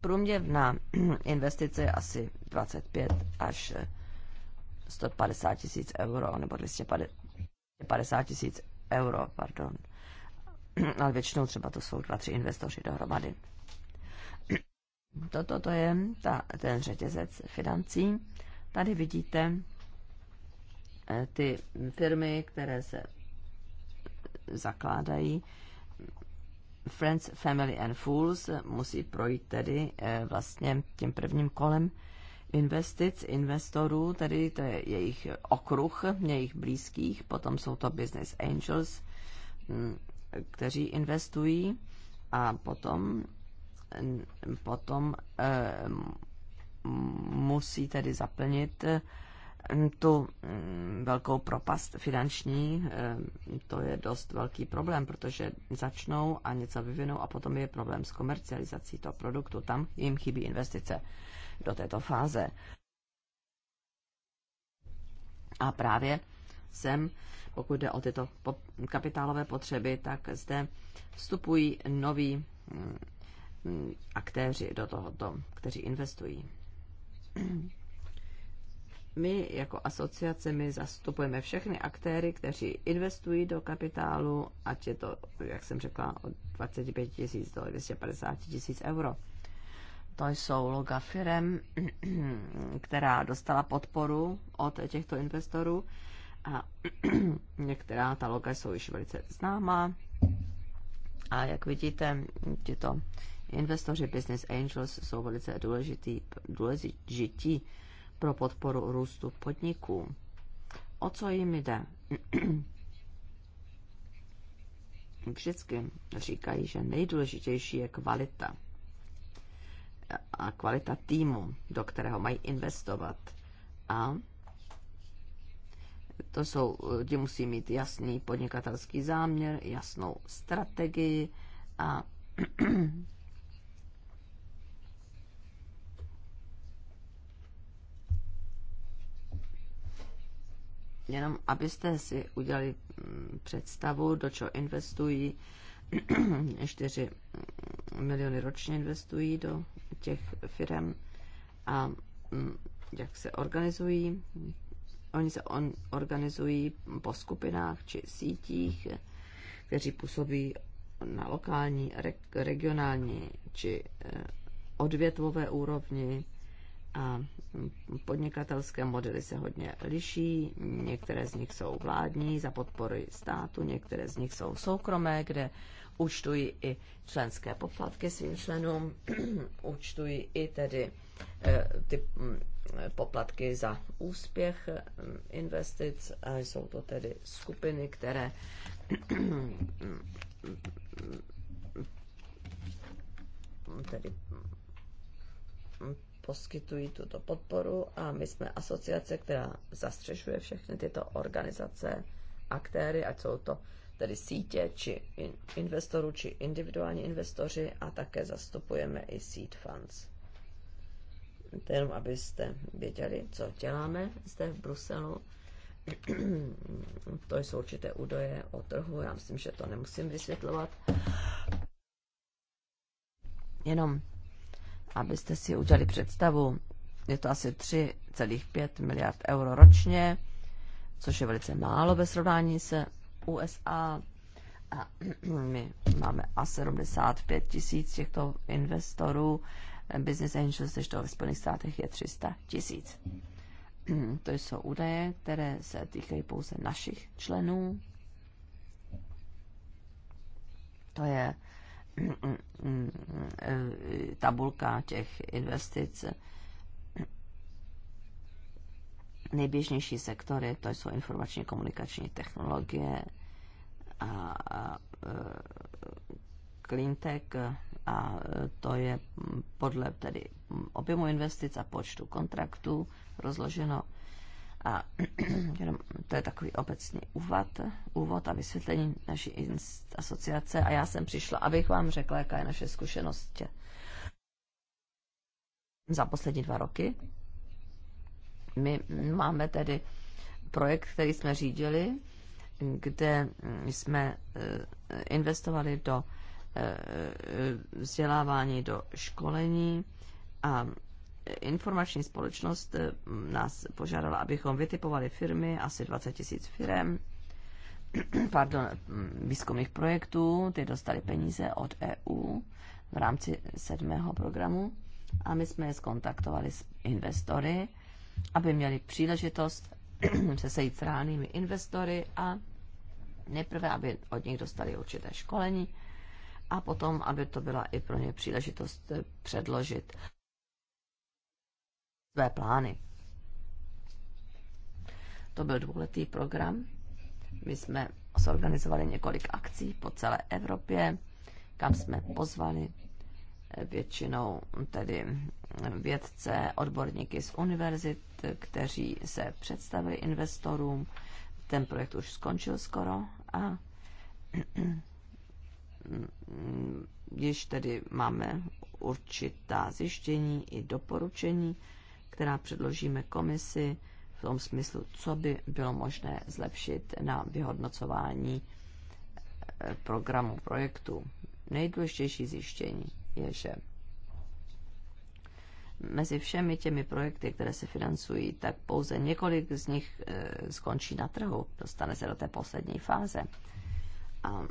Průměrná *clears throat* investice je asi 25 až 150 tisíc euro, nebo 250 tisíc euro, pardon. *clears throat* Ale většinou třeba to jsou dva, tři investoři dohromady. *clears throat* Toto to je ta, ten řetězec financí. Tady vidíte eh, ty firmy, které se zakládají Friends, Family and Fools musí projít tedy eh, vlastně tím prvním kolem investic, investorů, tedy to je jejich okruh, jejich blízkých, potom jsou to business angels, mm, kteří investují a potom, mm, potom eh, musí tedy zaplnit tu mm, velkou propast finanční, eh, to je dost velký problém, protože začnou a něco vyvinou a potom je problém s komercializací toho produktu. Tam jim chybí investice do této fáze. A právě sem, pokud jde o tyto kapitálové potřeby, tak zde vstupují noví mm, aktéři do tohoto, kteří investují. My jako asociace my zastupujeme všechny aktéry, kteří investují do kapitálu, ať je to, jak jsem řekla, od 25 tisíc do 250 tisíc euro. To jsou loga firem, *clears throat* která dostala podporu od těchto investorů a *clears throat* některá ta loga jsou již velice známá. A jak vidíte, tyto investoři Business Angels jsou velice důležitý, důležití pro podporu růstu podniků. O co jim jde? *clears throat* Vždycky říkají, že nejdůležitější je kvalita a kvalita týmu, do kterého mají investovat. A to jsou, ti musí mít jasný podnikatelský záměr, jasnou strategii a *clears throat* jenom abyste si udělali mm, představu, do čeho investují. 4 *clears throat* miliony ročně investují do těch firm a mm, jak se organizují. Oni se on, organizují po skupinách či sítích, kteří působí na lokální, regionální či eh, odvětvové úrovni a podnikatelské modely se hodně liší. Některé z nich jsou vládní za podpory státu, některé z nich jsou soukromé, kde účtují i členské poplatky svým členům, *clears throat* účtují i tedy eh, ty mm, poplatky za úspěch mm, investic. A jsou to tedy skupiny, které *clears throat* tedy poskytují tuto podporu a my jsme asociace, která zastřešuje všechny tyto organizace, aktéry, ať jsou to tedy sítě či investorů, či individuální investoři a také zastupujeme i seed funds. To jenom abyste věděli, co děláme zde v Bruselu. *clears throat* to jsou určité údaje o trhu, já myslím, že to nemusím vysvětlovat. Jenom abyste si udělali představu. Je to asi 3,5 miliard euro ročně, což je velice málo ve srovnání se USA. A *clears throat* my máme a 75 tisíc těchto investorů, business angels, když to ve Spojených státech je 300 tisíc. *clears throat* To jsou údaje, které se týkají pouze našich členů. To je *clears throat* tabulka těch investic. Nejběžnější sektory, to jsou informační komunikační technologie a, a e, cleantech a to je podle tedy objemu investic a počtu kontraktů rozloženo a *clears throat* jenom to je takový obecný úvod, úvod a vysvětlení naší asociace. A já jsem přišla, abych vám řekla, jaká je naše zkušenost za poslední dva roky. My máme tedy projekt, který jsme řídili, kde jsme eh, investovali do eh, eh, vzdělávání, do školení a informační společnost eh, nás požádala, abychom vytipovali firmy, asi 20 tisíc firm, *clears throat* pardon, mm, výzkumných projektů, ty dostali peníze od EU v rámci sedmého programu a my jsme je skontaktovali s investory, aby měli příležitost *clears throat* se sejít s reálnými investory a nejprve, aby od nich dostali určité školení a potom, aby to byla i pro ně příležitost eh, předložit své plány. To byl dvouletý program. My jsme zorganizovali několik akcí po celé Evropě, kam jsme pozvali eh, většinou tedy vědce, odborníky z univerzit, kteří se představili investorům. Ten projekt už skončil skoro a *clears throat* již tedy máme určitá zjištění i doporučení která předložíme komisi v tom smyslu, co by bylo možné zlepšit na vyhodnocování eh, programu projektu. Nejdůležitější zjištění je, že mezi všemi těmi projekty, které se financují, tak pouze několik z nich eh, skončí na trhu, dostane se do té poslední fáze. A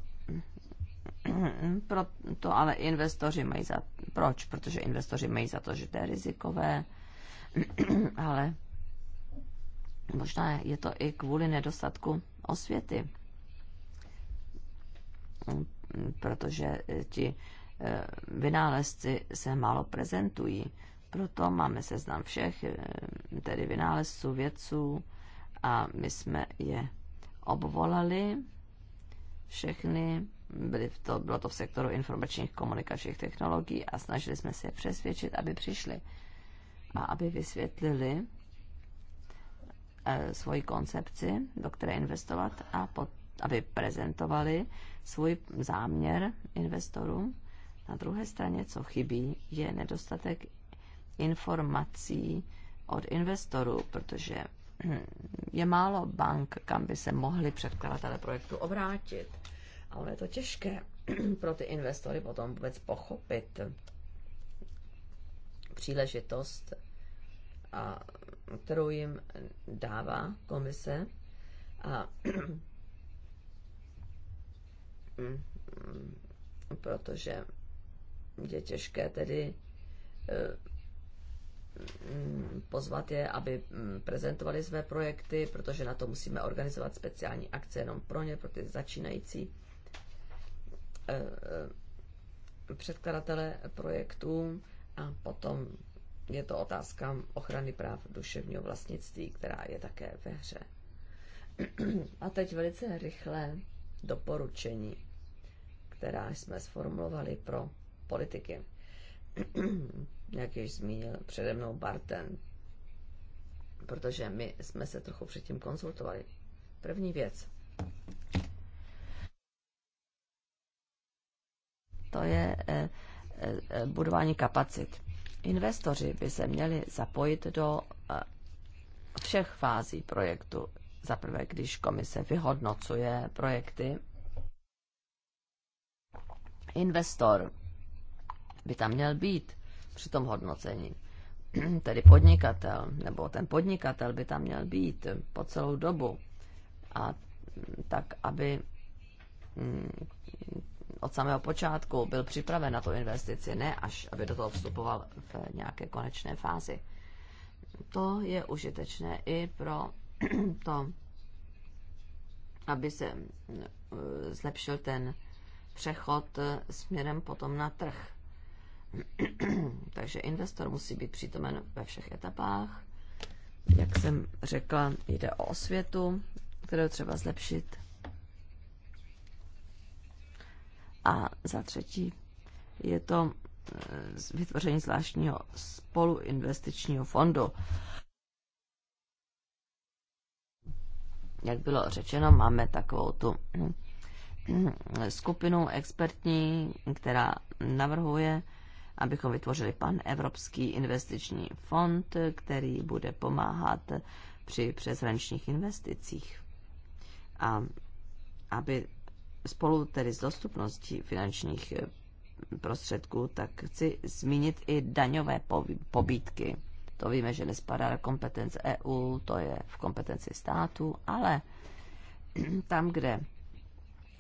proto ale investoři mají za... Proč? Protože investoři mají za to, že to je rizikové, *clears throat* ale možná je to i kvůli nedostatku osvěty, protože ti eh, vynálezci se málo prezentují. Proto máme seznam všech, eh, tedy vynálezců, vědců, a my jsme je obvolali všechny, byli to, bylo to v sektoru informačních komunikačních technologií a snažili jsme se je přesvědčit, aby přišli a aby vysvětlili eh, svoji koncepci, do které investovat a pod, aby prezentovali svůj záměr investorům. Na druhé straně, co chybí, je nedostatek informací od investorů, protože hm, je málo bank, kam by se mohli předkladatele projektu obrátit. A ono je to těžké *clears throat* pro ty investory potom vůbec pochopit příležitost a kterou jim dává komise. A *clears throat* protože je těžké tedy e, pozvat je, aby mm, prezentovali své projekty, protože na to musíme organizovat speciální akce jenom pro ně, pro ty začínající e, e, předkladatele projektů a potom je to otázka ochrany práv duševního vlastnictví, která je také ve hře. *clears throat* A teď velice rychlé doporučení, která jsme sformulovali pro politiky. *clears throat* Jak již zmínil přede mnou Barten, protože my jsme se trochu předtím konzultovali. První věc. To je eh, eh, budování kapacit Investoři by se měli zapojit do eh, všech fází projektu. Za prvé, když komise vyhodnocuje projekty, investor by tam měl být při tom hodnocení. *clears throat* Tedy podnikatel, nebo ten podnikatel by tam měl být po celou dobu. A tak, aby mm, od samého počátku byl připraven na tu investici, ne až aby do toho vstupoval v nějaké konečné fázi. To je užitečné i pro *clears throat* to, aby se eh, zlepšil ten přechod eh, směrem potom na trh. *clears throat* Takže investor musí být přítomen ve všech etapách. Jak jsem řekla, jde o osvětu, kterou třeba zlepšit. A za třetí je to eh, vytvoření zvláštního spoluinvestičního fondu. Jak bylo řečeno, máme takovou tu eh, skupinu expertní, která navrhuje, abychom vytvořili pan Evropský investiční fond, který bude pomáhat při přeshraničních investicích. A aby spolu tedy s dostupností finančních eh, prostředků, tak chci zmínit i daňové pobídky. To víme, že nespadá do kompetence EU, to je v kompetenci státu, ale *clears throat* tam, kde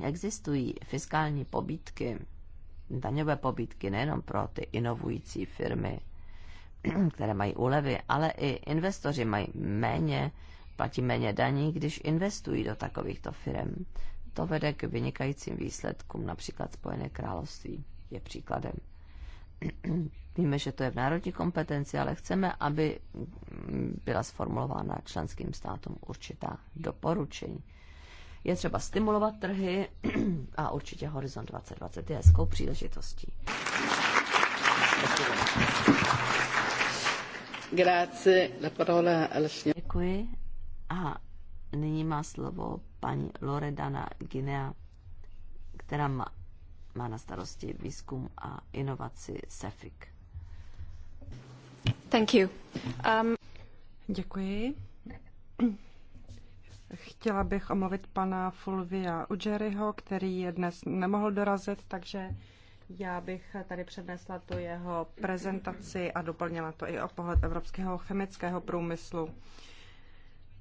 existují fiskální pobídky, daňové pobídky nejenom pro ty inovující firmy, *clears throat* které mají úlevy, ale i investoři mají méně, platí méně daní, když investují do takovýchto firm. To vede k vynikajícím výsledkům, například Spojené království je příkladem. *clears throat* Víme, že to je v národní kompetenci, ale chceme, aby byla sformulována členským státům určitá doporučení. Je třeba stimulovat trhy *clears throat* a určitě Horizont 2020 je hezkou příležitostí. la parola signora. Děkuji. A nyní má slovo paní Loredana Guinea, která má, má na starosti výzkum a inovaci SEFIC. Thank you. Um... Děkuji. Chtěla bych omluvit pana Fulvia Ujeriho, který je dnes nemohl dorazit, takže já bych tady přednesla tu jeho prezentaci a doplnila to i o pohled evropského chemického průmyslu.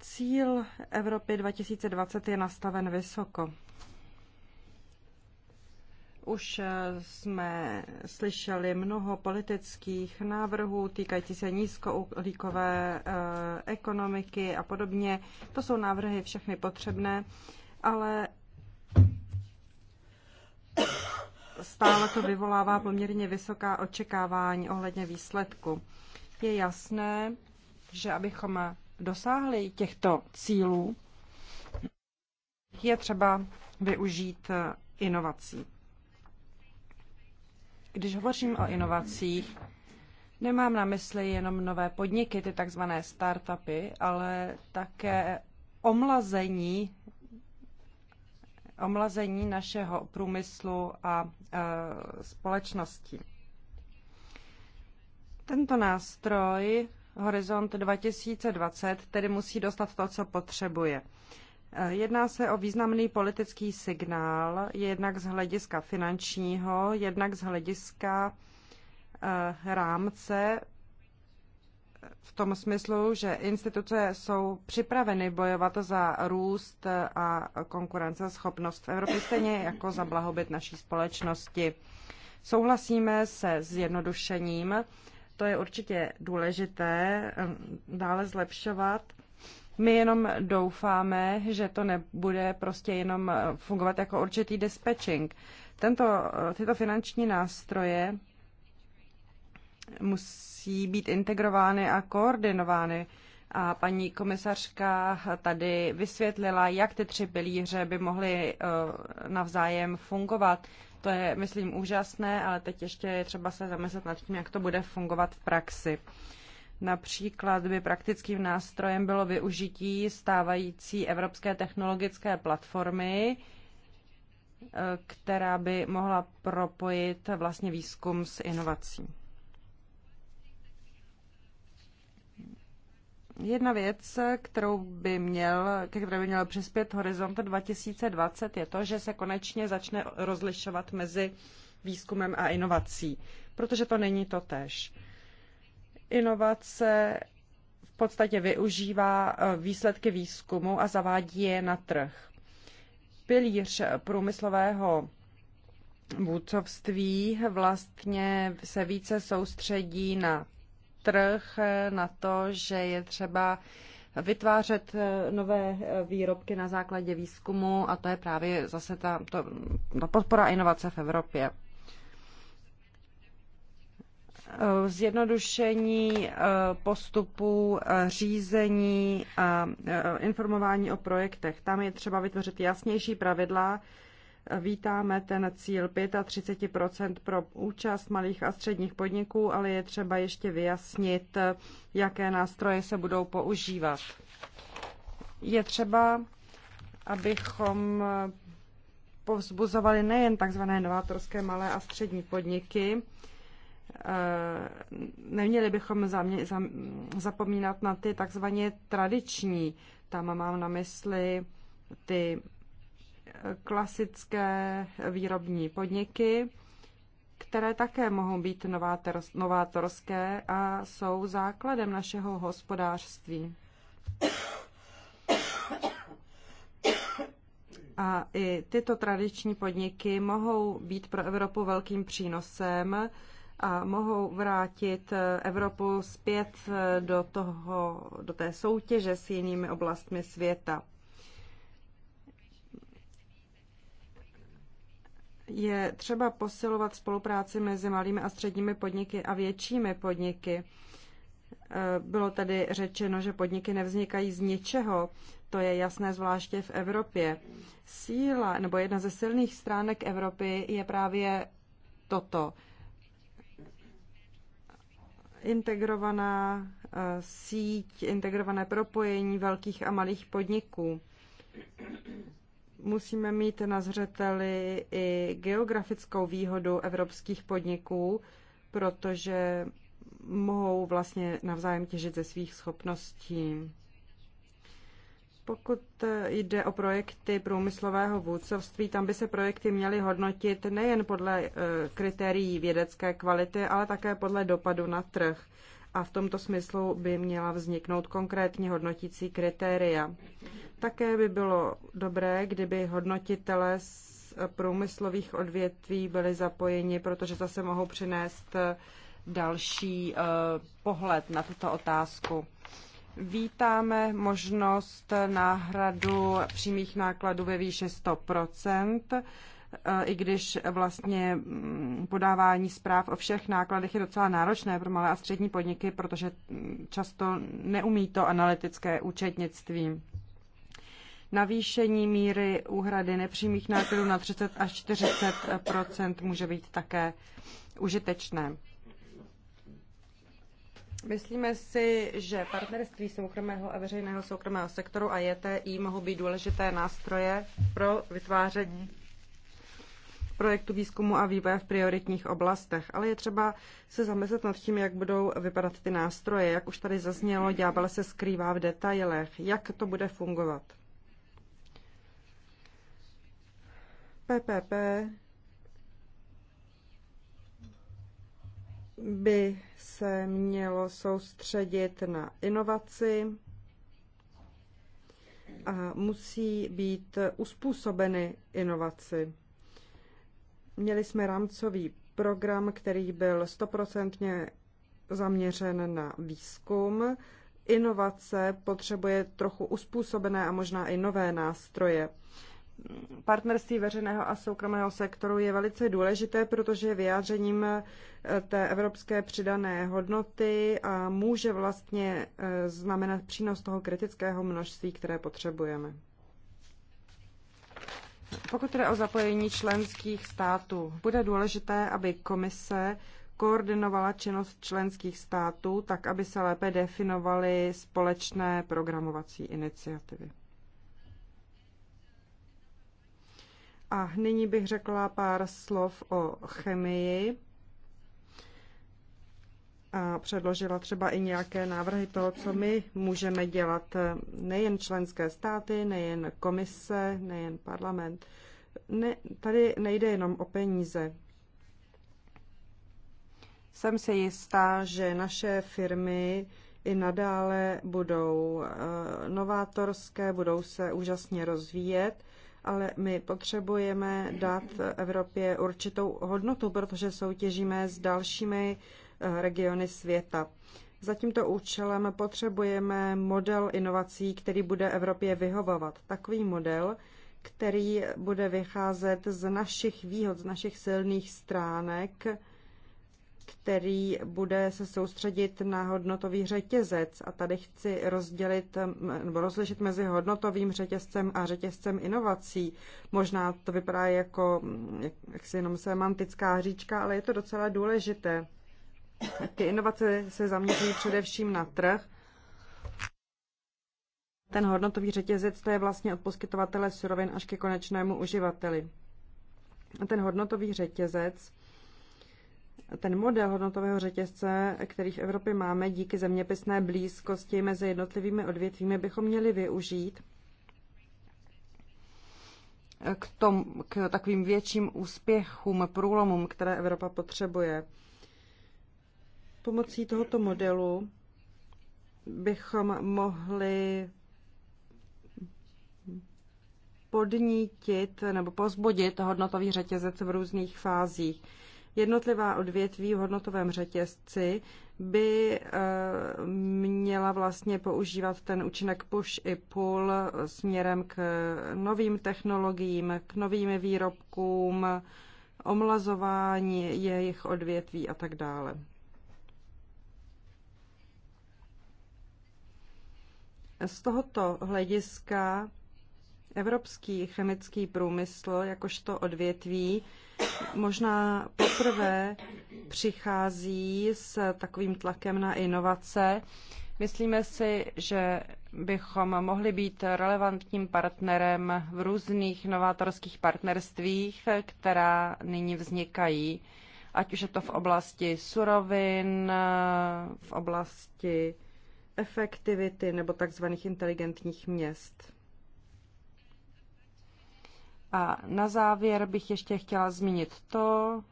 Cíl Evropy 2020 je nastaven vysoko. Už eh, jsme slyšeli mnoho politických návrhů týkající se nízkouhlíkové eh, ekonomiky a podobně. To jsou návrhy všechny potřebné, ale stále to vyvolává poměrně vysoká očekávání ohledně výsledku. Je jasné, že abychom dosáhli těchto cílů, je třeba využít eh, inovací. Když hovořím o inovacích, nemám na mysli jenom nové podniky, ty takzvané startupy, ale také omlazení, omlazení našeho průmyslu a e, společnosti. Tento nástroj Horizont 2020 tedy musí dostat to, co potřebuje. Eh, jedná se o významný politický signál, jednak z hlediska finančního, jednak z hlediska eh, rámce v tom smyslu, že instituce jsou připraveny bojovat za růst a konkurenceschopnost v Evropě, stejně jako za blahobyt naší společnosti. Souhlasíme se zjednodušením, to je určitě důležité eh, dále zlepšovat. My jenom doufáme, že to nebude prostě jenom eh, fungovat jako určitý dispatching. Tento, eh, tyto finanční nástroje musí být integrovány a koordinovány. A paní komisařka tady vysvětlila, jak ty tři pilíře by mohly navzájem fungovat. To je, myslím, úžasné, ale teď ještě je třeba se zamyslet nad tím, jak to bude fungovat v praxi. Například by praktickým nástrojem bylo využití stávající evropské technologické platformy, eh, která by mohla propojit vlastně výzkum s inovací. Jedna věc, kterou by měl, ke které by měl přispět Horizont 2020, je to, že se konečně začne rozlišovat mezi výzkumem a inovací, protože to není to tež. Inovace v podstatě využívá eh, výsledky výzkumu a zavádí je na trh. Pilíř průmyslového vůdcovství vlastně se více soustředí na trh na to, že je třeba vytvářet eh, nové eh, výrobky na základě výzkumu a to je právě zase ta, to, ta podpora inovace v Evropě. Eh, zjednodušení postupů řízení a informování o projektech. Tam je třeba vytvořit jasnější pravidla, Vítáme ten cíl 35 pro účast malých a středních podniků, ale je třeba ještě vyjasnit, jaké nástroje se budou používat. Je třeba, abychom povzbuzovali nejen tzv. novátorské malé a střední podniky, eh, neměli bychom zapomínat na ty tzv. tradiční. Tam mám na mysli ty klasické výrobní podniky, které také mohou být novátorské a jsou základem našeho hospodářství. A i tyto tradiční podniky mohou být pro Evropu velkým přínosem a mohou vrátit Evropu zpět do, toho, do té soutěže s jinými oblastmi světa. je třeba posilovat spolupráci mezi malými a středními podniky a většími podniky. E, bylo tady řečeno, že podniky nevznikají z ničeho, to je jasné zvláště v Evropě. Síla, nebo jedna ze silných stránek Evropy je právě toto. Integrovaná e, síť, integrované propojení velkých a malých podniků musíme mít na zřeteli i geografickou výhodu evropských podniků, protože mohou vlastně navzájem těžit ze svých schopností. Pokud jde o projekty průmyslového vůdcovství, tam by se projekty měly hodnotit nejen podle eh, kritérií vědecké kvality, ale také podle dopadu na trh a v tomto smyslu by měla vzniknout konkrétní hodnotící kritéria. Také by bylo dobré, kdyby hodnotitelé z průmyslových odvětví byli zapojeni, protože zase mohou přinést eh, další eh, pohled na tuto otázku. Vítáme možnost náhradu přímých nákladů ve výši 100 i když vlastně mm, podávání zpráv o všech nákladech je docela náročné pro malé a střední podniky, protože mm, často neumí to analytické účetnictví. Navýšení míry úhrady nepřímých nákladů na 30 až 40 může být také užitečné. Myslíme si, že partnerství soukromého a veřejného soukromého sektoru a JTI mohou být důležité nástroje pro vytváření projektu výzkumu a vývoje v prioritních oblastech. Ale je třeba se zamezet nad tím, jak budou vypadat ty nástroje. Jak už tady zaznělo, ďábel se skrývá v detailech. Jak to bude fungovat? PPP by se mělo soustředit na inovaci a musí být uspůsobeny inovaci. Měli jsme rámcový program, který byl stoprocentně zaměřen na výzkum. Inovace potřebuje trochu uspůsobené a možná i nové nástroje. Partnerství veřejného a soukromého sektoru je velice důležité, protože je vyjádřením eh, té evropské přidané hodnoty a může vlastně eh, znamenat přínos toho kritického množství, které potřebujeme. Pokud jde o zapojení členských států, bude důležité, aby komise koordinovala činnost členských států tak, aby se lépe definovaly společné programovací iniciativy. A nyní bych řekla pár slov o chemii a předložila třeba i nějaké návrhy toho, co my můžeme dělat, nejen členské státy, nejen komise, nejen parlament. Ne, tady nejde jenom o peníze. Jsem si jistá, že naše firmy i nadále budou eh, novátorské, budou se úžasně rozvíjet, ale my potřebujeme dát Evropě určitou hodnotu, protože soutěžíme s dalšími Eh, regiony světa. Za tímto účelem potřebujeme model inovací, který bude Evropě vyhovovat. Takový model, který bude vycházet z našich výhod, z našich silných stránek, který bude se soustředit na hodnotový řetězec. A tady chci rozdělit nebo rozlišit mezi hodnotovým řetězcem a řetězcem inovací. Možná to vypadá jako jaksi jenom semantická říčka, ale je to docela důležité. Ty inovace se zaměřují především na trh. Ten hodnotový řetězec to je vlastně od poskytovatele surovin až ke konečnému uživateli. A ten hodnotový řetězec, ten model hodnotového řetězce, který v Evropě máme díky zeměpisné blízkosti mezi jednotlivými odvětvími, bychom měli využít k, tom, k takovým větším úspěchům, průlomům, které Evropa potřebuje. Pomocí tohoto modelu bychom mohli podnítit nebo pozbudit hodnotový řetězec v různých fázích. Jednotlivá odvětví v hodnotovém řetězci by eh, měla vlastně používat ten účinek push i pull směrem k novým technologiím, k novým výrobkům, omlazování jejich odvětví a tak dále. Z tohoto hlediska evropský chemický průmysl, jakožto odvětví, možná poprvé přichází s takovým tlakem na inovace. Myslíme si, že bychom mohli být relevantním partnerem v různých novátorských partnerstvích, která nyní vznikají, ať už je to v oblasti surovin, v oblasti efektivity nebo takzvaných inteligentních měst. A na závěr bych ještě chtěla zmínit to,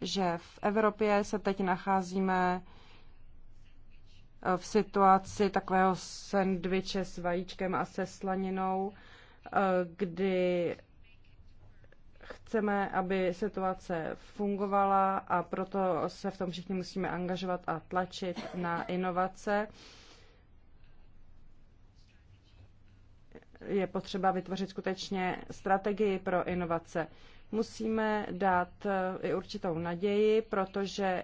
že v Evropě se teď nacházíme eh, v situaci takového sendviče s vajíčkem a se slaninou, eh, kdy Chceme, aby situace fungovala a proto se v tom všichni musíme angažovat a tlačit na inovace. Je potřeba vytvořit skutečně strategii pro inovace. Musíme dát eh, i určitou naději, protože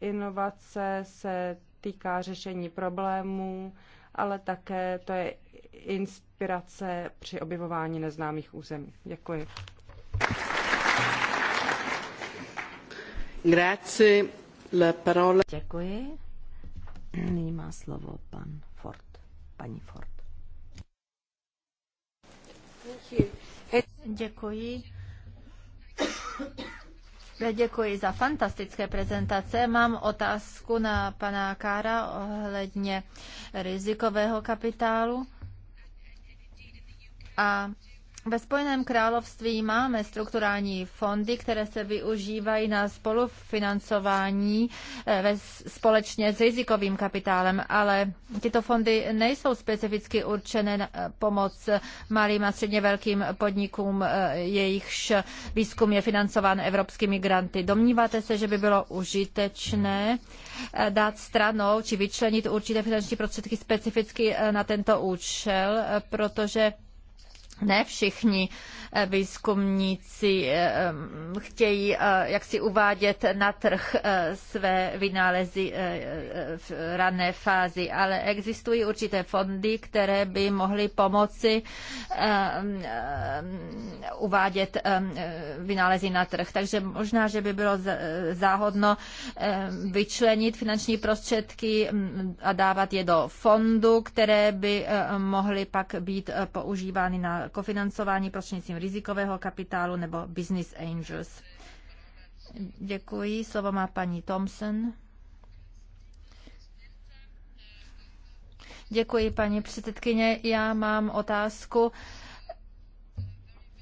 inovace se týká řešení problémů, ale také to je inspirace při objevování neznámých území. Děkuji. Grazie. La parola... Děkuji. Nyní má slovo pan Ford, paní Ford. Děkuji. Děkuji za fantastické prezentace. Mám otázku na pana Kára ohledně rizikového kapitálu a ve Spojeném království máme strukturální fondy, které se využívají na spolufinancování eh, společně s rizikovým kapitálem, ale tyto fondy nejsou specificky určené na eh, pomoc eh, malým a středně velkým podnikům, jejichž výzkum je financován evropskými granty. Domníváte se, že by bylo užitečné dát stranou či vyčlenit určité finanční prostředky specificky na tento účel, protože ne všichni eh, výzkumníci eh, eh, chtějí jak si uvádět na trh své vynálezy v rané fázi, ale existují určité fondy, které by mohly pomoci uvádět vynálezy na trh. Takže možná, že by bylo záhodno vyčlenit finanční prostředky mm, a dávat je do fondu, které by mohly pak být používány na kofinancování prostřednictvím rizikového kapitálu nebo Business Angels. Děkuji. Slovo má paní Thompson. Děkuji, paní předsedkyně. Já mám otázku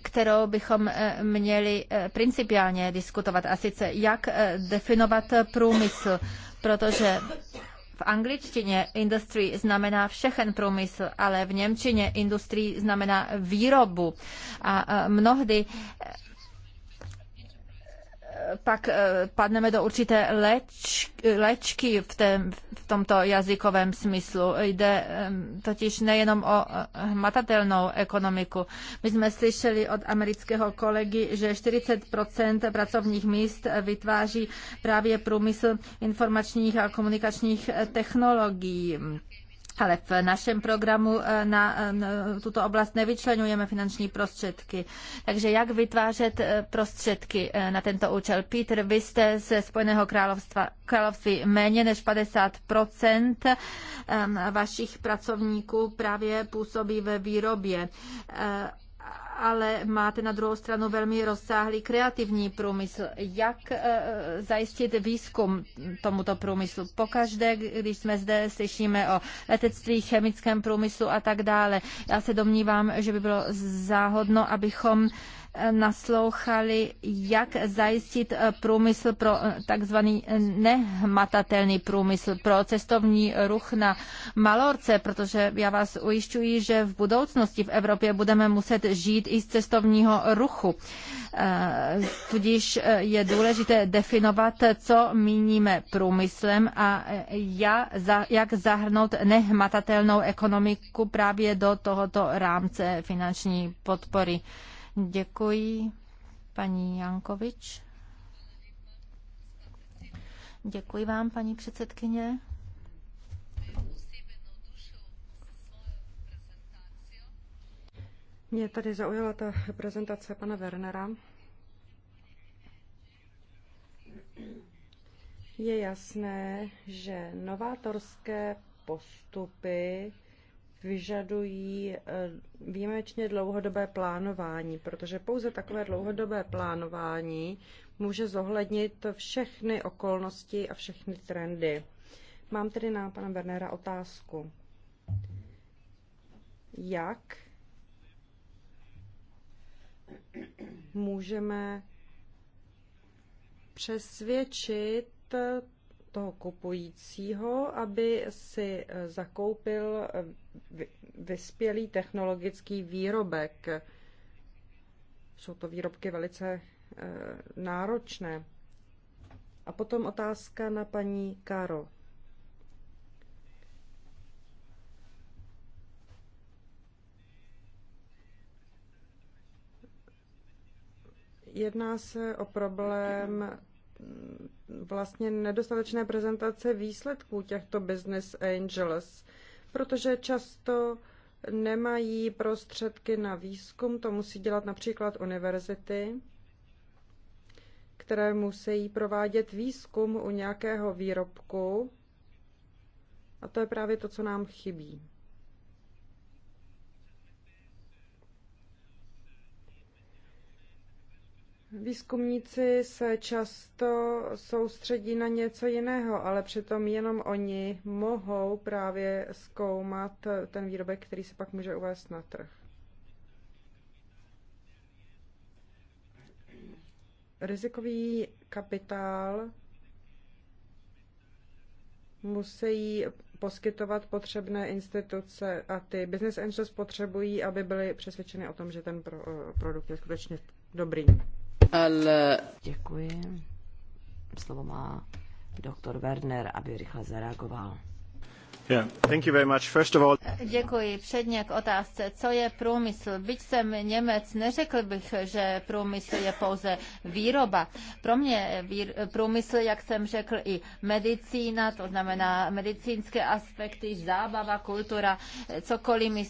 kterou bychom eh, měli eh, principiálně diskutovat, a sice jak eh, definovat průmysl, protože v angličtině industry znamená všechen průmysl, ale v Němčině industry znamená výrobu. A mnohdy pak eh, padneme do určité leč, lečky v, tém, v tomto jazykovém smyslu. Jde totiž nejenom o eh, hmatatelnou ekonomiku. My jsme slyšeli od amerického kolegy, že 40 pracovních míst vytváří právě průmysl informačních a komunikačních technologií ale v našem programu eh, na eh, tuto oblast nevyčlenujeme finanční prostředky. Takže jak vytvářet eh, prostředky na tento účel? Peter, vy jste ze Spojeného královstva, království méně než 50 vašich pracovníků právě působí ve výrobě ale máte na druhou stranu velmi rozsáhlý kreativní průmysl. Jak eh, zajistit výzkum tomuto průmyslu? Pokaždé, když jsme zde, slyšíme o letectví, chemickém průmyslu a tak dále. Já se domnívám, že by bylo záhodno, abychom naslouchali, jak zajistit eh, průmysl pro eh, takzvaný eh, nehmatatelný průmysl, pro cestovní ruch na Malorce, protože já vás ujišťuji, že v budoucnosti v Evropě budeme muset žít i z cestovního ruchu. Tudíž je důležité definovat, co míníme průmyslem a jak zahrnout nehmatatelnou ekonomiku právě do tohoto rámce finanční podpory. Děkuji, paní Jankovič. Děkuji vám, paní předsedkyně. Mě tady zaujala ta prezentace pana Wernera. Je jasné, že novátorské postupy vyžadují eh, výjimečně dlouhodobé plánování, protože pouze takové dlouhodobé plánování může zohlednit všechny okolnosti a všechny trendy. Mám tedy na pana Bernera otázku. Jak můžeme přesvědčit toho kupujícího, aby si eh, zakoupil eh, vyspělý technologický výrobek. Jsou to výrobky velice eh, náročné. A potom otázka na paní Karo. Jedná se o problém vlastně nedostatečné prezentace výsledků těchto business angels, protože často nemají prostředky na výzkum, to musí dělat například univerzity, které musí provádět výzkum u nějakého výrobku. A to je právě to, co nám chybí. Výzkumníci se často soustředí na něco jiného, ale přitom jenom oni mohou právě zkoumat ten výrobek, který se pak může uvést na trh. Rizikový kapitál musí poskytovat potřebné instituce a ty business angels potřebují, aby byly přesvědčeny o tom, že ten pro, eh, produkt je skutečně dobrý. Eh, Děkuji. Slovo má doktor Werner, aby rychle zareagoval. Yeah, thank you very much. First of all... Děkuji. Předně k otázce, co je průmysl. Byť jsem Němec, neřekl bych, že průmysl je pouze výroba. Pro mě výr, průmysl, jak jsem řekl, i medicína, to znamená medicínské aspekty, zábava, kultura, cokoliv mi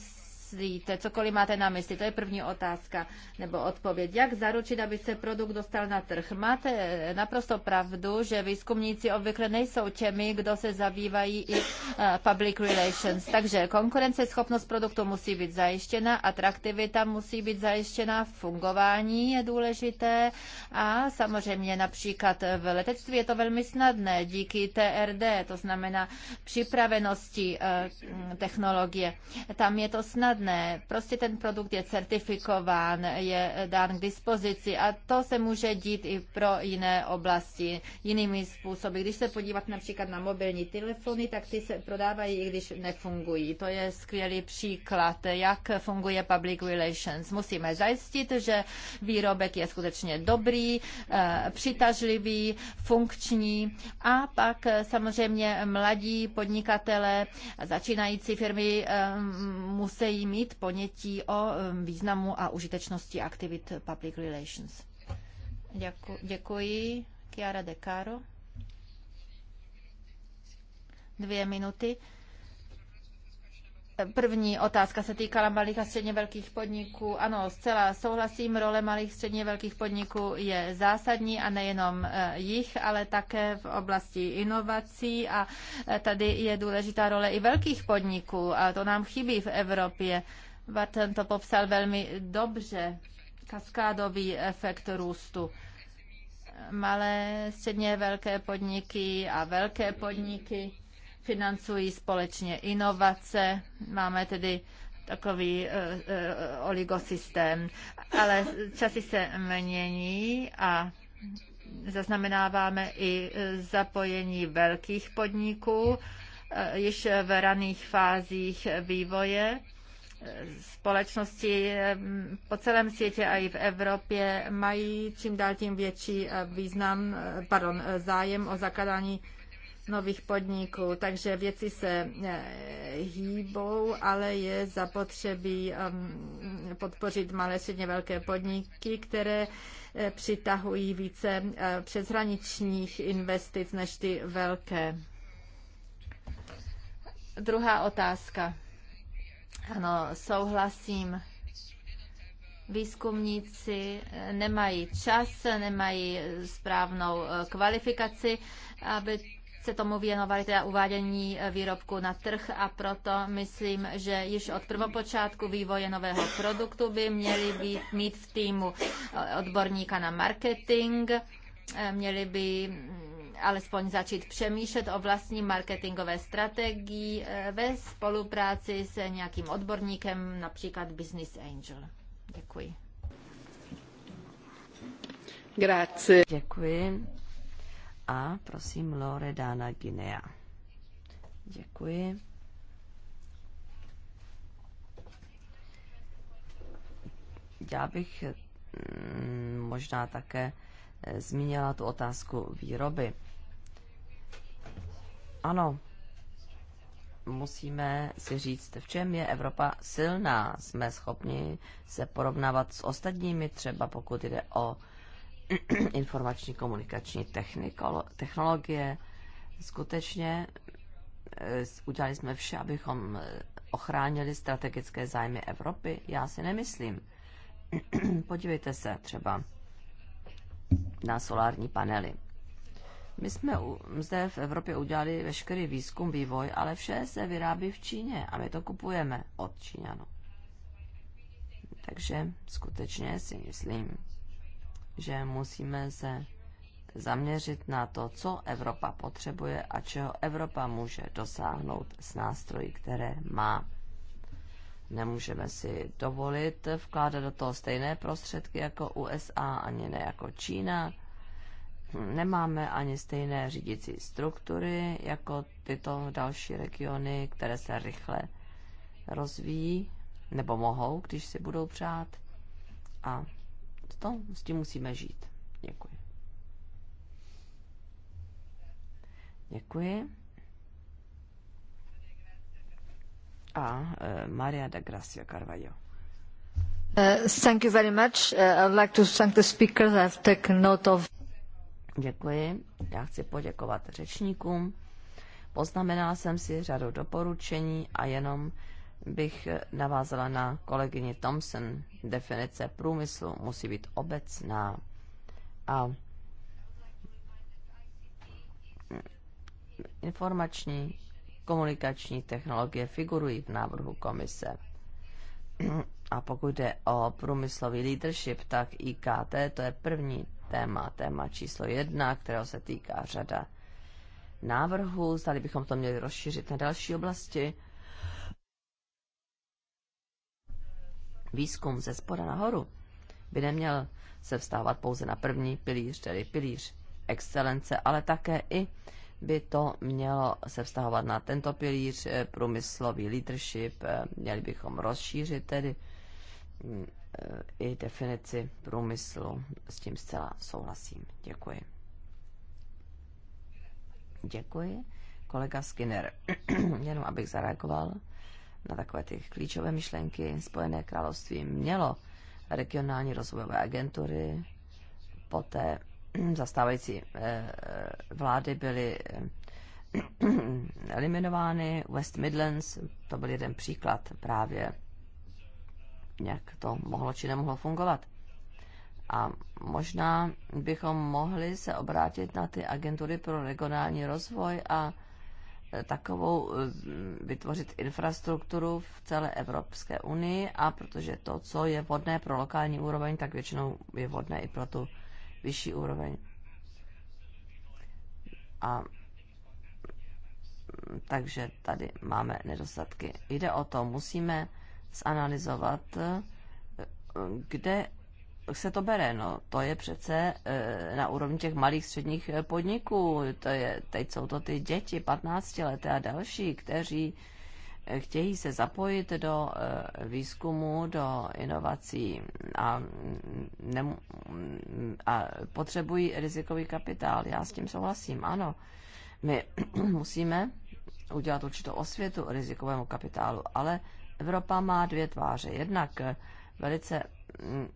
myslíte, cokoliv máte na mysli? To je první otázka nebo odpověď. Jak zaručit, aby se produkt dostal na trh? Máte naprosto pravdu, že výzkumníci obvykle nejsou těmi, kdo se zabývají i eh, public relations. Takže konkurenceschopnost produktu musí být zajištěna, atraktivita musí být zajištěna, fungování je důležité a samozřejmě například v letectví je to velmi snadné díky TRD, to znamená připravenosti eh, technologie. Tam je to snadné snadné. Prostě ten produkt je certifikován, je dán k dispozici a to se může dít i pro jiné oblasti, jinými způsoby. Když se podívat například na mobilní telefony, tak ty se prodávají, i když nefungují. To je skvělý příklad, jak funguje public relations. Musíme zajistit, že výrobek je skutečně dobrý, eh, přitažlivý, funkční a pak eh, samozřejmě mladí podnikatelé, začínající firmy eh, musí mít ponětí o významu a užitečnosti aktivit public relations. Děku, děkuji. Chiara De Caro. Dvě minuty. První otázka se týkala malých a středně velkých podniků. Ano, zcela souhlasím, role malých a středně velkých podniků je zásadní a nejenom eh, jich, ale také v oblasti inovací a eh, tady je důležitá role i velkých podniků a to nám chybí v Evropě. Barton to popsal velmi dobře, kaskádový efekt růstu malé, středně velké podniky a velké podniky financují společně inovace, máme tedy takový eh, eh, oligosystém. Ale časy se mění a zaznamenáváme i eh, zapojení velkých podniků již v raných fázích vývoje. Společnosti po celém světě a i v Evropě mají čím dál tím větší význam, pardon, zájem o zakladání nových podniků. Takže věci se eh, hýbou, ale je zapotřebí um, podpořit malé středně velké podniky, které eh, přitahují více eh, přeshraničních investic než ty velké. Druhá otázka. Ano, souhlasím výzkumníci nemají čas, nemají správnou kvalifikaci, aby se tomu věnovali, teda uvádění e, výrobku na trh a proto myslím, že již od prvopočátku vývoje nového produktu by měli být, mít v týmu e, odborníka na marketing, e, měli by mm, alespoň začít přemýšlet o vlastní marketingové strategii ve spolupráci s nějakým odborníkem, například Business Angel. Děkuji. Grazie. Děkuji. A prosím Loredana Guinea. Děkuji. Já bych mm, možná také eh, zmínila tu otázku výroby. Ano, musíme si říct, v čem je Evropa silná. Jsme schopni se porovnávat s ostatními, třeba pokud jde o *clears throat* informační komunikační technologie. Skutečně eh, udělali jsme vše, abychom eh, ochránili strategické zájmy Evropy? Já si nemyslím. *clears throat* Podívejte se třeba na solární panely. My jsme zde v Evropě udělali veškerý výzkum, vývoj, ale vše se vyrábí v Číně a my to kupujeme od Číňanů. Takže skutečně si myslím, že musíme se zaměřit na to, co Evropa potřebuje a čeho Evropa může dosáhnout s nástroji, které má. Nemůžeme si dovolit vkládat do toho stejné prostředky jako USA, ani ne jako Čína. Nemáme ani stejné řídící struktury jako tyto další regiony, které se rychle rozvíjí nebo mohou, když si budou přát. A to s tím musíme žít. Děkuji. Děkuji. A uh, Maria da Gracia Carvalho. Uh, thank you very much. Uh, I would like to thank the speakers. I've taken note of. Děkuji. Já chci poděkovat řečníkům. Poznamenala jsem si řadu doporučení a jenom bych navázala na kolegyni Thompson. Definice průmyslu musí být obecná a informační komunikační technologie figurují v návrhu komise. A pokud jde o průmyslový leadership, tak IKT to je první téma, téma číslo jedna, kterého se týká řada návrhů. Zdali bychom to měli rozšířit na další oblasti. výzkum ze spoda nahoru by neměl se vstávat pouze na první pilíř, tedy pilíř excelence, ale také i by to mělo se vztahovat na tento pilíř, eh, průmyslový leadership, eh, měli bychom rozšířit tedy mm, eh, i definici průmyslu. S tím zcela souhlasím. Děkuji. Děkuji. Kolega Skinner, *clears throat* jenom abych zareagoval na takové ty klíčové myšlenky. Spojené království mělo regionální rozvojové agentury, poté *clears throat* zastávající eh, eh, vlády byly eh, *clears throat* eliminovány. West Midlands, to byl jeden příklad právě, jak to mohlo či nemohlo fungovat. A možná bychom mohli se obrátit na ty agentury pro regionální rozvoj a Eh, takovou eh, vytvořit infrastrukturu v celé Evropské unii a protože to, co je vhodné pro lokální úroveň, tak většinou je vhodné i pro tu vyšší úroveň. A takže tady máme nedostatky. Jde o to, musíme zanalizovat, eh, kde se to bere? No, to je přece e, na úrovni těch malých středních e, podniků. To je, teď jsou to ty děti, 15 leté a další, kteří e, chtějí se zapojit do výzkumu, do inovací a, ne, a potřebují rizikový kapitál. Já s tím souhlasím, ano. My *clears throat* musíme udělat určitou osvětu rizikovému kapitálu, ale Evropa má dvě tváře. Jednak velice Mm,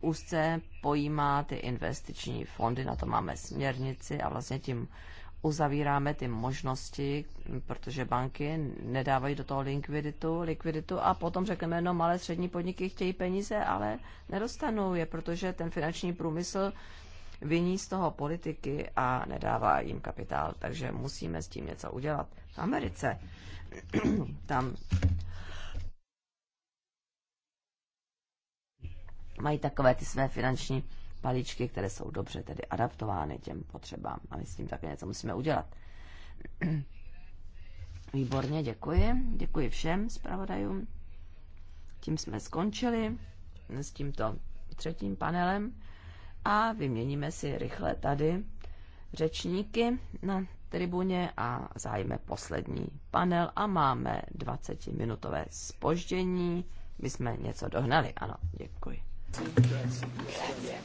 úzce pojímá ty investiční fondy, na to máme směrnici a vlastně tím uzavíráme ty možnosti, protože banky nedávají do toho likviditu, likviditu a potom řekneme, no malé střední podniky chtějí peníze, ale nedostanou je, protože ten finanční průmysl viní z toho politiky a nedává jim kapitál, takže musíme s tím něco udělat. V Americe *clears throat* tam mají takové ty své finanční palíčky, které jsou dobře tedy adaptovány těm potřebám. A my s tím také něco musíme udělat. *clears throat* Výborně, děkuji. Děkuji všem zpravodajům. Tím jsme skončili s tímto třetím panelem a vyměníme si rychle tady řečníky na tribuně a zájme poslední panel a máme 20-minutové spoždění. My jsme něco dohnali, ano, děkuji. Grazie. Grazie.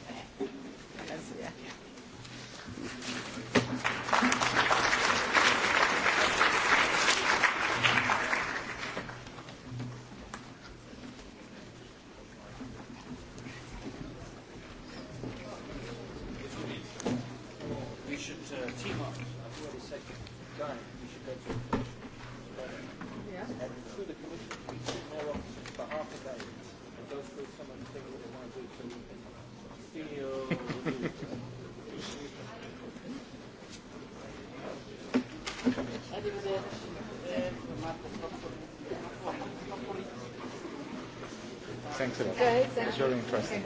Thanks a lot. Okay, thank It's very interesting.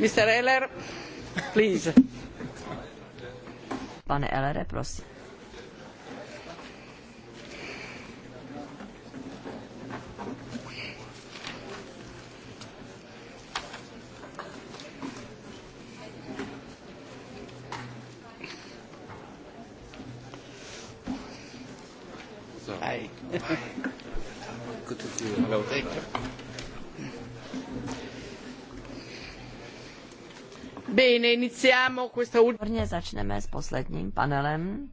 Mr. Ehler, please. Pane Elere, prosím. Bene, začneme s posledním panelem.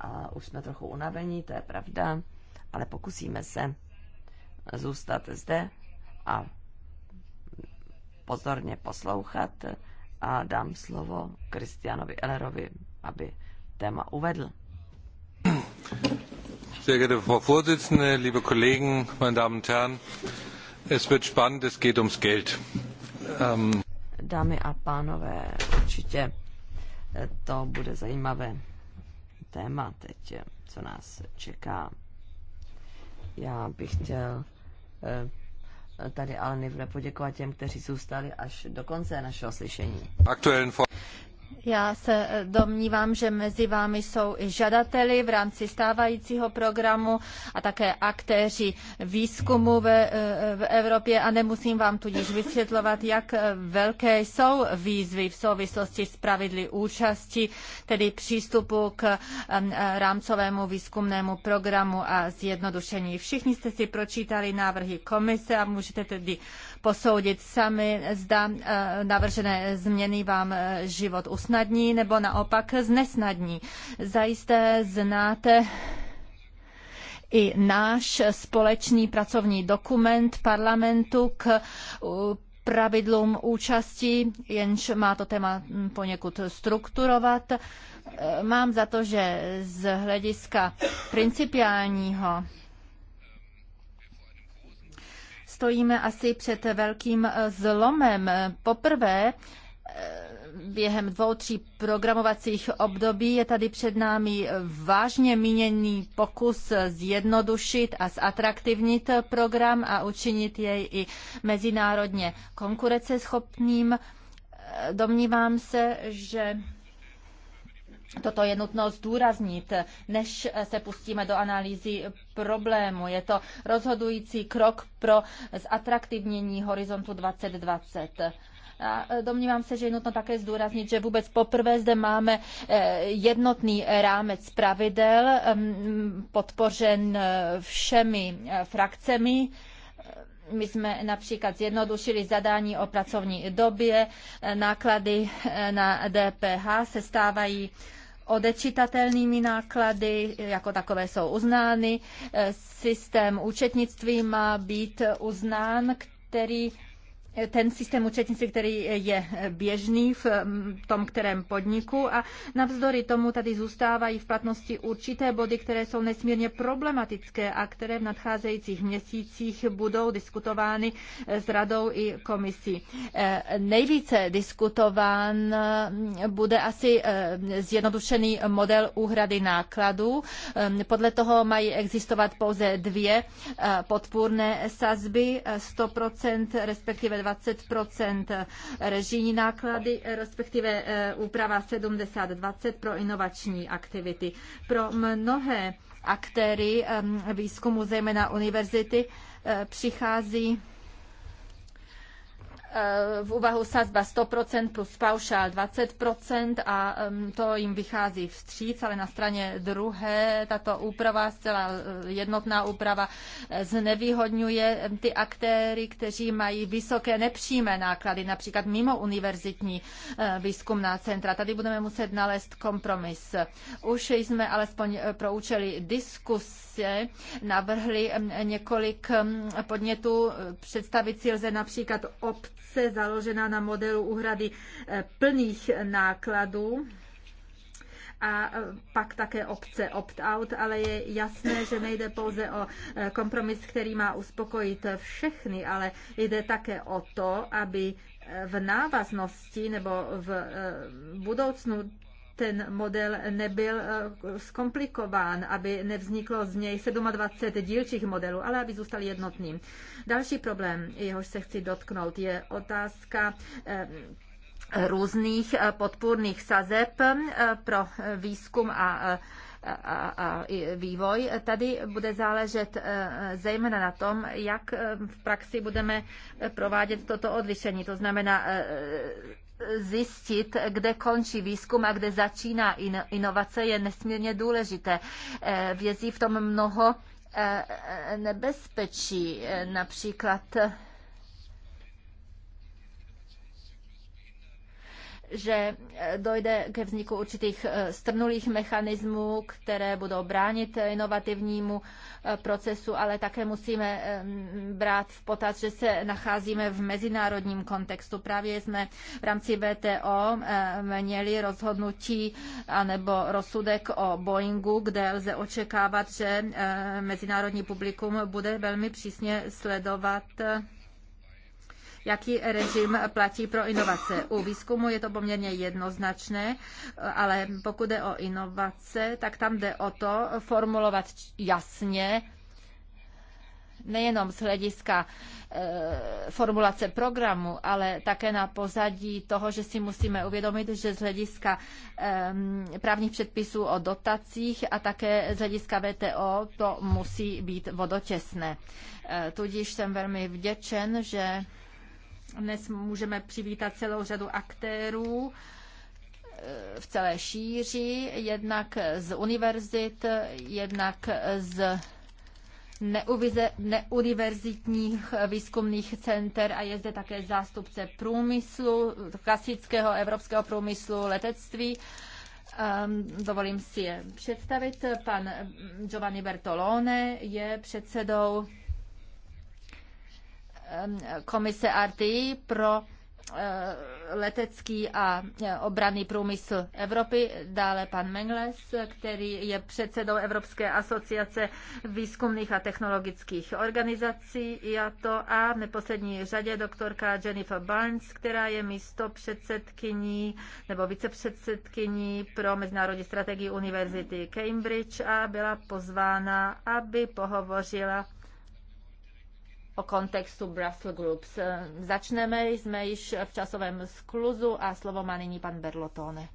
A už jsme trochu unavení, to je pravda, ale pokusíme se zůstat zde a pozorně poslouchat a dám slovo Kristianovi Ellerovi, aby téma uvedl. Sehr geehrte Frau Vorsitzende, liebe Kollegen, meine Damen und Herren, es wird spannend, es geht ums Geld. Ähm, Dámy a pánové, určitě eh, to bude zajímavé téma teď, eh, co nás čeká. Já bych chtěl eh, tady ale nejprve poděkovat těm, kteří zůstali až do konce našeho slyšení. Já se eh, domnívám, že mezi vámi jsou i žadateli v rámci stávajícího programu a také aktéři výzkumu ve, eh, v Evropě a nemusím vám tudíž vysvětlovat, jak eh, velké jsou výzvy v souvislosti s pravidly účasti, tedy přístupu k rámcovému výzkumnému programu a zjednodušení. Všichni jste si pročítali návrhy komise a můžete tedy posoudit sami, zda e, navržené změny vám e, život usnadní nebo naopak znesnadní. Zajisté znáte i náš společný pracovní dokument parlamentu k e, pravidlům účasti, jenž má to téma poněkud strukturovat. Mám za to, že z hlediska principiálního stojíme asi před velkým eh, zlomem. Poprvé eh, během dvou, tří programovacích období je tady před námi vážně míněný pokus zjednodušit a zatraktivnit program a učinit jej i mezinárodně konkurenceschopným. Eh, domnívám se, že Toto je nutno zdůraznit, než se pustíme do analýzy problému. Je to rozhodující krok pro zatraktivnění horizontu 2020. A domnívám se, že je nutno také zdůraznit, že vůbec poprvé zde máme eh, jednotný rámec pravidel mm, podpořen eh, všemi eh, frakcemi my jsme například zjednodušili zadání o pracovní době, e, náklady e, na DPH se stávají odečitatelnými náklady, jako takové jsou uznány. E, systém účetnictví má být uznán, který ten systém účetnictví, který je běžný v tom kterém podniku a navzdory tomu tady zůstávají v platnosti určité body, které jsou nesmírně problematické a které v nadcházejících měsících budou diskutovány eh, s radou i komisí. Eh, nejvíce diskutován mm, bude asi eh, zjednodušený model úhrady nákladů. Podle toho mají existovat pouze dvě podpůrné sazby, 100% respektive 20 režijní náklady, respektive eh, úprava 70-20 pro inovační aktivity. Pro mnohé aktéry ehm, výzkumu, zejména univerzity, eh, přichází v úvahu sazba 100% plus paušál 20% a to jim vychází vstříc, ale na straně druhé tato úprava, zcela eh, jednotná úprava, eh, znevýhodňuje ty aktéry, kteří mají vysoké nepřímé náklady, například mimo univerzitní eh, výzkumná centra. Tady budeme muset nalézt kompromis. Už jsme alespoň pro účely diskuse navrhli několik podnětů. Představit si lze například obce se založená na modelu úhrady eh, plných nákladů a eh, pak také obce opt-out, ale je jasné, že nejde pouze o eh, kompromis, který má uspokojit všechny, ale jde také o to, aby v návaznosti nebo v budoucnu ten model nebyl eh, zkomplikován, aby nevzniklo z něj 27 dílčích modelů, ale aby zůstal jednotný. Další problém, jehož se chci dotknout, je otázka eh, různých eh, podpůrných sazeb pro výzkum a a, a vývoj. Tady bude záležet zejména na tom, jak v praxi budeme provádět toto odlišení. To znamená zjistit, kde končí výzkum a kde začíná inovace, je nesmírně důležité. Eh, vězí v tom mnoho eh, nebezpečí, eh, například že dojde ke vzniku určitých strnulých mechanismů, které budou bránit inovativnímu procesu, ale také musíme brát v potaz, že se nacházíme v mezinárodním kontextu. Právě jsme v rámci VTO měli rozhodnutí anebo rozsudek o Boeingu, kde lze očekávat, že mezinárodní publikum bude velmi přísně sledovat jaký režim platí pro inovace. U výzkumu je to poměrně jednoznačné, ale pokud jde o inovace, tak tam jde o to formulovat jasně, nejenom z hlediska e, formulace programu, ale také na pozadí toho, že si musíme uvědomit, že z hlediska e, právních předpisů o dotacích a také z hlediska VTO to musí být vodotěsné. E, tudíž jsem velmi vděčen, že dnes můžeme přivítat celou řadu aktérů eh, v celé šíři, jednak z univerzit, jednak z neuniverzitních výzkumných center a je zde také zástupce průmyslu, klasického evropského průmyslu letectví. Ehm, dovolím si je představit. Pan Giovanni Bertolone je předsedou Eh, komise RTI pro eh, letecký a eh, obranný průmysl Evropy, dále pan Mengles, který je předsedou Evropské asociace výzkumných a technologických organizací IATO a v neposlední řadě doktorka Jennifer Barnes, která je místo předsedkyní nebo vicepředsedkyní pro mezinárodní strategii Univerzity Cambridge a byla pozvána, aby pohovořila o kontextu Brussels Groups. Začneme, jsme již v časovém skluzu a slovo má nyní pan Berlotone.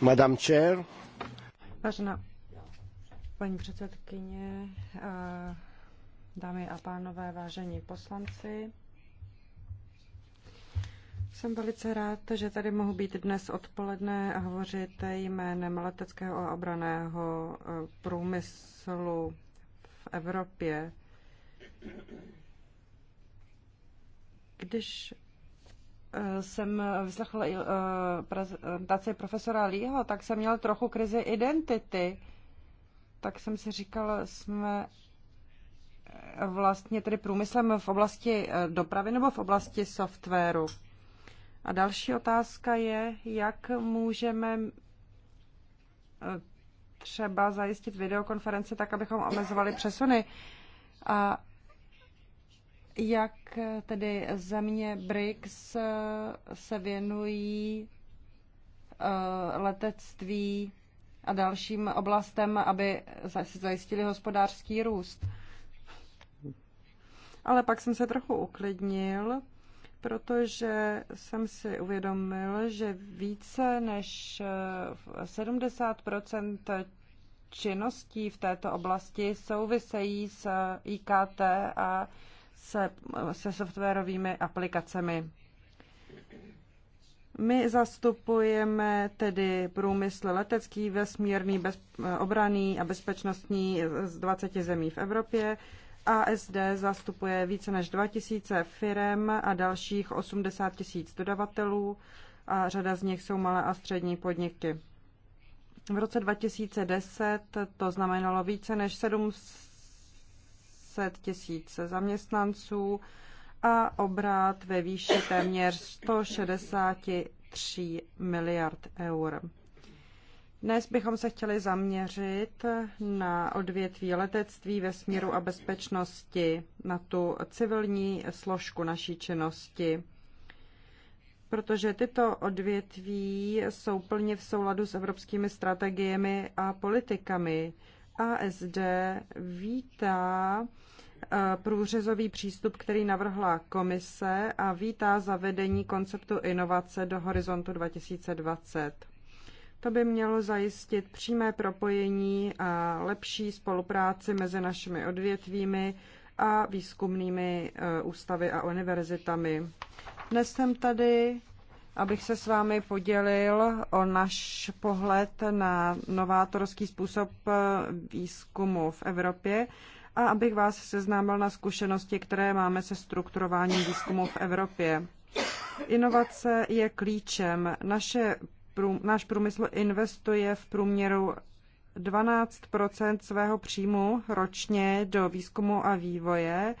Madam Chair. Vážená paní předsedkyně, eh, dámy a pánové, vážení poslanci, jsem velice rád, že tady mohu být dnes odpoledne a hovořit jménem leteckého a obraného eh, průmyslu v Evropě. Když eh, jsem vyslechla eh, prezentaci profesora Lího, tak jsem měl trochu krizi identity. Tak jsem si říkal, jsme vlastně tedy průmyslem v oblasti dopravy nebo v oblasti softwaru. A další otázka je, jak můžeme eh, třeba zajistit videokonference, tak, abychom omezovali přesuny. A jak eh, tedy země BRICS eh, se věnují letectví a dalším oblastem, aby zajistili hospodářský růst. Ale pak jsem se trochu uklidnil, protože jsem si uvědomil, že více než 70 eh, činností v této oblasti souvisejí s IKT a se, se softwarovými aplikacemi. My zastupujeme tedy průmysl letecký, vesmírný, bez, eh, obraný a bezpečnostní z 20 zemí v Evropě. ASD zastupuje více než 2000 firm a dalších 80 tisíc dodavatelů a řada z nich jsou malé a střední podniky. V roce 2010 to znamenalo více než 700 tisíc zaměstnanců a obrat ve výši téměř 163 miliard eur. Dnes bychom se chtěli zaměřit na odvětví letectví, ve směru a bezpečnosti, na tu civilní složku naší činnosti, protože tyto odvětví jsou plně v souladu s evropskými strategiemi a politikami. ASD vítá eh, průřezový přístup, který navrhla komise a vítá zavedení konceptu inovace do horizontu 2020. To by mělo zajistit přímé propojení a lepší spolupráci mezi našimi odvětvími a výzkumnými eh, ústavy a univerzitami. Dnes jsem tady, abych se s vámi podělil o náš pohled na novátorský způsob eh, výzkumu v Evropě a abych vás seznámil na zkušenosti, které máme se strukturováním výzkumu v Evropě. Inovace je klíčem. Naše náš průmysl investuje v průměru 12 svého příjmu ročně do výzkumu a vývoje,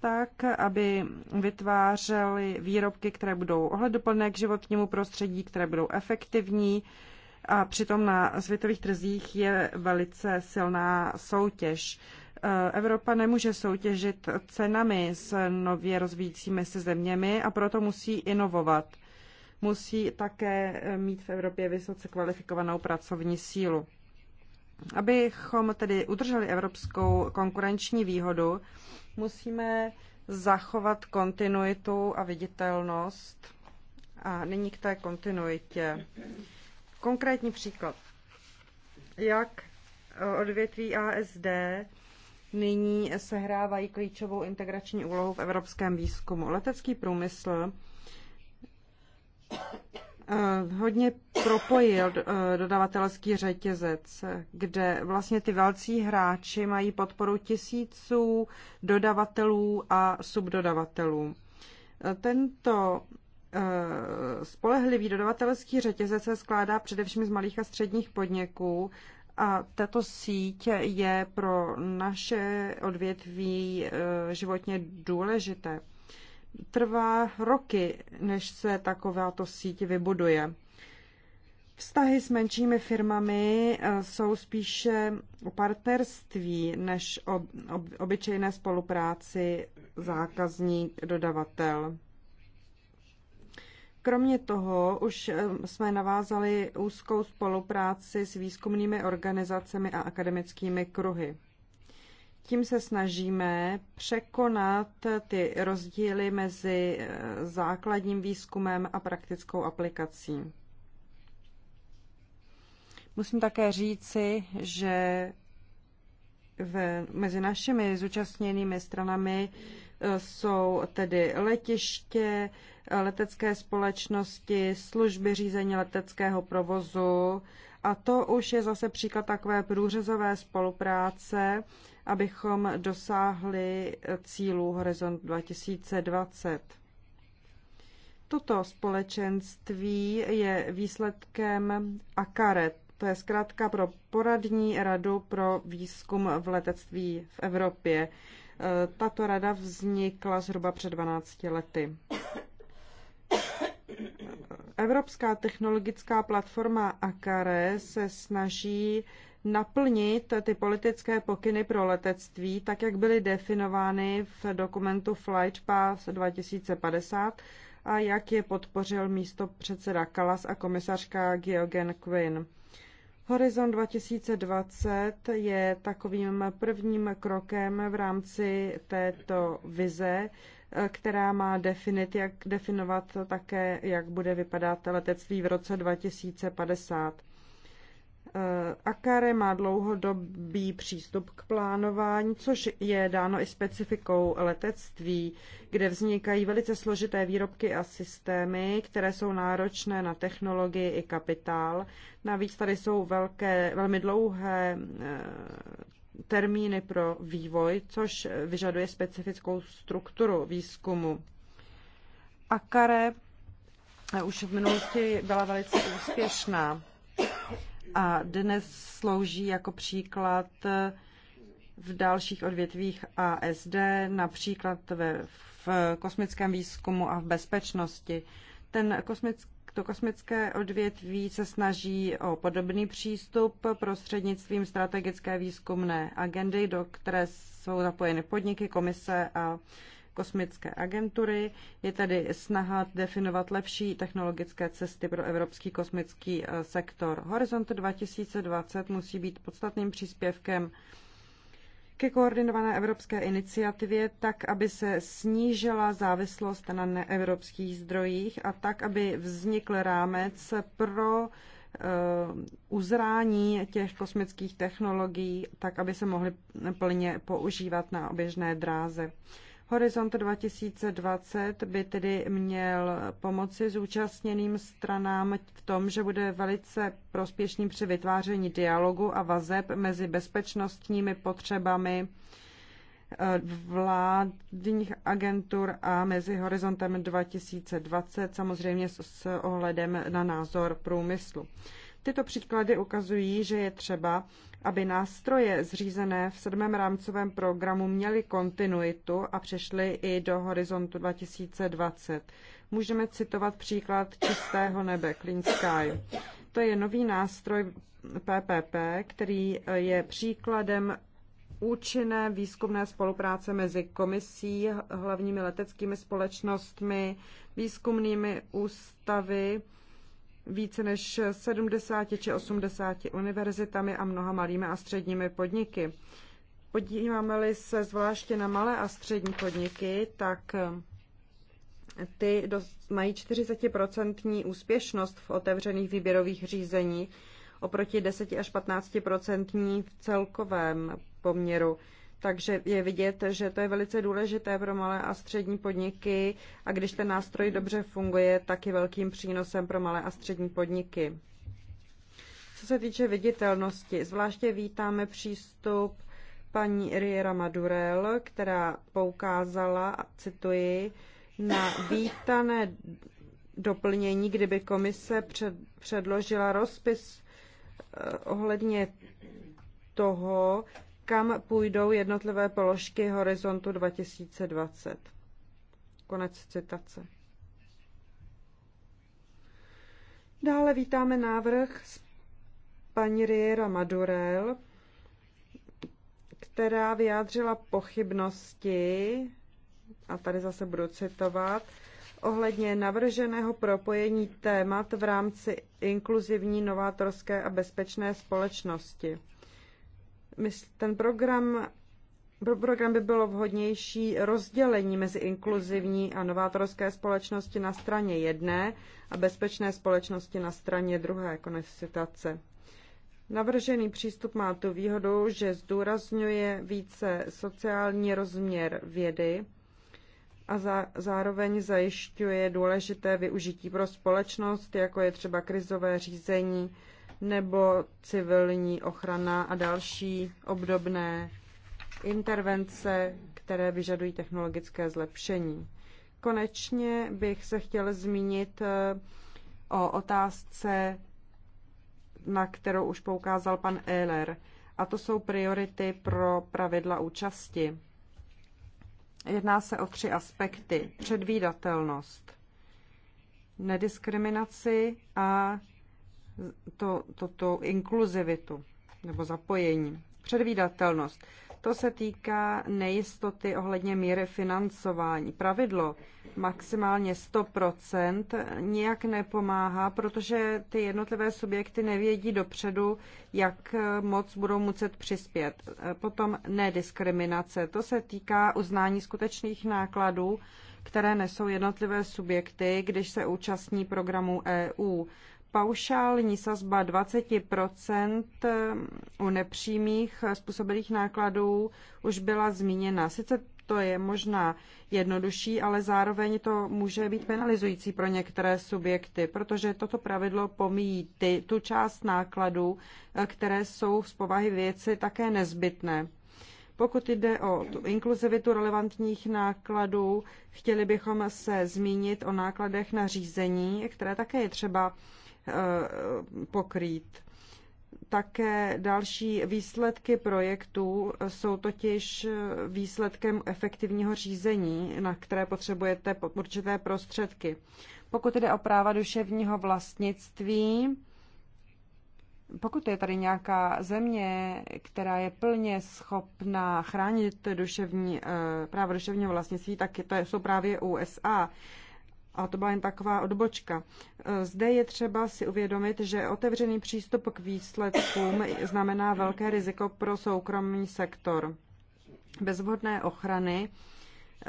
tak, aby vytvářely výrobky, které budou ohleduplné k životnímu prostředí, které budou efektivní. A přitom na světových trzích je velice silná soutěž. Evropa nemůže soutěžit cenami s nově rozvíjícími se zeměmi a proto musí inovovat musí také eh, mít v Evropě vysoce kvalifikovanou pracovní sílu. Abychom tedy udrželi evropskou konkurenční výhodu, musíme zachovat kontinuitu a viditelnost. A nyní k té kontinuitě. Konkrétní příklad. Jak eh, odvětví ASD nyní sehrávají klíčovou integrační úlohu v evropském výzkumu. Letecký průmysl Eh, hodně propojil eh, dodavatelský řetězec, kde vlastně ty velcí hráči mají podporu tisíců dodavatelů a subdodavatelů. Eh, tento spolehlivý dodavatelský řetězec se skládá především z malých a středních podniků a tato síť je pro naše odvětví životně důležité trvá roky, než se takováto síť vybuduje. Vztahy s menšími firmami eh, jsou spíše o partnerství než o obyčejné spolupráci zákazník-dodavatel. Kromě toho už eh, jsme navázali úzkou spolupráci s výzkumnými organizacemi a akademickými kruhy tím se snažíme překonat ty rozdíly mezi eh, základním výzkumem a praktickou aplikací. Musím také říci, že v, mezi našimi zúčastněnými stranami eh, jsou tedy letiště, letecké společnosti, služby řízení leteckého provozu, a to už je zase příklad takové průřezové spolupráce, abychom dosáhli cílů Horizont 2020. Toto společenství je výsledkem AKARET, to je zkrátka pro poradní radu pro výzkum v letectví v Evropě. E, tato rada vznikla zhruba před 12 lety. Evropská technologická platforma ACARE se snaží naplnit ty politické pokyny pro letectví, tak jak byly definovány v dokumentu Flight Path 2050 a jak je podpořil místo předseda Kalas a komisařka Geogen Quinn. Horizon 2020 je takovým prvním krokem v rámci této vize, která má definit, jak definovat také, jak bude vypadat letectví v roce 2050. Eh, Akare má dlouhodobý přístup k plánování, což je dáno i specifikou letectví, kde vznikají velice složité výrobky a systémy, které jsou náročné na technologii i kapitál. Navíc tady jsou velké, velmi dlouhé eh, termíny pro vývoj, což vyžaduje specifickou strukturu výzkumu. Akare eh, už v minulosti byla velice úspěšná a dnes slouží jako příklad eh, v dalších odvětvích ASD, například ve, v kosmickém výzkumu a v bezpečnosti. Ten kosmický to kosmické odvětví se snaží o podobný přístup prostřednictvím strategické výzkumné agendy, do které jsou zapojeny podniky, komise a kosmické agentury. Je tedy snaha definovat lepší technologické cesty pro evropský kosmický eh, sektor. Horizont 2020 musí být podstatným příspěvkem ke koordinované evropské iniciativě tak, aby se snížila závislost na neevropských zdrojích a tak, aby vznikl rámec pro eh, uzrání těch kosmických technologií, tak aby se mohly plně používat na oběžné dráze. Horizont 2020 by tedy měl pomoci zúčastněným stranám v tom, že bude velice prospěšný při vytváření dialogu a vazeb mezi bezpečnostními potřebami eh, vládních agentur a mezi horizontem 2020, samozřejmě s ohledem na názor průmyslu. Tyto příklady ukazují, že je třeba, aby nástroje zřízené v sedmém rámcovém programu měly kontinuitu a přešly i do horizontu 2020. Můžeme citovat příklad čistého nebe, Clean Sky. To je nový nástroj PPP, který je příkladem účinné výzkumné spolupráce mezi komisí, hlavními leteckými společnostmi, výzkumnými ústavy, více než 70 či 80 univerzitami a mnoha malými a středními podniky. Podíváme-li se zvláště na malé a střední podniky, tak eh, ty mají 40% úspěšnost v otevřených výběrových řízeních oproti 10 až 15% v celkovém poměru. Takže je vidět, že to je velice důležité pro malé a střední podniky a když ten nástroj dobře funguje, tak je velkým přínosem pro malé a střední podniky. Co se týče viditelnosti, zvláště vítáme přístup paní Riera Madurel, která poukázala, cituji, na vítané doplnění, kdyby komise před, předložila rozpis eh, ohledně toho, kam půjdou jednotlivé položky horizontu 2020. Konec citace. Dále vítáme návrh z paní Riera Madurel, která vyjádřila pochybnosti, a tady zase budu citovat, ohledně navrženého propojení témat v rámci inkluzivní, novátorské a bezpečné společnosti ten program pro program by bylo vhodnější rozdělení mezi inkluzivní a novátorské společnosti na straně jedné a bezpečné společnosti na straně druhé. Konec jako citace. Navržený přístup má tu výhodu, že zdůrazňuje více sociální rozměr vědy a za, zároveň zajišťuje důležité využití pro společnost, jako je třeba krizové řízení, nebo civilní ochrana a další obdobné intervence, které vyžadují technologické zlepšení. Konečně bych se chtěl zmínit eh, o otázce, na kterou už poukázal pan Ehler, a to jsou priority pro pravidla účasti. Jedná se o tři aspekty. Předvídatelnost, nediskriminaci a to, to, to inkluzivitu nebo zapojení. Předvídatelnost. To se týká nejistoty ohledně míry financování. Pravidlo maximálně 100% nijak nepomáhá, protože ty jednotlivé subjekty nevědí dopředu, jak moc budou muset přispět. Potom nediskriminace. To se týká uznání skutečných nákladů, které nesou jednotlivé subjekty, když se účastní programu EU paušální sazba 20 eh, u nepřímých eh, způsobilých nákladů už byla zmíněna. Sice to je možná jednodušší, ale zároveň to může být penalizující pro některé subjekty, protože toto pravidlo pomíjí ty, tu část nákladů, eh, které jsou z povahy věci také nezbytné. Pokud jde o tu inkluzivitu relevantních nákladů, chtěli bychom se zmínit o nákladech na řízení, které také je třeba Eh, pokrýt. Také další výsledky projektů jsou totiž výsledkem efektivního řízení, na které potřebujete určité prostředky. Pokud jde o práva duševního vlastnictví, pokud je tady nějaká země, která je plně schopná chránit duševní, eh, práva duševního vlastnictví, tak to jsou právě USA. A to byla jen taková odbočka. E, zde je třeba si uvědomit, že otevřený přístup k výsledkům znamená velké riziko pro soukromý sektor. Bez vhodné ochrany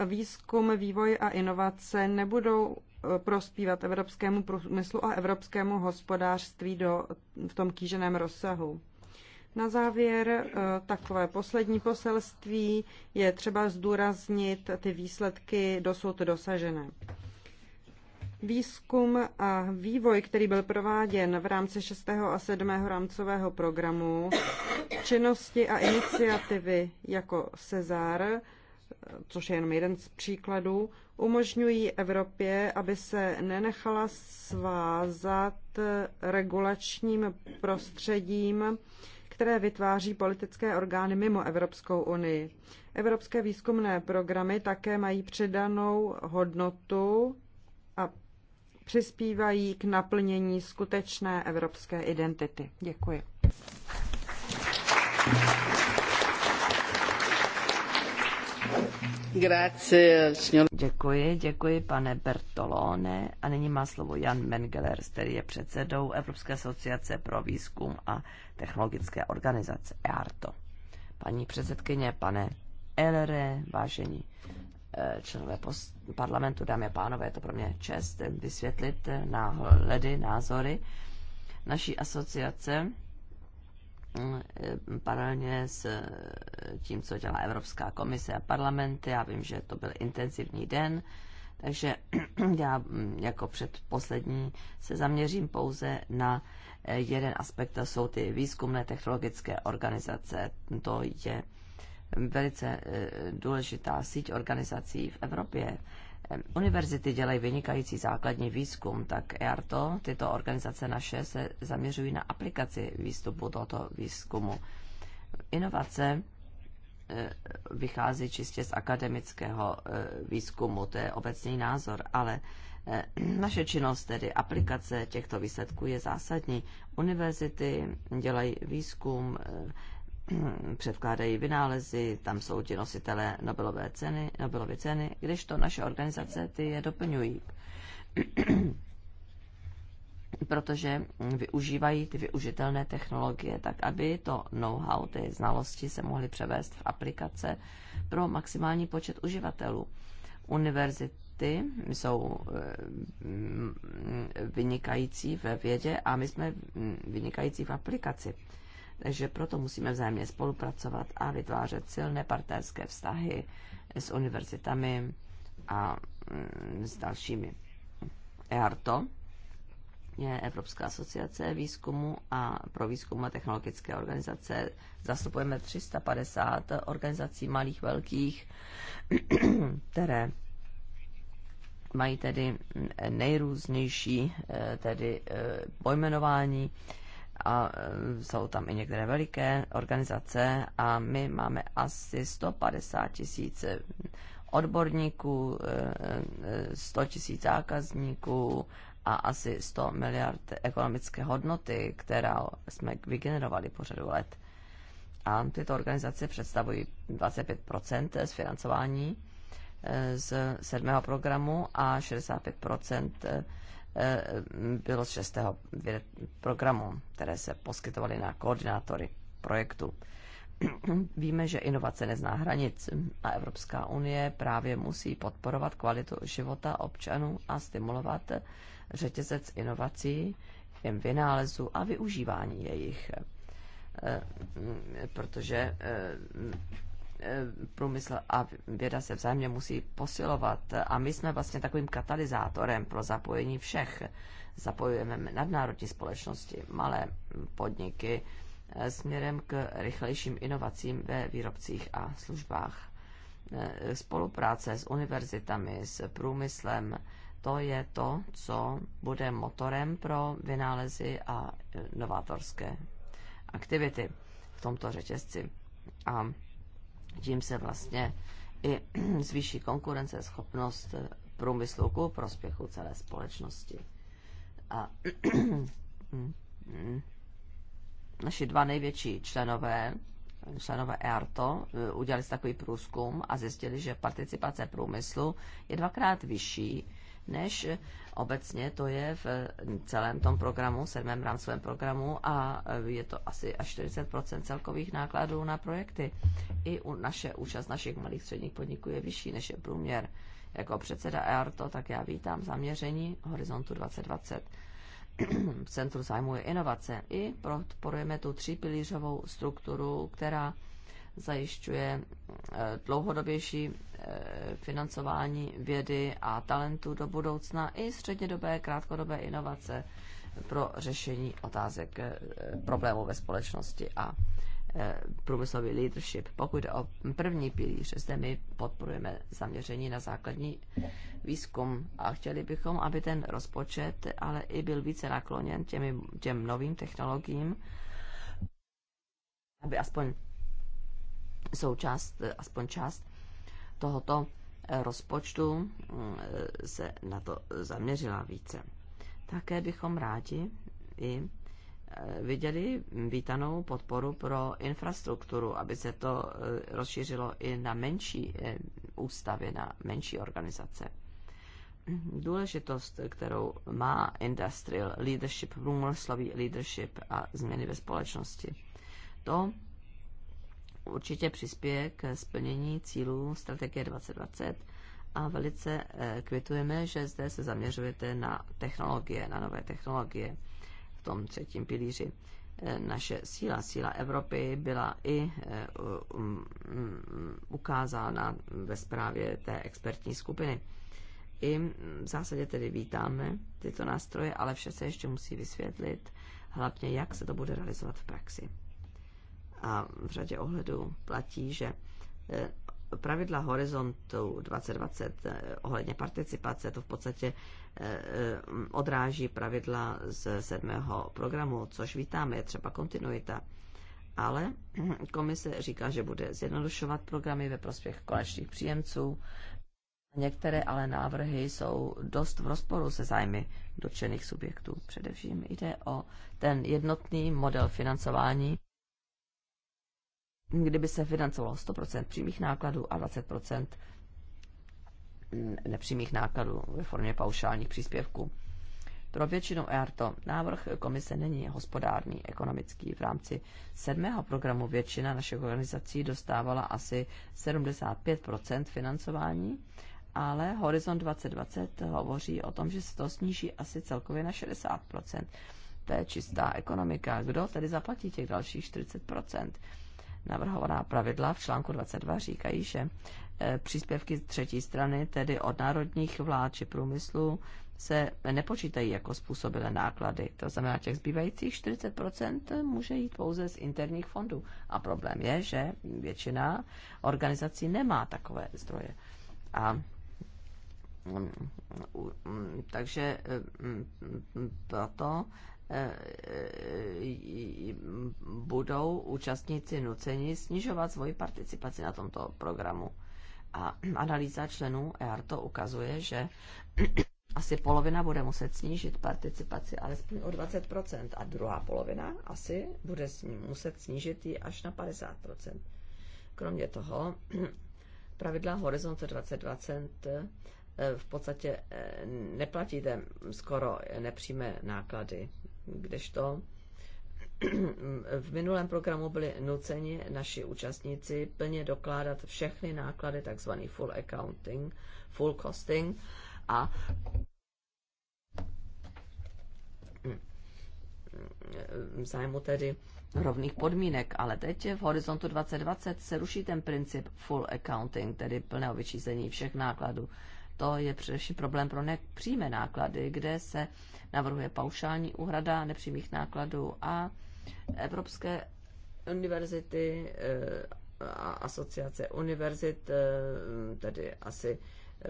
výzkum, vývoj a inovace nebudou e, prospívat evropskému průmyslu a evropskému hospodářství do, v tom kýženém rozsahu. Na závěr e, takové poslední poselství je třeba zdůraznit ty výsledky dosud dosažené. Výzkum a vývoj, který byl prováděn v rámci 6. a 7. rámcového programu, činnosti a iniciativy jako Cezar, což je jenom jeden z příkladů, umožňují Evropě, aby se nenechala svázat regulačním prostředím, které vytváří politické orgány mimo Evropskou unii. Evropské výzkumné programy také mají přidanou hodnotu přispívají k naplnění skutečné evropské identity. Děkuji. Děkuji, děkuji pane Bertolone. A nyní má slovo Jan Mengeler, který je předsedou Evropské asociace pro výzkum a technologické organizace EARTO. Paní předsedkyně, pane Elere, vážení Eh, členové parlamentu, dámy a pánové, je to pro mě čest vysvětlit eh, náhledy, názory naší asociace eh, paralelně s tím, co dělá Evropská komise a parlamenty. Já vím, že to byl intenzivní den, takže *clears throat* já mm, jako předposlední se zaměřím pouze na jeden aspekt, a jsou ty výzkumné technologické organizace. To je velice eh, důležitá síť organizací v Evropě. Univerzity dělají vynikající základní výzkum, tak ERTO, tyto organizace naše, se zaměřují na aplikaci výstupu tohoto výzkumu. Inovace eh, vychází čistě z akademického eh, výzkumu, to je obecný názor, ale *clears throat* naše činnost, tedy aplikace těchto výsledků, je zásadní. Univerzity dělají výzkum, převkládají vynálezy, tam jsou ti nositelé Nobelové ceny, Nobelovy ceny, když to naše organizace ty je doplňují. *clears throat* protože využívají ty využitelné technologie, tak aby to know-how, ty znalosti se mohly převést v aplikace pro maximální počet uživatelů. Univerzity jsou mm, vynikající ve vědě a my jsme mm, vynikající v aplikaci. Takže proto musíme vzájemně spolupracovat a vytvářet silné partnerské vztahy s univerzitami a mm, s dalšími. EARTO je Evropská asociace výzkumu a pro výzkum a technologické organizace. Zastupujeme 350 organizací malých, velkých, *clears throat* které mají tedy nejrůznější eh, tedy eh, pojmenování a e, jsou tam i některé veliké organizace a my máme asi 150 tisíc e, odborníků, 100 e, tisíc zákazníků a asi 100 miliard ekonomické hodnoty, která jsme vygenerovali po řadu let. A tyto organizace představují 25 z financování z sedmého programu a 65 Eh, bylo z šestého programu, které se poskytovaly na koordinátory projektu. *clears throat* Víme, že inovace nezná hranic a Evropská unie právě musí podporovat kvalitu života občanů a stimulovat řetězec inovací, vynálezu a využívání jejich eh, protože eh, E, průmysl a věda se vzájemně musí posilovat a my jsme vlastně takovým katalyzátorem pro zapojení všech. Zapojujeme nadnárodní společnosti, malé podniky e, směrem k rychlejším inovacím ve výrobcích a službách. E, spolupráce s univerzitami, s průmyslem, to je to, co bude motorem pro vynálezy a novátorské aktivity v tomto řetězci. A tím se vlastně i *clears throat* zvýší konkurenceschopnost průmyslu ku prospěchu celé společnosti. A *clears throat* naši dva největší členové, členové EARTO, udělali takový průzkum a zjistili, že participace průmyslu je dvakrát vyšší než obecně to je v celém tom programu, sedmém rámcovém programu a je to asi až 40 celkových nákladů na projekty. I u naše účast našich malých středních podniků je vyšší než je průměr. Jako předseda EARTO, tak já vítám zaměření Horizontu 2020. v centru zájmu je inovace. I podporujeme tu třípilířovou strukturu, která zajišťuje eh, dlouhodobější Eh, financování vědy a talentů do budoucna i střednědobé, krátkodobé inovace pro řešení otázek eh, problémů ve společnosti a eh, průmyslový leadership. Pokud jde o první pilíř, zde my podporujeme zaměření na základní výzkum a chtěli bychom, aby ten rozpočet ale i byl více nakloněn těmi, těm novým technologiím, aby aspoň součást, aspoň část tohoto eh, rozpočtu mm, eh, se na to zaměřila více. Také bychom rádi i eh, viděli vítanou podporu pro infrastrukturu, aby se to rozšířilo i na menší ústavy, na menší organizace. Důležitost, kterou má industrial leadership, průmyslový leadership a změny ve společnosti, to určitě přispěje k splnění cílů strategie 2020 a velice eh, kvitujeme, že zde se zaměřujete na technologie, na nové technologie v tom třetím pilíři. Eh, naše síla, síla Evropy byla i eh, mm, mm, ukázána ve zprávě té expertní skupiny. I v zásadě tedy vítáme tyto nástroje, ale vše se ještě musí vysvětlit, hlavně jak se to bude realizovat v praxi a v řadě ohledů platí, že e, pravidla horizontu 2020 e, ohledně participace, to v podstatě e, odráží pravidla z sedmého programu, což vítáme, je třeba kontinuita. Ale komise říká, že bude zjednodušovat programy ve prospěch konečných příjemců. Některé ale návrhy jsou dost v rozporu se zájmy dotčených subjektů. Především jde o ten jednotný model financování kdyby se financovalo 100% přímých nákladů a 20% nepřímých nákladů ve formě paušálních příspěvků. Pro většinu ERTO návrh komise není hospodárný, ekonomický. V rámci sedmého programu většina našich organizací dostávala asi 75 financování, ale Horizon 2020 hovoří o tom, že se to sníží asi celkově na 60 To je čistá ekonomika. Kdo tedy zaplatí těch dalších 40 Navrhovaná pravidla v článku 22 říkají, že eh, příspěvky z třetí strany, tedy od národních vlád či průmyslu, se nepočítají jako způsobilé náklady. To znamená, těch zbývajících 40% může jít pouze z interních fondů. A problém je, že většina organizací nemá takové zdroje. A mm, mm, takže eh, mm, proto budou účastníci nuceni snižovat svoji participaci na tomto programu. A analýza členů EARTO ukazuje, že *clears throat* asi polovina bude muset snížit participaci alespoň o 20% a druhá polovina asi bude muset snížit ji až na 50%. Kromě toho, *clears throat* pravidla Horizont 2020 eh, v podstatě eh, neplatíte eh, skoro nepřímé náklady kdežto v minulém programu byli nuceni naši účastníci plně dokládat všechny náklady, takzvaný full accounting, full costing a v zájmu tedy rovných podmínek, ale teď v Horizontu 2020 se ruší ten princip full accounting, tedy plného vyčíslení všech nákladů to je především problém pro nepřímé náklady, kde se navrhuje paušální úhrada nepřímých nákladů a Evropské univerzity eh, a asociace univerzit, eh, tedy asi eh,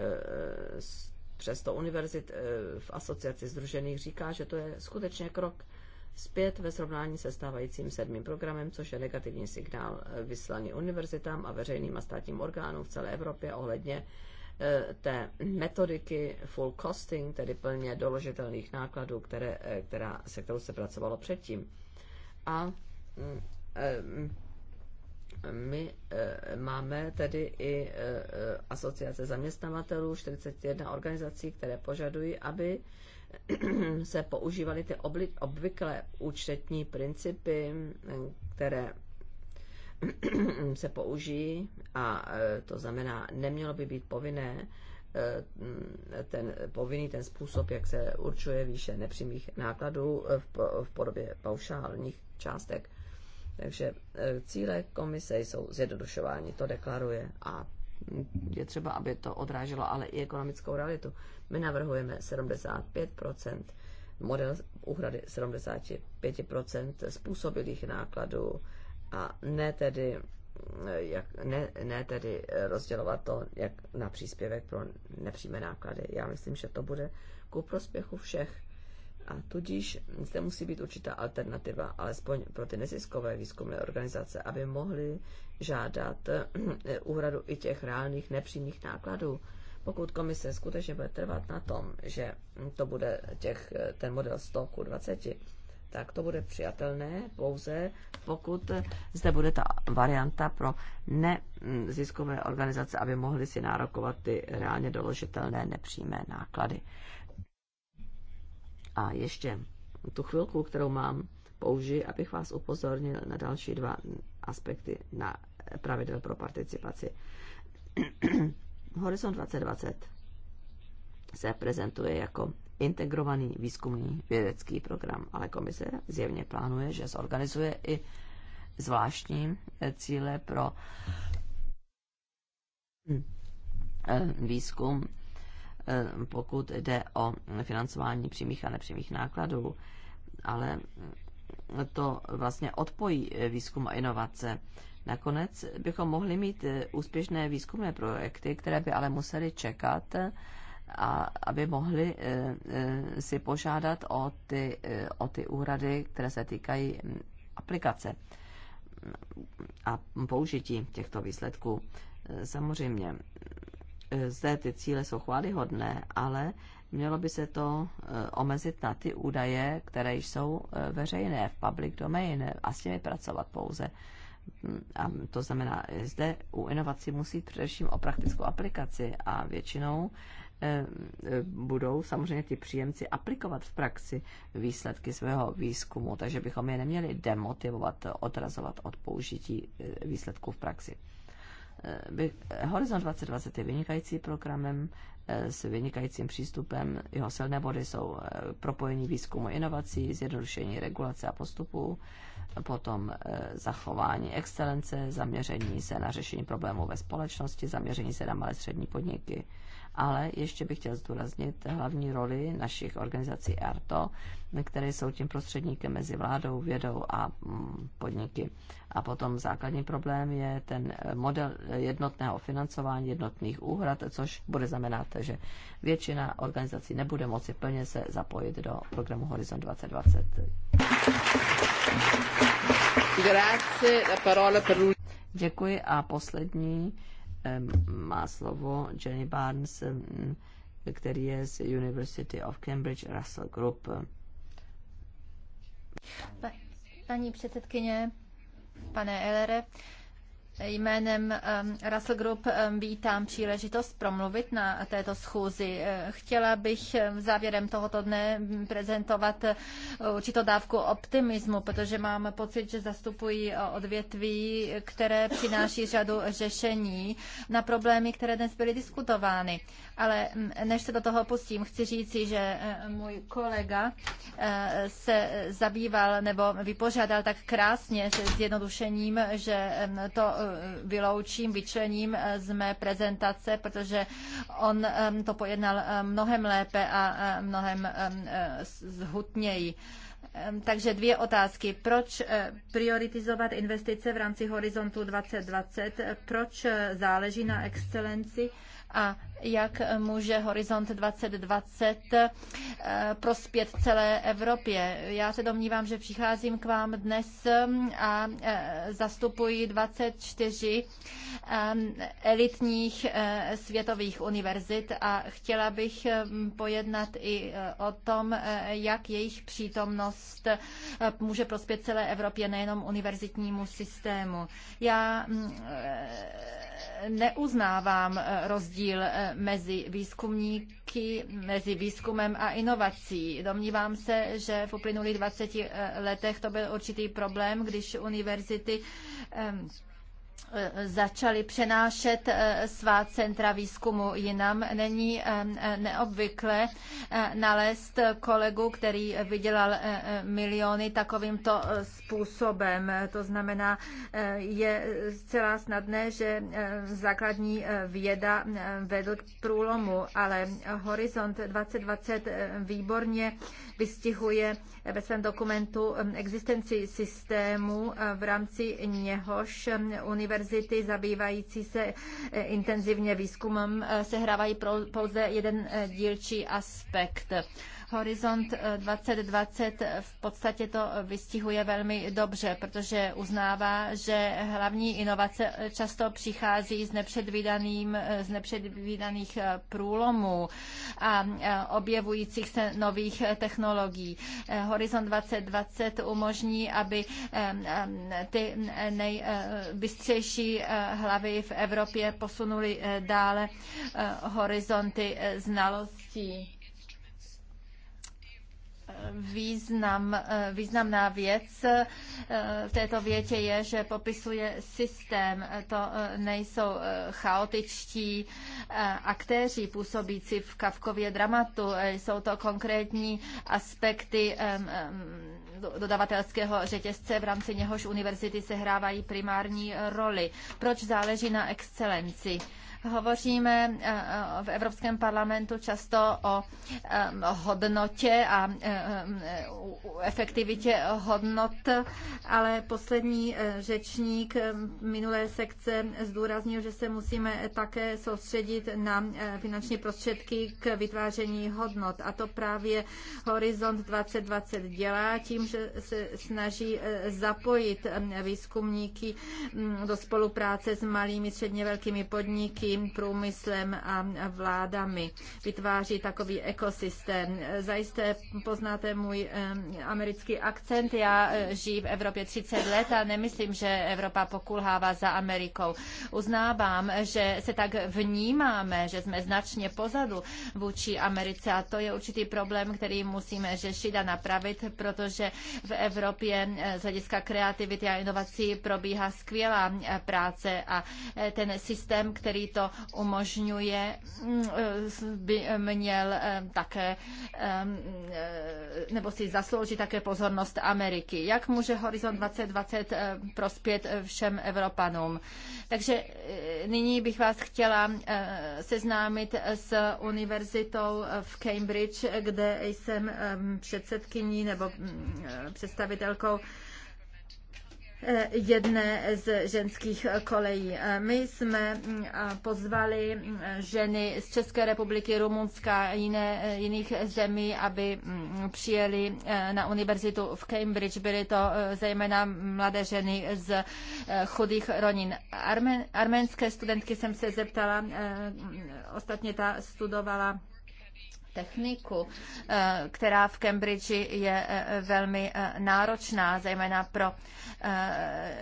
přesto univerzit v asociaci združených říká, že to je skutečně krok zpět ve srovnání se stávajícím sedmým programem, což je negativní signál vyslaný univerzitám a veřejným a státním orgánům v celé Evropě ohledně Eh, té metodiky full costing, tedy plně doložitelných nákladů, které, eh, která, se kterou se pracovalo předtím. A mm, eh, my máme tedy i asociace zaměstnavatelů, 41 organizací, které požadují, aby *clears throat* se používaly ty obvyklé účetní principy, které *clears throat* se použijí a e, to znamená, nemělo by být povinné e, ten povinný ten způsob, jak se určuje výše nepřímých nákladů e, v podobě paušálních částek. Takže cíle komise jsou zjednodušování, to deklaruje a je třeba, aby to odráželo ale i ekonomickou realitu. My navrhujeme 75%, model úhrady 75% způsobilých nákladů a ne tedy, jak, ne, ne tedy rozdělovat to jak na příspěvek pro nepřímé náklady. Já myslím, že to bude ku prospěchu všech. A tudíž zde musí být určitá alternativa, alespoň pro ty neziskové výzkumné organizace, aby mohly žádat *clears throat* úhradu i těch reálných nepřímých nákladů. Pokud komise skutečně bude trvat na tom, že to bude těch, ten model 100 ku 20, tak to bude přijatelné pouze, pokud zde bude ta varianta pro neziskové organizace, aby mohly si nárokovat ty reálně doložitelné nepřímé náklady. A ještě tu chvilku, kterou mám, použiji, abych vás upozornil na další dva aspekty na pravidel pro participaci. *clears throat* Horizont 2020 se prezentuje jako integrovaný výzkumný vědecký program, ale komise zjevně plánuje, že zorganizuje i zvláštní eh, cíle pro eh, výzkum, eh, pokud jde o financování přímých a nepřímých nákladů, ale mm, to vlastně odpojí výzkum a inovace. Nakonec bychom mohli mít úspěšné výzkumné projekty, které by ale museli čekat a aby mohli eh, eh, si požádat o ty, eh, o ty úhrady, které se týkají hm, aplikace hm, a použití těchto výsledků. Samozřejmě, zde ty cíle jsou chválihodné, ale mělo by se to omezit na ty údaje, které jsou veřejné v public domain a s nimi pracovat pouze. Hm, a to znamená, zde u inovací musí především o praktickou aplikaci a většinou Eh, eh, budou samozřejmě ti příjemci aplikovat v praxi výsledky svého výzkumu, takže bychom je neměli demotivovat, odrazovat od použití eh, výsledků v praxi. Horizont 2020 je vynikající programem s vynikajícím přístupem. Jeho silné body jsou propojení výzkumu inovací, zjednodušení regulace a postupů, potom zachování excelence, zaměření se na řešení problémů ve společnosti, zaměření se na malé střední podniky, ale ještě bych chtěl zdůraznit hlavní roli našich organizací ARTO, které jsou tím prostředníkem mezi vládou, vědou a mm, podniky. A potom základní problém je ten eh, model jednotného financování, jednotných úhrad, což bude znamenat, že většina organizací nebude moci plně se zapojit do programu Horizon 2020. Děkuji a poslední má slovo Jenny Barnes, který je z University of Cambridge Russell Group. Pa, paní předsedkyně, pane Elere, Jménem ehm, Russell Group ehm, vítám příležitost promluvit na této schůzi. Eh, chtěla bych ehm, závěrem tohoto dne prezentovat eh, určitou dávku optimismu, protože mám pocit, že zastupují eh, odvětví, které přináší řadu řešení na problémy, které dnes byly diskutovány. Ale mm, než se do toho pustím, chci říci, že můj kolega se zabýval nebo vypořádal tak krásně se zjednodušením, že to vyloučím, vyčlením eh, z mé prezentace, protože on to pojednal eh, mnohem lépe a eh, mnohem zhutněji. Takže dvě otázky. Proč prioritizovat investice v rámci Horizontu 2020? Proč záleží na excelenci? a jak může Horizont 2020 eh, prospět celé Evropě. Já se domnívám, že přicházím k vám dnes mm, a eh, zastupuji 24 ehm, elitních eh, světových univerzit a chtěla bych mm, pojednat i o tom, jak jejich přítomnost může prospět celé Evropě, nejenom univerzitnímu systému. Já mm, neuznávám eh, rozdíl eh, mezi výzkumníky, mezi výzkumem a inovací. Domnívám se, že v uplynulých 20 eh, letech to byl určitý problém, když univerzity začali přenášet eh, svá centra výzkumu jinam. Není eh, neobvykle eh, nalézt kolegu, který vydělal miliony takovýmto způsobem. To znamená, je zcela snadné, že základní věda vedl k průlomu, ale Horizont 2020 výborně vystihuje ve svém dokumentu existenci systému, eh, v rámci něhož univerzity zabývající se eh, intenzivně výzkumem eh, sehrávají pouze jeden dílčí aspekt. Horizont 2020 eh, v podstatě to vystihuje velmi dobře, protože uznává, že hlavní inovace eh, často přichází z, nepředvídaným, eh, z nepředvídaných průlomů a objevujících se nových technologií. Horizont 2020 umožní, aby ty nejbystřejší hlavy v Evropě posunuly dále horizonty znalostí význam, eh, významná věc eh, v této větě je, že popisuje systém. To eh, nejsou chaotičtí aktéři působící v Kavkově dramatu. Jsou to konkrétní aspekty dodavatelského řetězce, v rámci něhož univerzity sehrávají primární roli. Proč záleží na excelenci? Hovoříme eh, eh, v Evropském parlamentu často o eh, hodnotě a efektivitě hodnot, ale poslední řečník minulé sekce zdůraznil, že se musíme také soustředit na finanční prostředky k vytváření hodnot. A to právě Horizont 2020 dělá tím, že se snaží zapojit výzkumníky mm, do spolupráce s malými, středně velkými podniky velkým průmyslem a vládami. Vytváří takový ekosystém. Zajisté poznáte můj eh, americký akcent. Já eh, žiji v Evropě 30 let a nemyslím, že Evropa pokulhává za Amerikou. Uznávám, že se tak vnímáme, že jsme značně pozadu vůči Americe a to je určitý problém, který musíme řešit a napravit, protože v Evropě eh, z hlediska kreativity a inovací probíhá skvělá práce a ten systém, který to to umožňuje, mm, eh, by měl eh, také eh, nebo si zaslouží také pozornost Ameriky. Jak může Horizont 2020 prospět všem Evropanům? Takže nyní bych vás chtěla seznámit s univerzitou v Cambridge, kde jsem předsedkyní nebo mm, představitelkou jedné z ženských kolejí. My jsme mm, pozvali mm, ženy z České republiky, Rumunska a jiné, e, jiných zemí, aby mm, přijeli e, na univerzitu v Cambridge. Byly to e, zejména mladé ženy z chudých ronin. Armen, arménské studentky jsem se zeptala, ostatně ta studovala techniku, eh, která v Cambridge je eh, velmi eh, náročná, zejména pro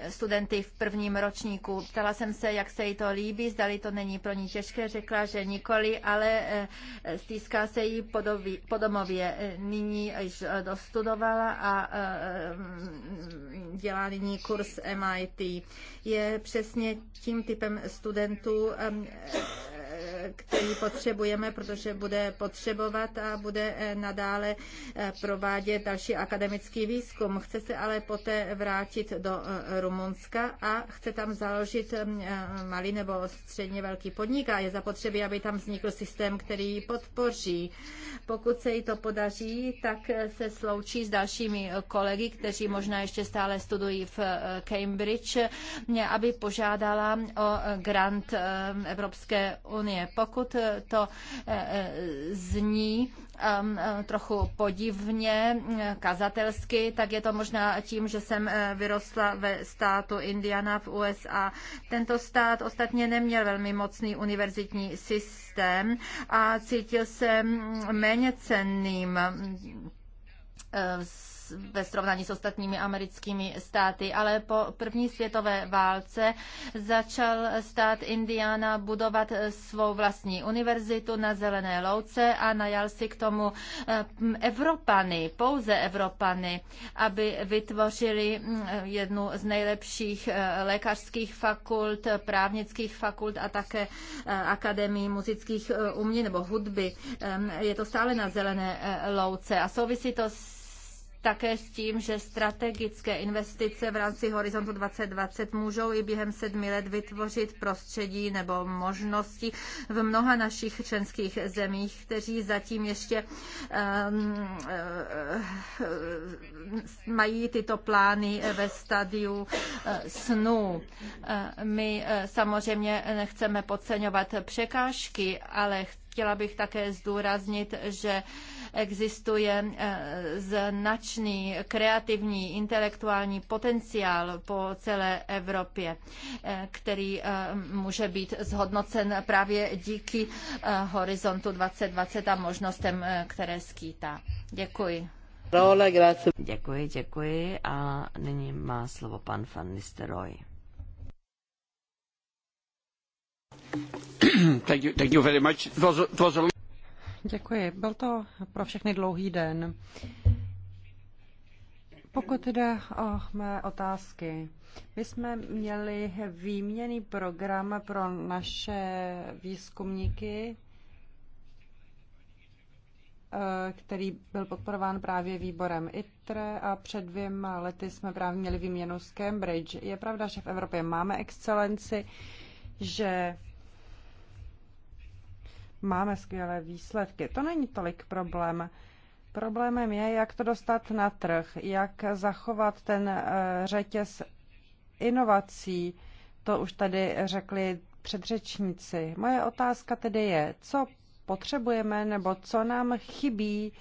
studenty v prvním ročníku. Ptala jsem se, jak se jí to líbí, zdali to není pro ní těžké, řekla, že nikoli, ale stýská se jí po domově. Nyní již dostudovala a dělá nyní kurz MIT. Je přesně tím typem studentů, který potřebujeme, protože bude potřebovat a bude eh, nadále eh, provádět další akademický výzkum. Chce se ale poté vrátit do eh, Rumunska a chce tam založit malý nebo středně velký podnik a je zapotřebí, aby tam vznikl systém, který ji podpoří. Pokud se jí to podaří, tak se sloučí s dalšími kolegy, kteří možná ještě stále studují v Cambridge, aby požádala o grant Evropské unie. Pokud to eh, eh, zní um, eh, trochu podivně, kazatelsky, tak je to možná tím, že jsem vyrostla ve státu Indiana v USA. Tento stát ostatně neměl velmi mocný univerzitní systém a cítil se mm, méně cenným ve srovnání s ostatními americkými státy, ale po první světové válce začal stát Indiana budovat svou vlastní univerzitu na Zelené louce a najal si k tomu eh, Evropany, pouze Evropany, aby vytvořili mm, jednu z nejlepších eh, lékařských fakult, právnických fakult a také eh, akademii muzických umění nebo hudby. Je to stále na Zelené louce a souvisí to s také s tím, že strategické investice v rámci Horizontu 2020 můžou i během sedmi let vytvořit prostředí nebo možnosti v mnoha našich členských zemích, kteří zatím ještě um, mají tyto plány ve stadiu e, snů. E, my e, samozřejmě nechceme podceňovat překážky, ale chtěla bych také zdůraznit, že existuje eh, značný kreativní intelektuální potenciál po celé Evropě, eh, který eh, může být zhodnocen právě díky Horizontu 2020 a možnostem, které skýtá. Děkuji. Děkuji, děkuji a nyní má slovo pan van Nistelrooy. Thank you, thank you very much. It was, it was a... Děkuji. Byl to pro všechny dlouhý den. Pokud jde o mé otázky, my jsme měli výměný program pro naše výzkumníky, který byl podporován právě výborem ITRE a před dvěma lety jsme právě měli výměnu z Cambridge. Je pravda, že v Evropě máme excelenci, že máme skvělé výsledky. To není tolik problém. Problémem je, jak to dostat na trh, jak zachovat ten eh, řetěz inovací. To už tady řekli předřečníci. Moje otázka tedy je, co potřebujeme nebo co nám chybí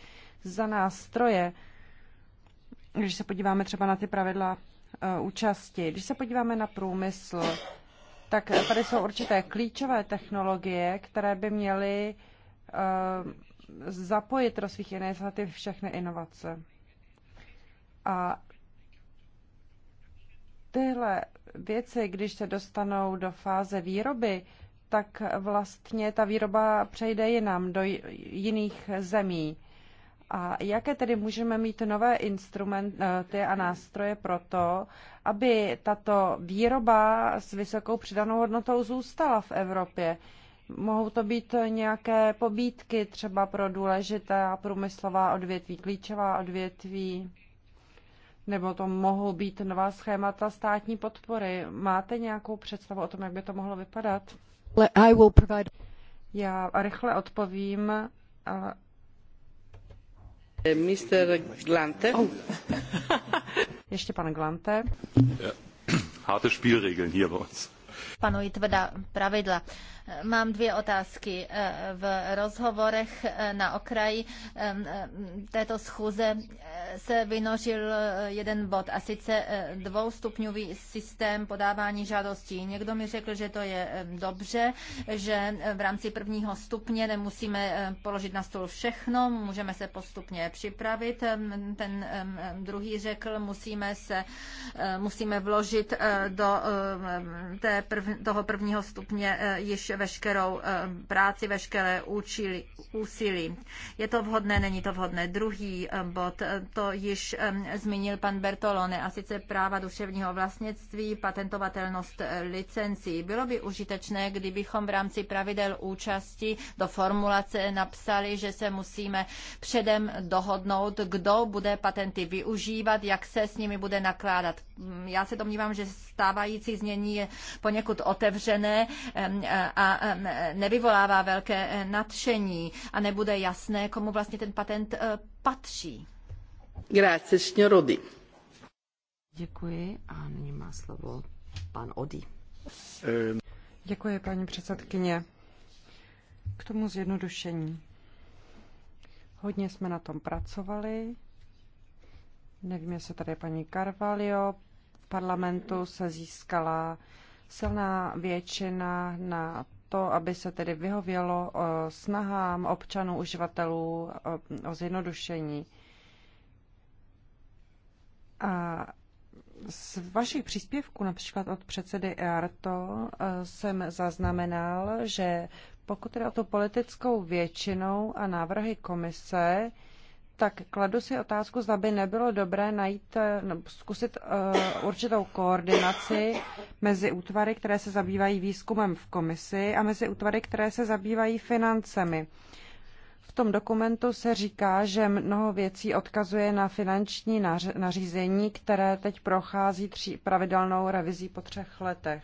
za nástroje, když se podíváme třeba na ty pravidla eh, účasti, když se podíváme na průmysl, tak tady jsou určité klíčové technologie, které by měly eh, zapojit do svých iniciativ všechny inovace. A tyhle věci, když se dostanou do fáze výroby, tak vlastně ta výroba přejde jinam, do jiných zemí. A jaké tedy můžeme mít nové instrumenty eh, a nástroje pro to, aby tato výroba s vysokou přidanou hodnotou zůstala v Evropě? Mohou to být nějaké pobídky třeba pro důležité a průmyslová odvětví, klíčová odvětví, nebo to mohou být nová schémata státní podpory. Máte nějakou představu o tom, jak by to mohlo vypadat? Já rychle odpovím, ale eh, Mr. Glante. Oh. *laughs* Ještě pan Glante. Harte Spielregeln hier bei uns. Panují tvrdá pravidla. Mám dvě otázky. Eh, v rozhovorech eh, na okraji ehm, ehm, této schůze eh, se vynožil jeden bod, a sice dvoustupňový systém podávání žádostí. Někdo mi řekl, že to je ehm, dobře, že v rámci prvního stupně nemusíme položit na stůl všechno, můžeme se postupně připravit. Ten druhý řekl, musíme, se, musíme vložit do té prv, toho prvního stupně již veškerou eh, práci, veškeré účili, úsilí. Je to vhodné, není to vhodné. Druhý eh, bod, eh, to již zmínil pan Bertolone, a sice práva duševního vlastnictví, patentovatelnost licencí. Bylo by užitečné, kdybychom v rámci pravidel účasti do formulace napsali, že se musíme předem dohodnout, kdo bude patenty využívat, jak se s nimi bude nakládat. Mm, já se domnívám, že stávající znění je poněkud otevřené a nevyvolává velké eh, nadšení a nebude jasné, komu vlastně ten patent eh, patří. Grazie, signor Děkuji a nyní má slovo pan Odi. Eh, děkuji, paní předsedkyně. K tomu zjednodušení. Hodně jsme na tom pracovali. Nevím, jestli tady paní Carvalho. V parlamentu se získala silná většina na to, aby se tedy vyhovělo eh, snahám občanů, uživatelů eh, o zjednodušení. A z vašich příspěvků, například od předsedy EARTO, eh, jsem zaznamenal, že pokud jde o tu politickou většinou a návrhy komise, tak kladu si otázku, zda by nebylo dobré najít, eh, no, zkusit uh, určitou koordinaci mezi útvary, které se zabývají výzkumem v komisi a mezi útvary, které se zabývají financemi. V tom dokumentu se říká, že mnoho věcí odkazuje na finanční nařízení, které teď prochází tří pravidelnou revizí po třech letech.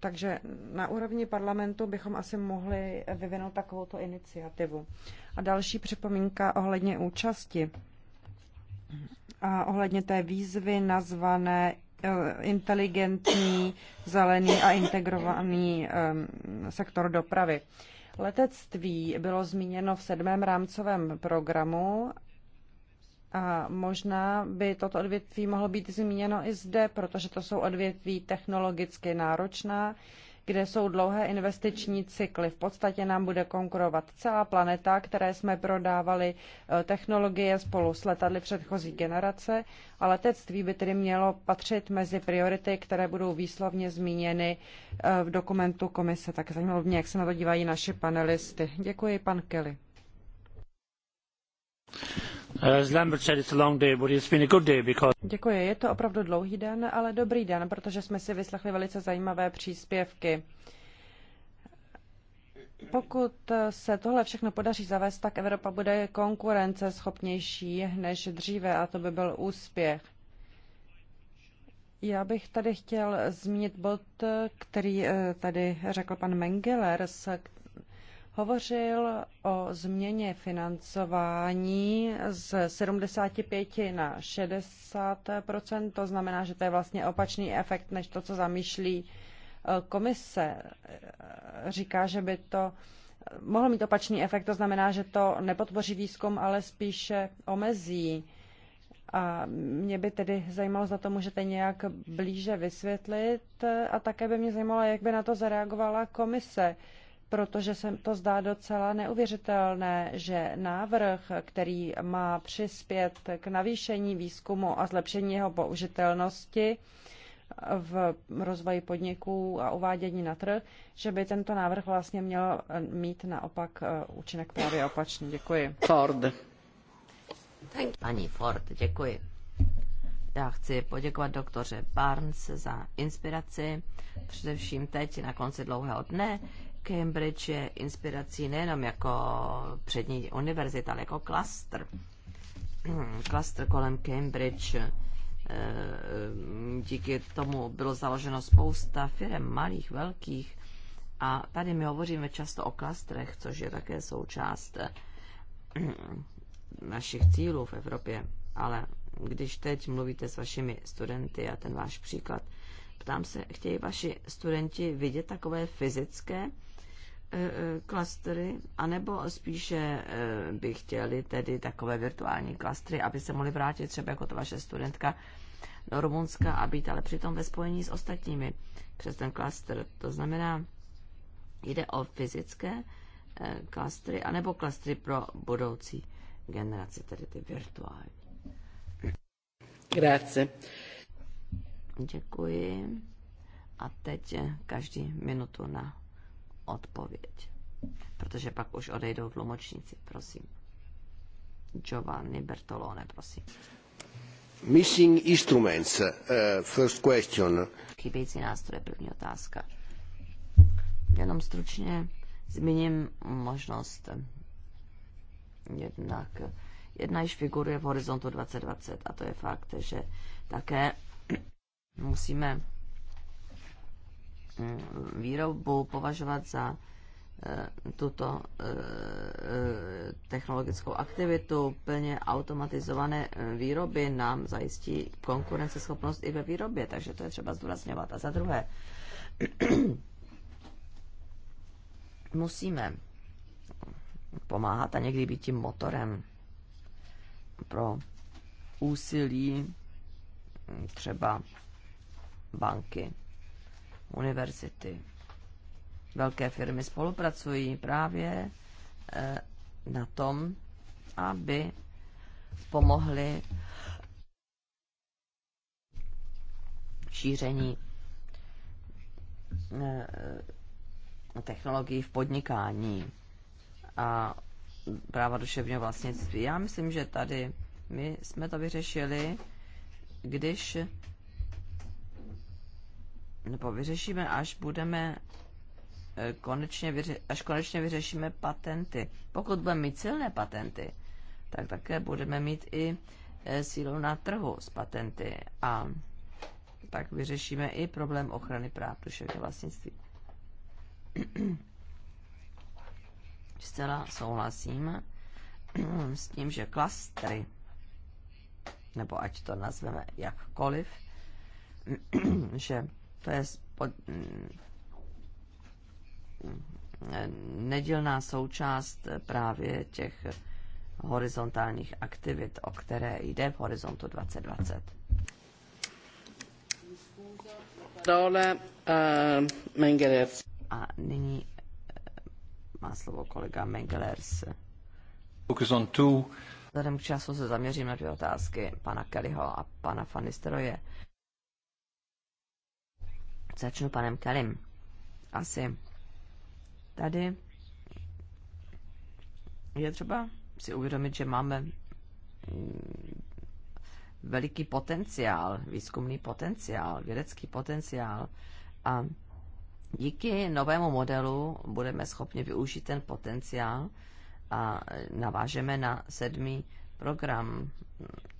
Takže na úrovni parlamentu bychom asi mohli vyvinout takovouto iniciativu. A další připomínka ohledně účasti a ohledně té výzvy nazvané eh, inteligentní, zelený a integrovaný eh, sektor dopravy. Letectví bylo zmíněno v sedmém rámcovém programu a možná by toto odvětví mohlo být zmíněno i zde, protože to jsou odvětví technologicky náročná, kde jsou dlouhé investiční cykly. V podstatě nám bude konkurovat celá planeta, které jsme prodávali eh, technologie spolu s letadly předchozí generace a letectví by tedy mělo patřit mezi priority, které budou výslovně zmíněny eh, v dokumentu komise. Tak zajímalo mě, jak se na to dívají naši panelisty. Děkuji, pan Kelly je to opravdu dlouhý den, ale dobrý den, protože jsme si vyslechli velice zajímavé příspěvky. Pokud se tohle všechno podaří zavést, tak Evropa bude konkurenceschopnější než dříve a to by byl úspěch. Já bych tady chtěl zmínit bod, který eh, tady řekl pan Mengelers, hovořil o změně financování z 75 na 60 to znamená, že to je vlastně opačný efekt než to, co zamýšlí eh, komise. Eh, říká, že by to mohlo mít opačný efekt, to znamená, že to nepodpoří výzkum, ale spíše omezí. A mě by tedy zajímalo, za to můžete nějak blíže vysvětlit a také by mě zajímalo, jak by na to zareagovala komise protože se to zdá docela neuvěřitelné, že návrh, který má přispět k navýšení výzkumu a zlepšení jeho použitelnosti v rozvoji podniků a uvádění na trh, že by tento návrh vlastně měl mít naopak eh, účinek právě opačný. Děkuji. Ford. Paní Ford, děkuji. Já chci poděkovat doktoře Barnes za inspiraci, především teď na konci dlouhého dne, Cambridge je inspirací nejenom jako přední univerzita, ale jako klastr. Hmm, klastr kolem Cambridge. Eh, díky tomu bylo založeno spousta firm, malých, velkých. A tady my hovoříme často o klastrech, což je také součást eh, našich cílů v Evropě. Ale když teď mluvíte s vašimi studenty a ten váš příklad, ptám se, chtějí vaši studenti vidět takové fyzické Eh, eh, klastery, anebo spíše eh, by chtěli tedy takové virtuální klastry, aby se mohli vrátit třeba jako to vaše studentka do Rumunska a být ale přitom ve spojení s ostatními přes ten klaster. To znamená, jde o fyzické klastry, anebo klastry pro budoucí generaci, tedy ty virtuální. Grazie. Děkuji. A teď každý minutu na odpověď. Protože pak už odejdou tlumočníci, prosím. Giovanni Bertolone, prosím. Missing instruments, uh, first question. Chybějící nástroje, první otázka. Jenom stručně zmíním možnost eh, jednak jedna již figuruje v horizontu 2020 a to je fakt, že také *clears throat* musíme Mm, výrobu považovat za eh, tuto eh, eh, technologickou aktivitu plně automatizované výroby nám zajistí konkurenceschopnost i ve výrobě, takže to je třeba zdůrazňovat. A za druhé, *clears throat* musíme pomáhat a někdy být tím motorem pro úsilí mm, třeba banky univerzity. Velké firmy spolupracují právě eh, na tom, aby pomohly šíření eh, technologií v podnikání a práva duševního vlastnictví. Já myslím, že tady my jsme to vyřešili, když nebo vyřešíme, až budeme eh, konečně, vyře, až konečně vyřešíme patenty. Pokud budeme mít silné patenty, tak také budeme mít i eh, sílu na trhu s patenty a tak vyřešíme i problém ochrany práv duševního vlastnictví. *clears throat* Zcela souhlasím *clears throat* s tím, že klastry, nebo ať to nazveme jakkoliv, *clears throat* že to je spod, nedílná součást právě těch horizontálních aktivit, o které jde v horizontu 2020. Dále uh, A nyní eh, má slovo kolega Mengelers. Focus on two. Vzhledem k času se zaměřím na dvě otázky pana Kellyho a pana Fanisteroje. Uh, Začnu panem Kelim. Asi tady je třeba si uvědomit, že máme mm, veliký potenciál, výzkumný potenciál, vědecký potenciál a díky novému modelu budeme schopni využít ten potenciál a navážeme na sedmý program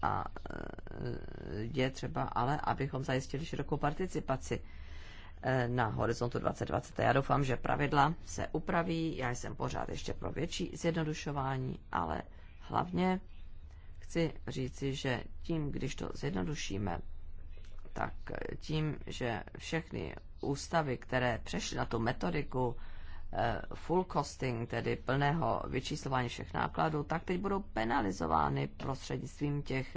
a e, je třeba ale, abychom zajistili širokou participaci Eh, na horizontu 2020. Já doufám, že pravidla se upraví. Já jsem pořád ještě pro větší zjednodušování, ale hlavně chci říci, že tím, když to zjednodušíme, tak eh, tím, že všechny ústavy, které přešly na tu metodiku eh, full costing, tedy plného vyčíslování všech nákladů, tak teď budou penalizovány prostřednictvím těch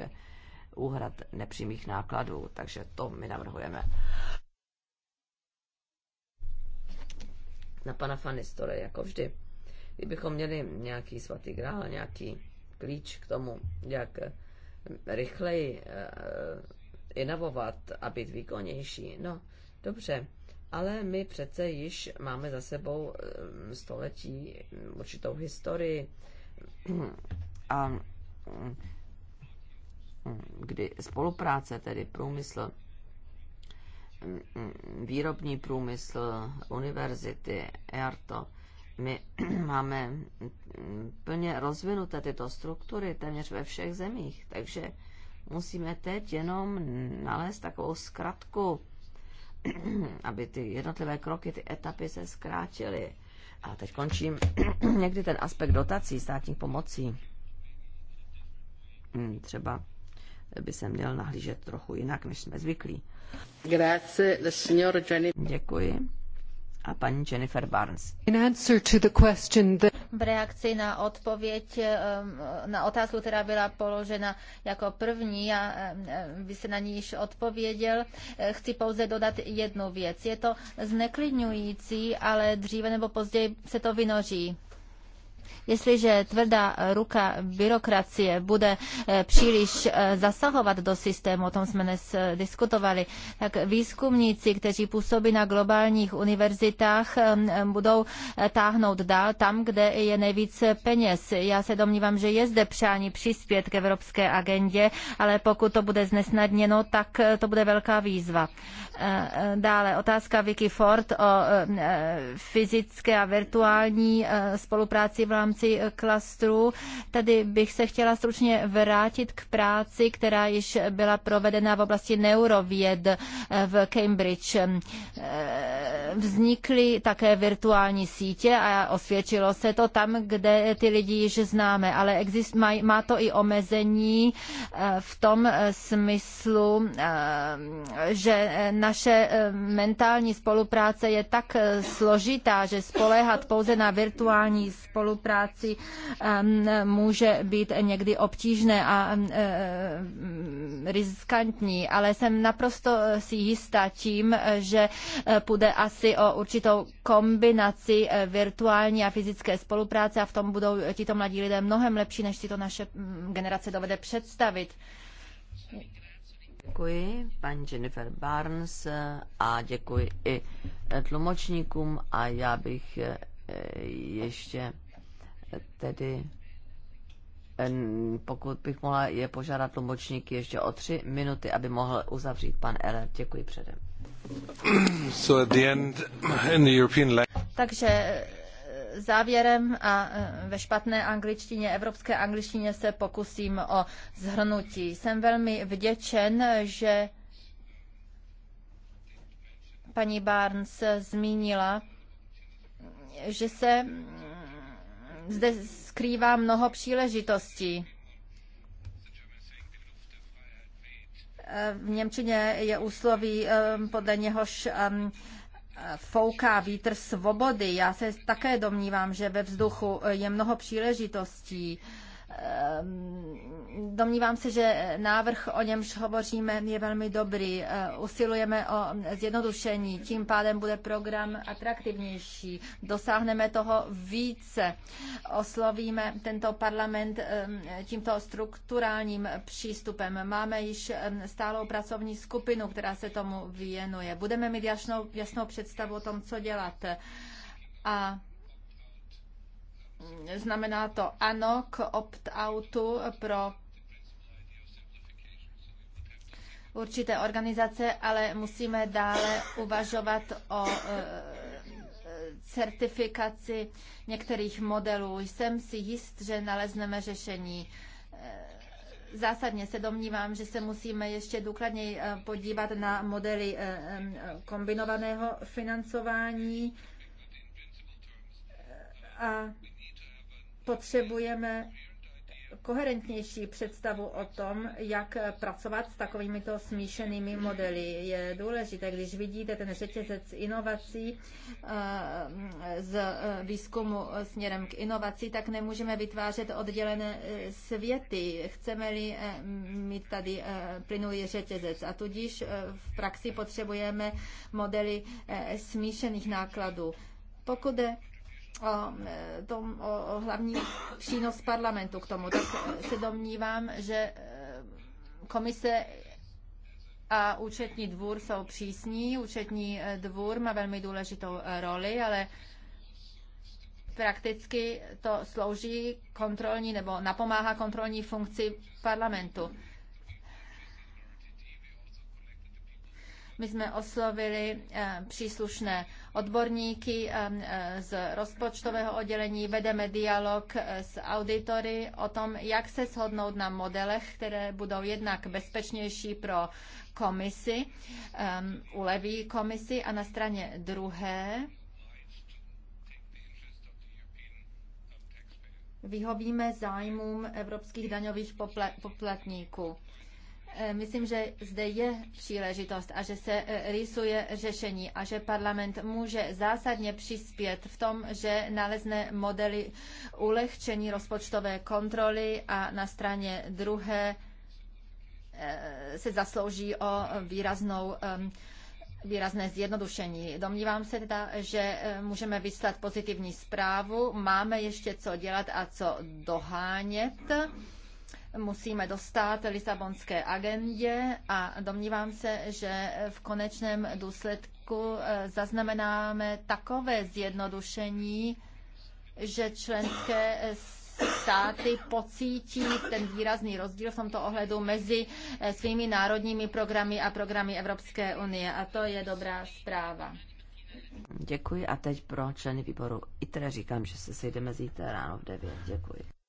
úhrad nepřímých nákladů. Takže to my navrhujeme. na pana Fanistore, jako vždy. Kdybychom měli nějaký svatý grál, nějaký klíč k tomu, jak rychleji eh, inovovat a být výkonnější, no dobře, ale my přece již máme za sebou eh, století, určitou historii *clears throat* a mm, mm, kdy spolupráce, tedy průmysl výrobní průmysl, univerzity, ERTO. My *clears throat* máme plně rozvinuté tyto struktury téměř ve všech zemích, takže musíme teď jenom nalézt takovou zkratku, *clears throat* aby ty jednotlivé kroky, ty etapy se zkrátily. A teď končím *clears throat* někdy ten aspekt dotací, státních pomocí. Třeba by se měl nahlížet trochu jinak, než jsme zvyklí. Děkuji. A paní Jennifer Barnes. In answer to the question that... V reakci na odpověď, um, na otázku, která byla položena jako první a um, um, vy se na ní již odpověděl, eh, chci pouze dodat jednu věc. Je to zneklidňující, ale dříve nebo později se to vynoří Jestliže tvrdá ruka byrokracie bude eh, příliš eh, zasahovat do systému, o tom jsme dnes eh, diskutovali, tak výzkumníci, kteří působí na globálních univerzitách, budou táhnout dál tam, kde je nejvíce peněz. Já se domnívám, že je zde přání přispět k evropské agendě, ale pokud to bude znesnadněno, tak to bude velká výzva. Dále otázka Vicky Ford o fyzické a virtuální spolupráci rámci eh, klastru. Tady bych se chtěla stručně vrátit k práci, která již byla provedena v oblasti neurověd eh, v Cambridge. Eh, vznikly také virtuální sítě a osvědčilo se to tam, kde ty lidi již známe, ale exist, má, to i omezení v tom smyslu, že naše mentální spolupráce je tak složitá, že spoléhat pouze na virtuální spolupráci práci ehm, může být někdy obtížné a ehm, ehm, riskantní, ale jsem naprosto si jistá tím, že eh, půjde asi o určitou kombinaci eh, virtuální a fyzické spolupráce a v tom budou tito mladí lidé mnohem lepší, než si to naše mm, generace dovede představit. Děkuji paní Jennifer Barnes a děkuji i tlumočníkům a já bych eh, ještě tedy pokud bych mohla je požádat tlumočníky ještě o tři minuty, aby mohl uzavřít pan Eller. Děkuji předem. So at the end, in the European Takže e, závěrem a e, ve špatné angličtině, evropské angličtině se pokusím o zhrnutí. Jsem velmi vděčen, že paní Barnes zmínila, že se zde skrývá mnoho příležitostí. V Němčině je úsloví, podle něhož fouká vítr svobody. Já se také domnívám, že ve vzduchu je mnoho příležitostí Ehm, domnívám se, že návrh, o němž hovoříme, je velmi dobrý. Eh, usilujeme o zjednodušení, tím pádem bude program atraktivnější. Dosáhneme toho více. Oslovíme tento parlament ehm, tímto strukturálním přístupem. Máme již ehm, stálou pracovní skupinu, která se tomu věnuje. Budeme mít jasnou, jasnou představu o tom, co dělat. A Znamená to ano k opt-outu pro určité organizace, ale musíme dále uvažovat o e, certifikaci některých modelů. Jsem si jist, že nalezneme řešení. E, zásadně se domnívám, že se musíme ještě důkladněji e, podívat na modely kombinovaného financování a potřebujeme koherentnější představu o tom, jak pracovat s takovýmito smíšenými modely. Je důležité, když vidíte ten řetězec inovací eh, z eh, výzkumu směrem k inovací, tak nemůžeme vytvářet oddělené eh, světy. Chceme-li mít tady plynulý řetězec a tudíž v praxi potřebujeme modely smíšených nákladů. Pokud jde o, e, tom, o, o hlavní přínos parlamentu k tomu, tak e, se domnívám, že e, komise a účetní dvůr jsou přísní. Účetní dvůr má velmi důležitou roli, ale prakticky to slouží kontrolní nebo napomáhá kontrolní funkci parlamentu. My jsme oslovili eh, příslušné odborníky eh, eh, z rozpočtového oddělení, vedeme dialog s auditory o tom, jak se shodnout na modelech, které budou jednak bezpečnější pro komisi, ehm, uleví komisi a na straně druhé vyhovíme zájmům evropských daňových poplatníků. E, myslím, že zde je příležitost a že se e, rýsuje řešení a že parlament může zásadně přispět v tom, že nalezne modely ulehčení rozpočtové kontroly a na straně druhé e, se zaslouží o výraznou výrazné zjednodušení. Domnívám se teda, že můžeme vyslat pozitivní zprávu. Máme ještě co dělat a co dohánět musíme dostat Lisabonské agendě a domnívám se, že v konečném důsledku eh, zaznamenáme takové zjednodušení, že členské státy pocítí ten výrazný rozdíl v tomto ohledu mezi eh, svými národními programy a programy Evropské unie. A to je dobrá zpráva. Děkuji a teď pro členy výboru ITRE říkám, že se sejdeme zítra ráno v 9. Děkuji.